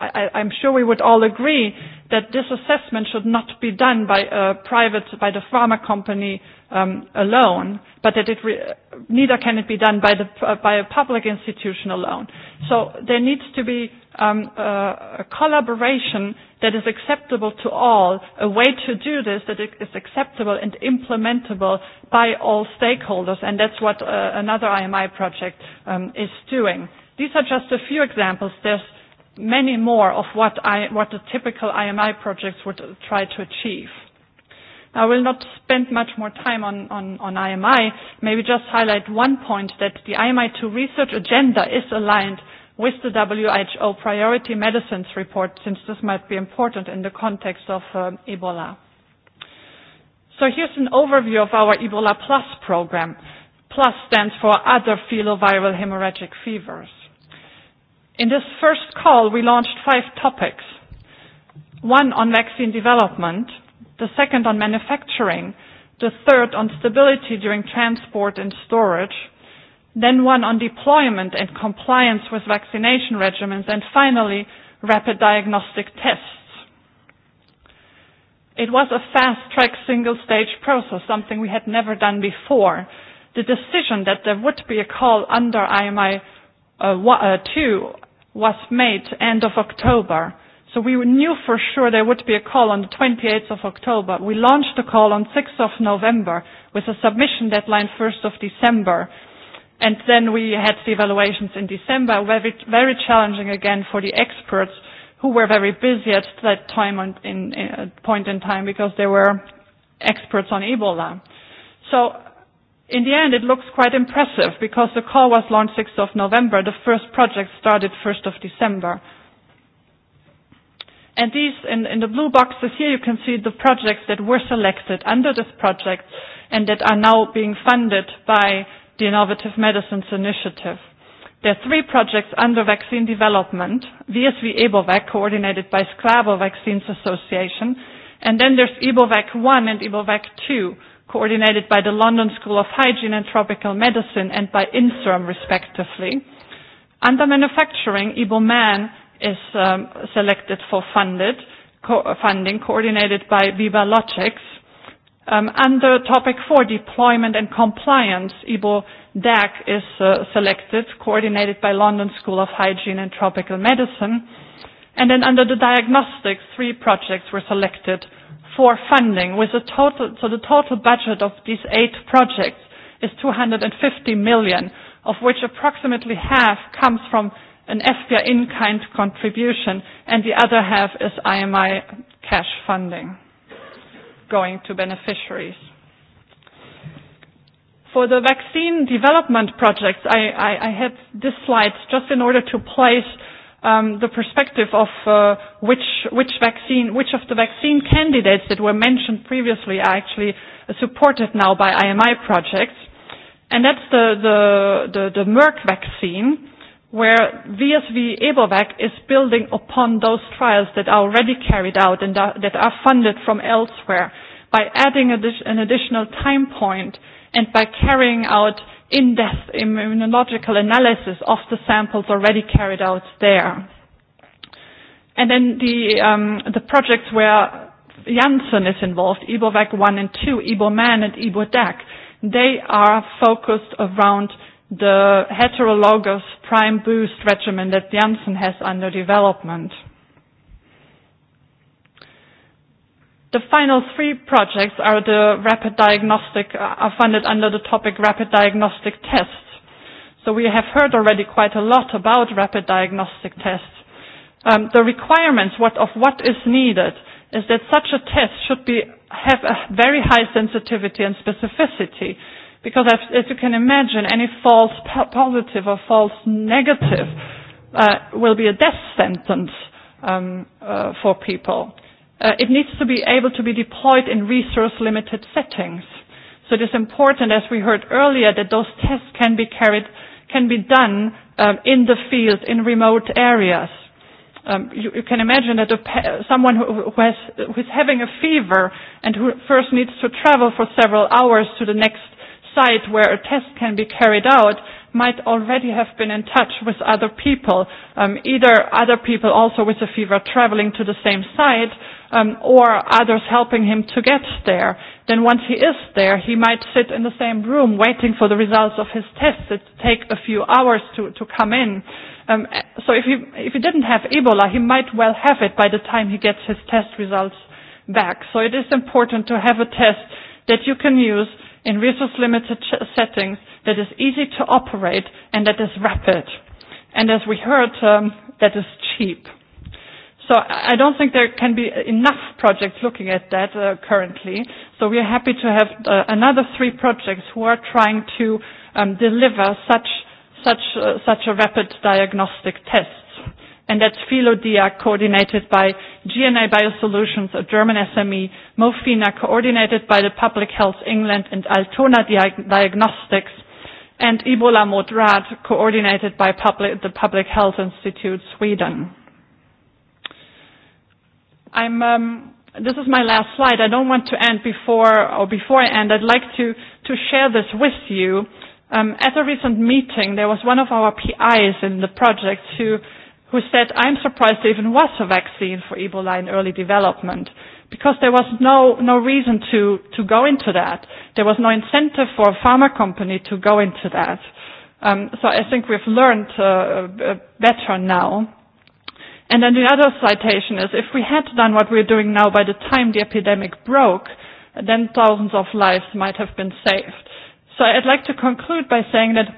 I'm sure we would all agree that this assessment should not be done by a private, by the pharma company um, alone, but that it re- neither can it be done by, the, uh, by a public institution alone. So there needs to be um, uh, a collaboration that is acceptable to all, a way to do this that is acceptable and implementable by all stakeholders, and that's what uh, another IMI project um, is doing. These are just a few examples. There's many more of what, I, what the typical IMI projects would try to achieve. Now, I will not spend much more time on, on, on IMI, maybe just highlight one point that the IMI2 research agenda is aligned with the WHO priority medicines report, since this might be important in the context of um, Ebola. So here's an overview of our Ebola Plus program. Plus stands for other filoviral hemorrhagic fevers. In this first call, we launched five topics. One on vaccine development, the second on manufacturing, the third on stability during transport and storage, then one on deployment and compliance with vaccination regimens, and finally, rapid diagnostic tests. It was a fast track single stage process, something we had never done before. The decision that there would be a call under IMI uh, 2 uh, was made end of October. So we knew for sure there would be a call on the 28th of October. We launched the call on 6th of November with a submission deadline 1st of December. And then we had the evaluations in December, very, very challenging again for the experts who were very busy at that time on, in, in, uh, point in time because they were experts on Ebola. So in the end, it looks quite impressive because the call was launched 6th of November. The first project started 1st of December. And these in, in the blue boxes here, you can see the projects that were selected under this project and that are now being funded by the Innovative Medicines Initiative. There are three projects under vaccine development, VSV EBOVAC, coordinated by Sclavo Vaccines Association, and then there's EBOVAC 1 and EBOVAC 2, coordinated by the London School of Hygiene and Tropical Medicine and by INSERM, respectively. Under manufacturing, EBOMAN, is um, selected for funded co- funding coordinated by Viva Logics. Um, under topic four, deployment and compliance, IBO DAC is uh, selected, coordinated by London School of Hygiene and Tropical Medicine. And then under the diagnostics, three projects were selected for funding with a total, so the total budget of these eight projects is 250 million, of which approximately half comes from an FBI in-kind contribution, and the other half is IMI cash funding going to beneficiaries. For the vaccine development projects, I, I, I had this slide just in order to place um, the perspective of uh, which, which vaccine, which of the vaccine candidates that were mentioned previously are actually uh, supported now by IMI projects. And that's the, the, the, the Merck vaccine where VSV Ebovac is building upon those trials that are already carried out and that are funded from elsewhere by adding an additional time point and by carrying out in-depth immunological analysis of the samples already carried out there. And then the, um, the projects where Janssen is involved, Ebovac 1 and 2, Eboman and Ebodac, they are focused around the heterologous prime boost regimen that Janssen has under development. The final three projects are the rapid diagnostic, uh, are funded under the topic rapid diagnostic tests. We have heard already quite a lot about rapid diagnostic tests. Um, the requirements of what is needed is that such a test should have a very high sensitivity and specificity, Because as, as you can imagine, any false po- positive or false negative uh, will be a death sentence um, uh, for people. Uh, it needs to be able to be deployed in resource-limited settings. So it is important, as we heard earlier, that those tests can be carried, can be done um, in the field, in remote areas. Um, you, you can imagine that a pe- someone who, who, has, who is having a fever and who first needs to travel for several hours to the next site where a test can be carried out might already have been in touch with other people, um, either other people also with a fever traveling to the same site um, or others helping him to get there. Then once he is there, he might sit in the same room waiting for the results of his tests that take a few hours to, to come in. Um, so if he, if he didn't have Ebola, he might well have it by the time he gets his test results back. So it is important to have a test that you can use in resource-limited ch- settings that is easy to operate and that is rapid. And as we heard, um, that is cheap. So I don't think there can be enough projects looking at that uh, currently. So we are happy to have uh, another three projects who are trying to um, deliver such such uh, such a rapid diagnostic test and that's Philodia coordinated by GNA Biosolutions, a German SME, Mofina coordinated by the Public Health England and Altona Diag- Diagnostics, and Ebola Modrat coordinated by public, the Public Health Institute Sweden. I'm, um, this is my last slide. I don't want to end before or before I end. I'd like to, to share this with you. Um, at a recent meeting, there was one of our PIs in the project who who said, I'm surprised there even was a vaccine for Ebola in early development because there was no, no reason to, to go into that. There was no incentive for a pharma company to go into that. Um, so I think we've learned uh, uh better now. And then the other citation is if we had done what we're doing now by the time the epidemic broke, then thousands of lives might have been saved. So I'd like to conclude by saying that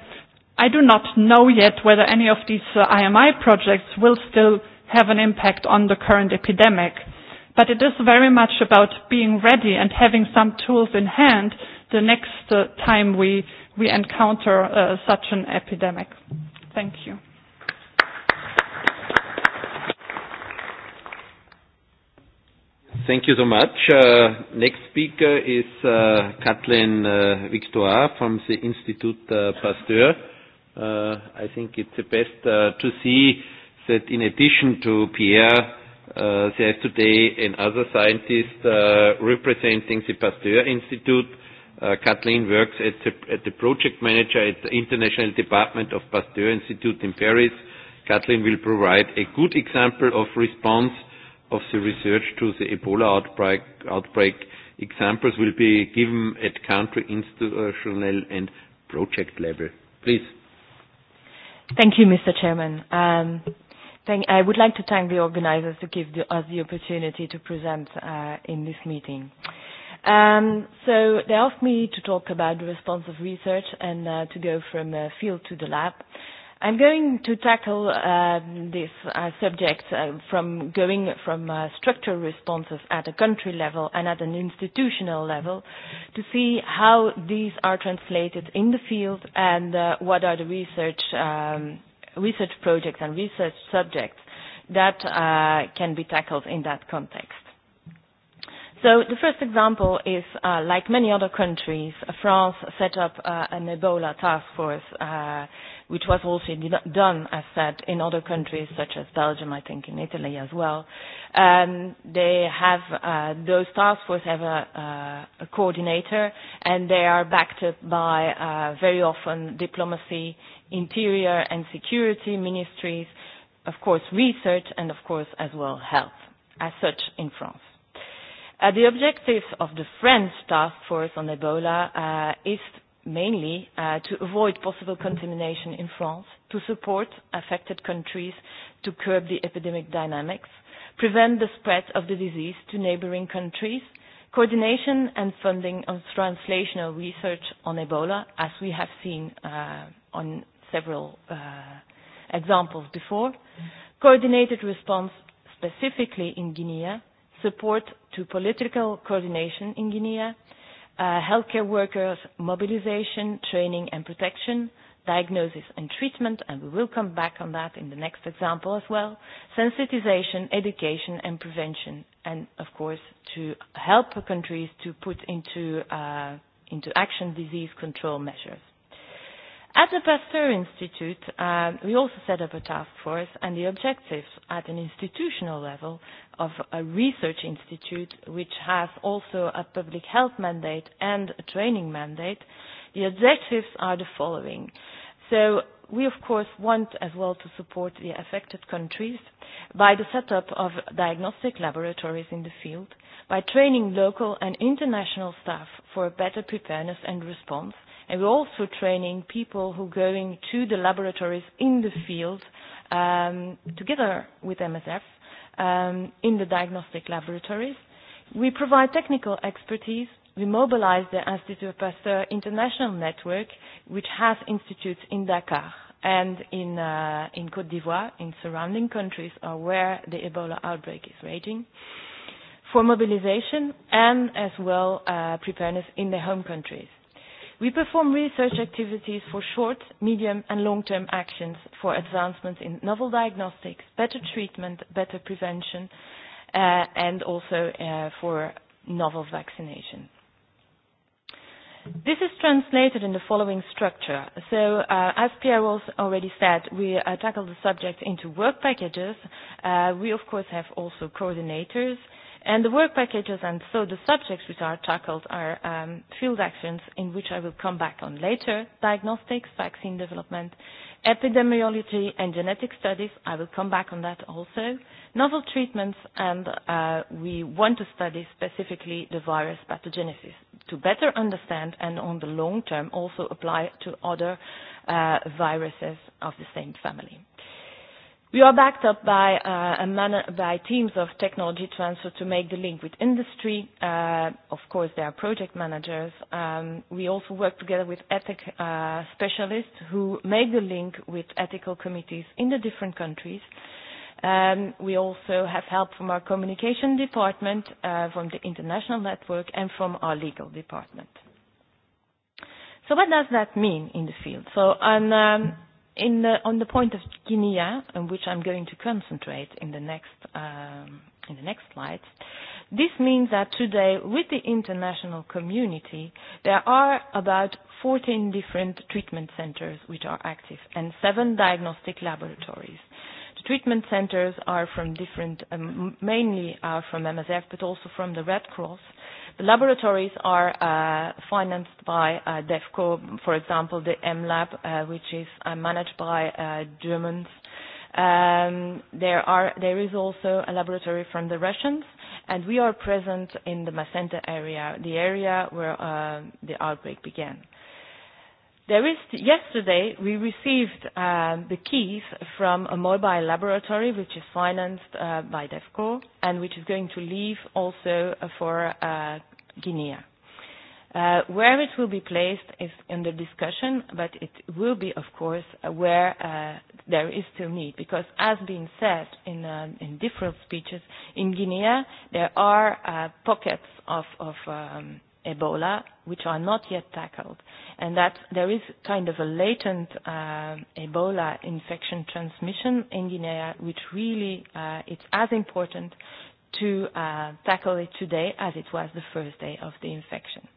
I do not know yet whether any of these IMI uh, projects will still have an impact on the current epidemic, but it is very much about being ready and having some tools in hand the next uh, time we encounter uh, such an epidemic. Thank you. Thank you so much. Next speaker is Kathleen Wigtoroh from the Institut Pasteur. Uh, I think it's best uh, to see that in addition to Pierre, uh, there is today another scientist representing the Pasteur Institute. Kathleen works as the project manager at the International Department of Pasteur Institute in Paris. Kathleen will provide a good example of response of the research to the Ebola outbreak. Examples will be given at country, institutional, and project level. Please, Thank you, Mr. Chairman. Um, I would like to thank the organizers to give us the opportunity to present uh, in this meeting. Um, they asked me to talk about the response of research and uh, to go from uh, field to the lab. I'm going to tackle uh, this uh, subject uh, from going from uh, structural responses at a country level and at an institutional level to see how these are translated in the field and uh, what are the research, um, research projects and research subjects that uh, can be tackled in that context. So the first example is, uh, like many other countries, France set up uh, an Ebola task force uh, which was also done, as said, in other countries such as Belgium, I think in Italy as well. Um, they have uh, those task force have a, uh, a coordinator, and they are backed up by uh, very often diplomacy, interior and security ministries, of course research, and of course as well health, as such in France. Uh, the objective of the French task force on Ebola uh, is mainly uh, to avoid possible contamination in France, to support affected countries to curb the epidemic dynamics, prevent the spread of the disease to neighboring countries, coordination and funding of translational research on Ebola, as we have seen uh, on several uh, examples before, coordinated response specifically in Guinea, support to political coordination in Guinea, Uh, healthcare workers mobilization, training and protection, diagnosis and treatment, and we will come back on that in the next example as well, sensitization, education and prevention, and of course to help countries to put into, uh, into action disease control measures. At the Pasteur Institute, uh, we also set up a task force, and the objectives at an institutional level of a research institute, which has also a public health mandate and a training mandate, the objectives are the following. So we, of course, want as well to support the affected countries by the setup of diagnostic laboratories in the field, by training local and international staff for a better preparedness and response, and we're also training people who are going to the laboratories in the field um, together with MSF um, in the diagnostic laboratories. We provide technical expertise. We mobilize the Institut Pasteur International Network, which has institutes in Dakar and in, uh, in Côte d'Ivoire, in surrounding countries or where the Ebola outbreak is raging, for mobilization and as well uh, preparedness in their home countries. We perform research activities for short, medium, and long-term actions for advancements in novel diagnostics, better treatment, better prevention, uh, and also uh, for novel vaccination. This is translated in the following structure. So, uh, as Pierre already said, we uh, tackle the subject into work packages. Uh, we, of course, have also coordinators. And the work packages and so the subjects which are tackled are um, field actions in which I will come back on later, diagnostics, vaccine development, epidemiology and genetic studies, I will come back on that also, novel treatments, and uh, we want to study specifically the virus pathogenesis to better understand and on the long term also apply to other uh, viruses of the same family. We are backed up by, uh, a man- by teams of technology transfer to make the link with industry. Uh, of course, there are project managers. Um, we also work together with ethic uh, specialists who make the link with ethical committees in the different countries. Um, we also have help from our communication department, uh, from the international network, and from our legal department. So, what does that mean in the field? So, on, um, In the, on the point of Guinea, on which I'm going to concentrate in the next um, in the next slide, this means that today, with the international community, there are about 14 different treatment centres which are active and seven diagnostic laboratories. The treatment centres are from different, um, mainly are from MSF, but also from the Red Cross. The laboratories are uh, financed by uh, DEFCO, for example, the MLAB, uh, which is uh, managed by uh, Germans. Um, there, are, there is also a laboratory from the Russians, and we are present in the Macenta area, the area where uh, the outbreak began. There is yesterday we received um, the keys from a mobile laboratory which is financed uh, by DEFCO and which is going to leave also uh, for uh, Guinea. Uh, where it will be placed is under discussion, but it will be, of course, uh, where uh, there is still need. Because, as been said in, uh, in different speeches, in Guinea there are uh, pockets of. of um, Ebola, which are not yet tackled, and that there is kind of a latent uh, Ebola infection transmission in Guinea, which really uh, it's as important to uh, tackle it today as it was the first day of the infection.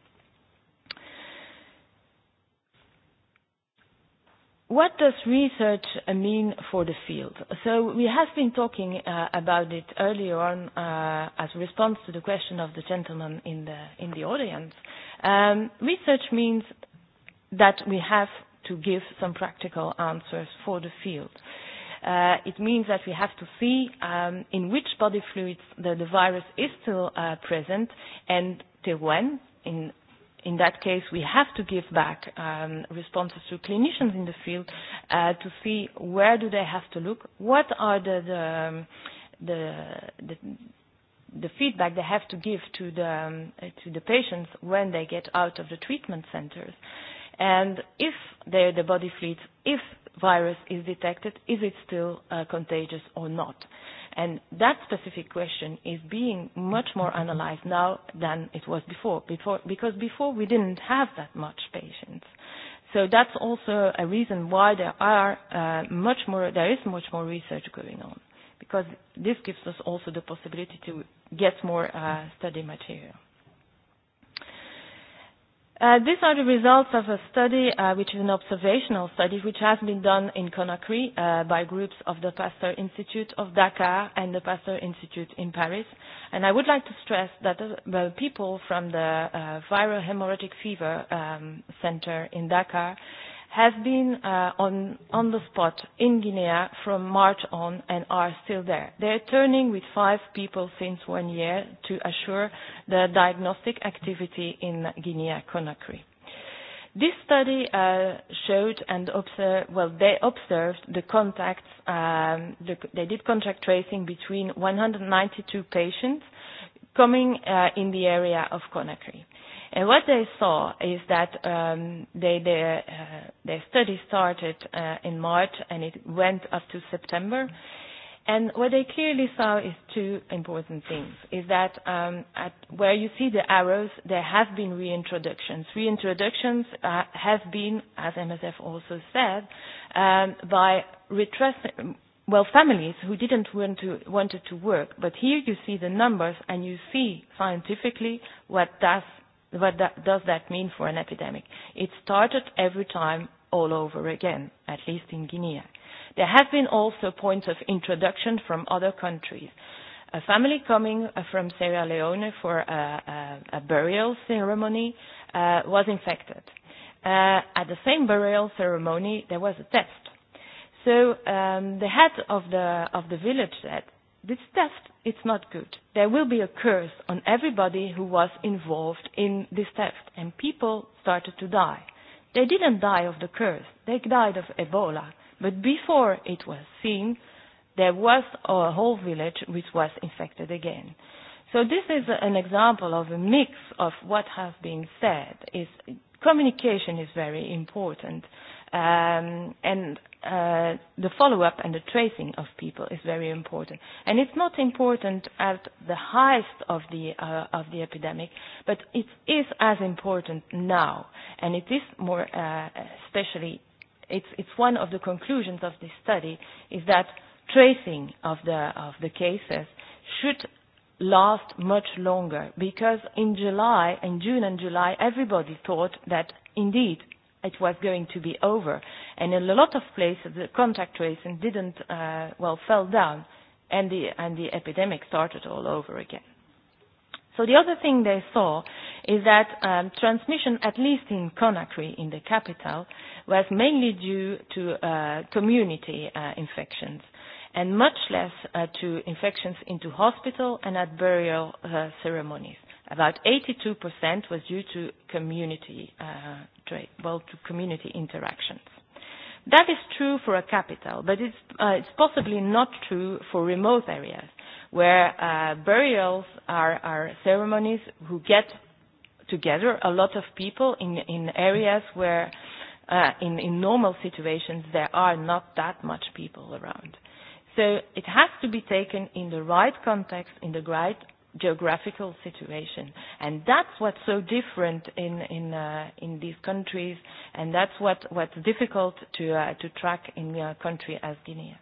What does research mean for the field? So we have been talking uh, about it earlier on uh, as a response to the question of the gentleman in the, in the audience. Um, research means that we have to give some practical answers for the field. Uh, it means that we have to see um, in which body fluids the, the virus is still uh, present and till when, in in that case, we have to give back um, responses to clinicians in the field uh, to see where do they have to look, what are the the um, the, the the feedback they have to give to the um, to the patients when they get out of the treatment centers, and if they're the body fleet, if virus is detected, is it still uh, contagious or not? And that specific question is being much more analyzed now than it was before, before because before we didn't have that much patients. So that's also a reason why there, are, uh, much more, there is much more research going on, because this gives us also the possibility to get more uh, study material. Uh, these are the results of a study, uh, which is an observational study, which has been done in Conakry uh, by groups of the Pasteur Institute of Dakar and the Pasteur Institute in Paris. And I would like to stress that uh, the uh, people from the uh, viral hemorrhagic fever um, center in Dakar have been uh, on, on the spot in Guinea from March on and are still there. They're turning with five people since one year to assure the diagnostic activity in Guinea-Conakry. This study uh, showed and observed, well, they observed the contacts, um, the, they did contact tracing between 192 patients coming uh, in the area of Conakry. And what they saw is that um, they, they, uh, their study started uh, in March and it went up to September. And what they clearly saw is two important things, is that um, at where you see the arrows, there have been reintroductions. Reintroductions uh, have been, as MSF also said, um, by retress- well, families who didn't want to, wanted to work. But here you see the numbers and you see scientifically what does what that, does that mean for an epidemic? It started every time all over again, at least in Guinea. There have been also points of introduction from other countries. A family coming uh, from Sierra Leone for a, a, a burial ceremony uh, was infected. Uh, at the same burial ceremony, there was a test. So um, the head of the, of the village said, this theft is not good. There will be a curse on everybody who was involved in this theft, and people started to die. They didn't die of the curse, they died of Ebola. But before it was seen, there was a whole village which was infected again. So this is an example of a mix of what has been said. Is communication is very important, um, and Uh, the follow-up and the tracing of people is very important. And it's not important at the highest of the uh, of the epidemic, but it is as important now. And it is more uh, especially. It's it's one of the conclusions of this study is that tracing of the of the cases should last much longer because in July, in June and July, everybody thought that indeed it was going to be over. And in a lot of places, the contact tracing didn't, uh, well, fell down, and the, and the epidemic started all over again. So the other thing they saw is that um, transmission, at least in Conakry, in the capital, was mainly due to uh, community uh, infections and much less uh, to infections into hospital and at burial uh, ceremonies. About 82% was due to community uh, trade, well, to community interactions. That is true for a capital, but it's, uh, it's possibly not true for remote areas, where uh, burials are, are ceremonies who get together a lot of people in, in areas where, uh, in, in normal situations, there are not that much people around. So it has to be taken in the right context, in the right geographical situation. And that's what's so different in, in, uh, in these countries, and that's what, what's difficult to, uh, to track in a country as Guinea.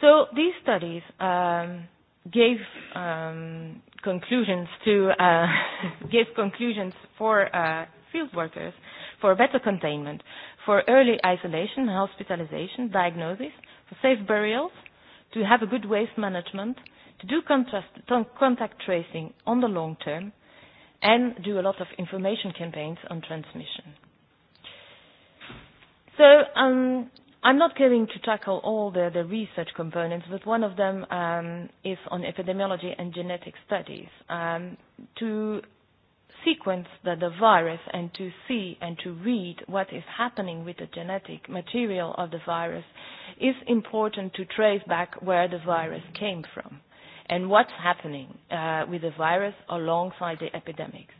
So these studies um, gave um, conclusions to uh, gave conclusions for uh, field workers for better containment, for early isolation, hospitalization, diagnosis, for safe burials, to have a good waste management, to do contact tracing on the long term and do a lot of information campaigns on transmission. So um, I'm not going to tackle all the, the research components, but one of them um, is on epidemiology and genetic studies. Um, to sequence the, the virus and to see and to read what is happening with the genetic material of the virus is important to trace back where the virus came from and what's happening uh, with the virus alongside the epidemics.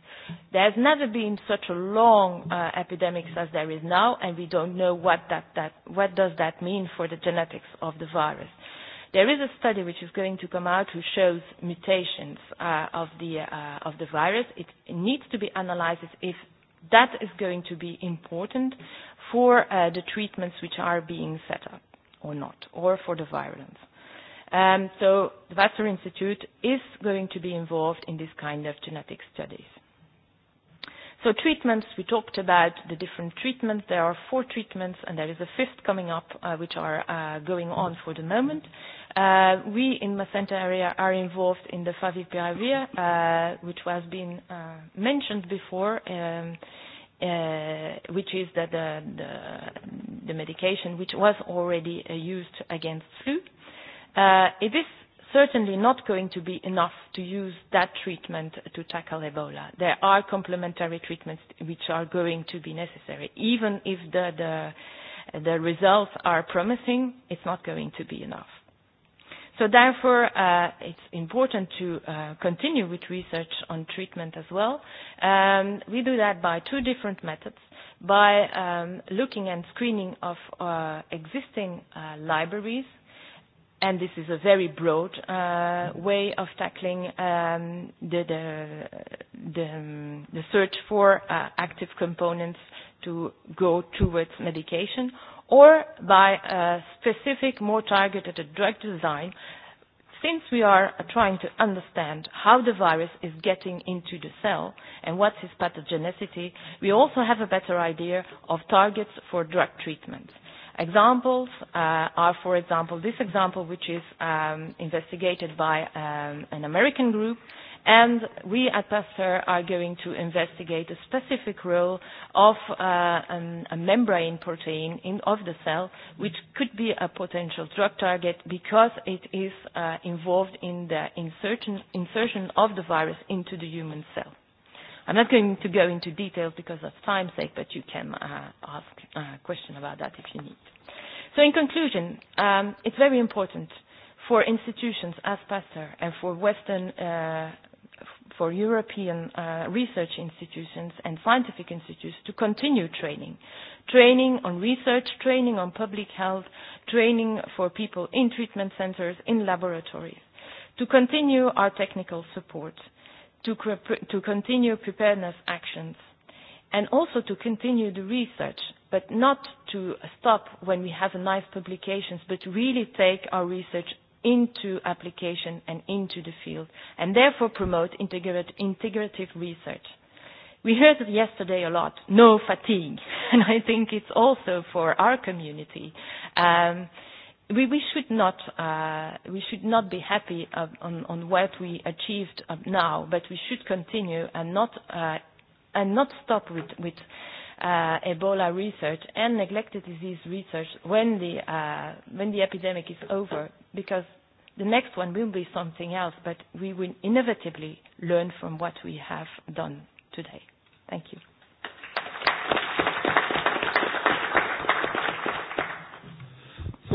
There's never been such a long uh, epidemic as there is now, and we don't know what, that, that, what does that mean for the genetics of the virus. There is a study which is going to come out who shows mutations uh, of, the, uh, of the virus. It needs to be analyzed if that is going to be important for uh, the treatments which are being set up or not, or for the virulence. Um, so the Vassar Institute is going to be involved in this kind of genetic studies. So treatments, we talked about the different treatments. There are four treatments, and there is a fifth coming up, uh, which are uh, going on for the moment. Uh, we in Macenta area are involved in the favipiravir, uh, which has been uh, mentioned before, um, uh, which is the, the, the medication which was already uh, used against flu uh, it is certainly not going to be enough to use that treatment to tackle Ebola. There are complementary treatments which are going to be necessary. Even if the, the, the results are promising, it's not going to be enough. So therefore, uh, it's important to uh, continue with research on treatment as well. Um, we do that by two different methods, by um, looking and screening of uh, existing uh, libraries, and this is a very broad uh, way of tackling um, the, the, the, the search for uh, active components to go towards medication, or by a uh, specific, more targeted drug design, since we are trying to understand how the virus is getting into the cell and what's its pathogenicity, we also have a better idea of targets for drug treatments examples uh, are, for example, this example, which is um, investigated by um, an American group. And we at Pasteur are going to investigate a specific role of uh, an, a membrane protein in, of the cell, which could be a potential drug target because it is uh, involved in the insertion, insertion of the virus into the human cell. I'm not going to go into details because of time's sake, but you can uh, ask a uh, question about that if you need. So in conclusion, um, it's very important for institutions as Pasteur and for Western, uh, for European uh, research institutions and scientific institutes to continue training. Training on research, training on public health, training for people in treatment centers, in laboratories. To continue our technical support to continue preparedness actions and also to continue the research, but not to stop when we have a nice publication, but to really take our research into application and into the field and therefore promote integrate, integrative research. We heard it yesterday a lot, no fatigue, and I think it's also for our community. Um, we, we should not uh, we should not be happy of, uh, on, on what we achieved now, but we should continue and not uh, and not stop with with uh, Ebola research and neglected disease research when the uh, when the epidemic is over, because the next one will be something else. But we will inevitably learn from what we have done today. Thank you.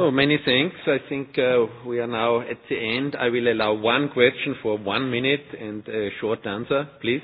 Well, many thanks. I think uh, we are now at the end. I will allow one question for one minute and a short answer, please.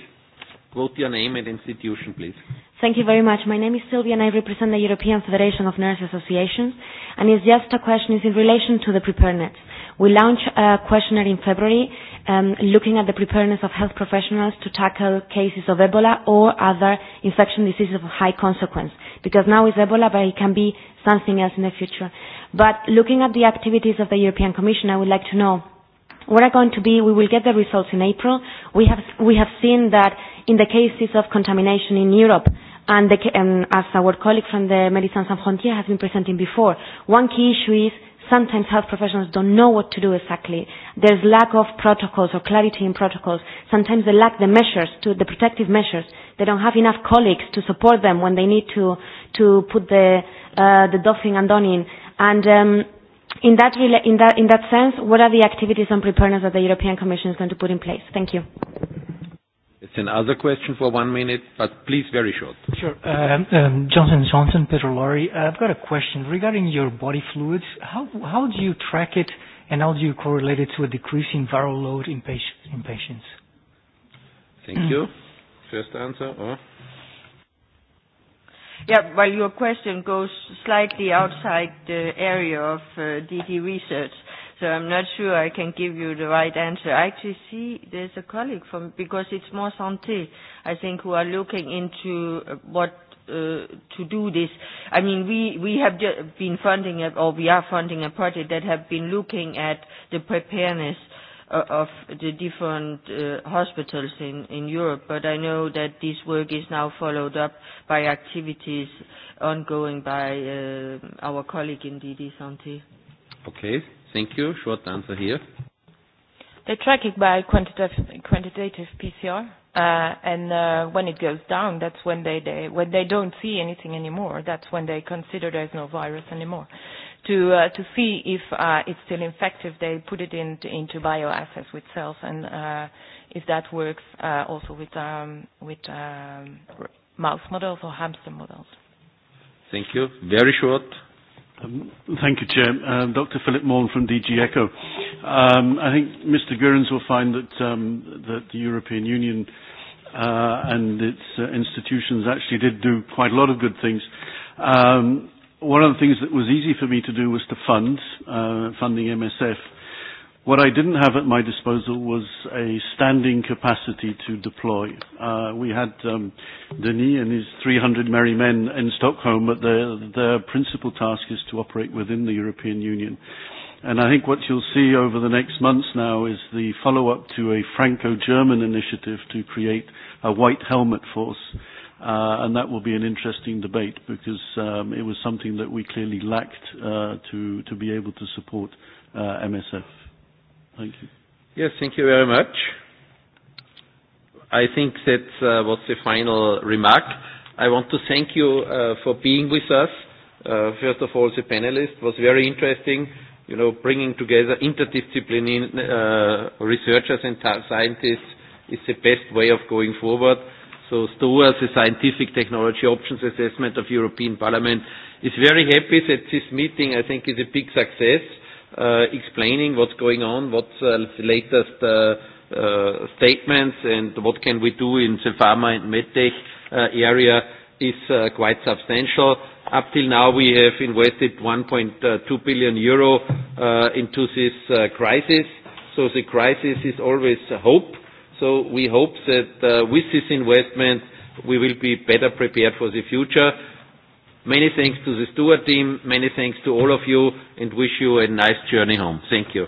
Quote your name and institution, please. Thank you very much. My name is Sylvia and I represent the European Federation of Nurse Associations. And it's just a question is in relation to the preparedness. We launched a questionnaire in February um, looking at the preparedness of health professionals to tackle cases of Ebola or other infection diseases of high consequence. Because now it's Ebola, but it can be something else in the future. But looking at the activities of the European Commission, I would like to know what are going to be, we will get the results in April. We have, we have seen that in the cases of contamination in Europe, and, the, and um, as our colleague from the Médecins Sans Frontières has been presenting before, one key issue is sometimes health professionals don't know what to do exactly. There's lack of protocols or clarity in protocols. Sometimes they lack the measures, to, the protective measures. They don't have enough colleagues to support them when they need to, to put the, uh, the doffing and on in. And um, in, that rela- in, that, in that sense, what are the activities on preparedness that the European Commission is going to put in place? Thank you. It's another question for one minute, but please, very short. Sure. Uh, um, um, Johnson Johnson, Peter Laurie. Uh, I've got a question regarding your body fluids. How, how do you track it, and how do you correlate it to a decrease in viral load in, pac- in patients? Thank you. First answer. Oh. Yeah, well, your question goes slightly outside the area of uh, DD research so I'm not sure I can give you the right answer. I actually see there's a colleague from, because it's more Santé, I think, who are looking into uh, what uh, to do this. I mean, we, we have ju- been funding, a, or we are funding a project that have been looking at the preparedness uh, of the different uh, hospitals in, in Europe, but I know that this work is now followed up by activities ongoing by uh, our colleague in DD Santé. Okay, Thank you. Short answer here. They track it by quantitative PCR. Uh, and uh, when it goes down, that's when they don't see anything anymore. That's when they consider there's no virus anymore. To uh, see if it's still infective, they put it into bioassays with cells. And if that works also with um, um, mouse models or hamster models. Thank you. Very short Um, thank you, Chair. Um, Dr. Philip Morn from DG ECHO. Um, I think Mr. Gurens will find that, um, that the European Union uh, and its uh, institutions actually did do quite a lot of good things. Um, one of the things that was easy for me to do was to fund, uh, funding MSF. What I didn't have at my disposal was a standing capacity to deploy. Uh, we had um, Denis and his 300 merry men in Stockholm, but their, their principal task is to operate within the European Union. And I think what you'll see over the next months now is the follow-up to a Franco-German initiative to create a white helmet force. Uh, and that will be an interesting debate because um, it was something that we clearly lacked uh, to, to be able to support uh, MSF. Thank you. Yes, thank you very much. I think that uh, was the final remark. I want to thank you uh, for being with us. Uh, first of all, the panelists was very interesting, bringing together interdisciplinary researchers and scientists is the best way of going forward. STOA, the Scientific Technology Options Assessment of European Parliament, is very happy that this meeting, I think, is a big success uh, explaining what's going on, what's the uh, latest uh, uh, statements, and what can we do in the pharma and medtech uh, area is uh, quite substantial. Up till now, we have invested 1.2 billion euro uh, into this uh, crisis. So the crisis is always a hope. So we hope that uh, with this investment, we will be better prepared for the future. Many thanks to the Ströer team. Many thanks to all of you, and wish you a nice journey home. Thank you.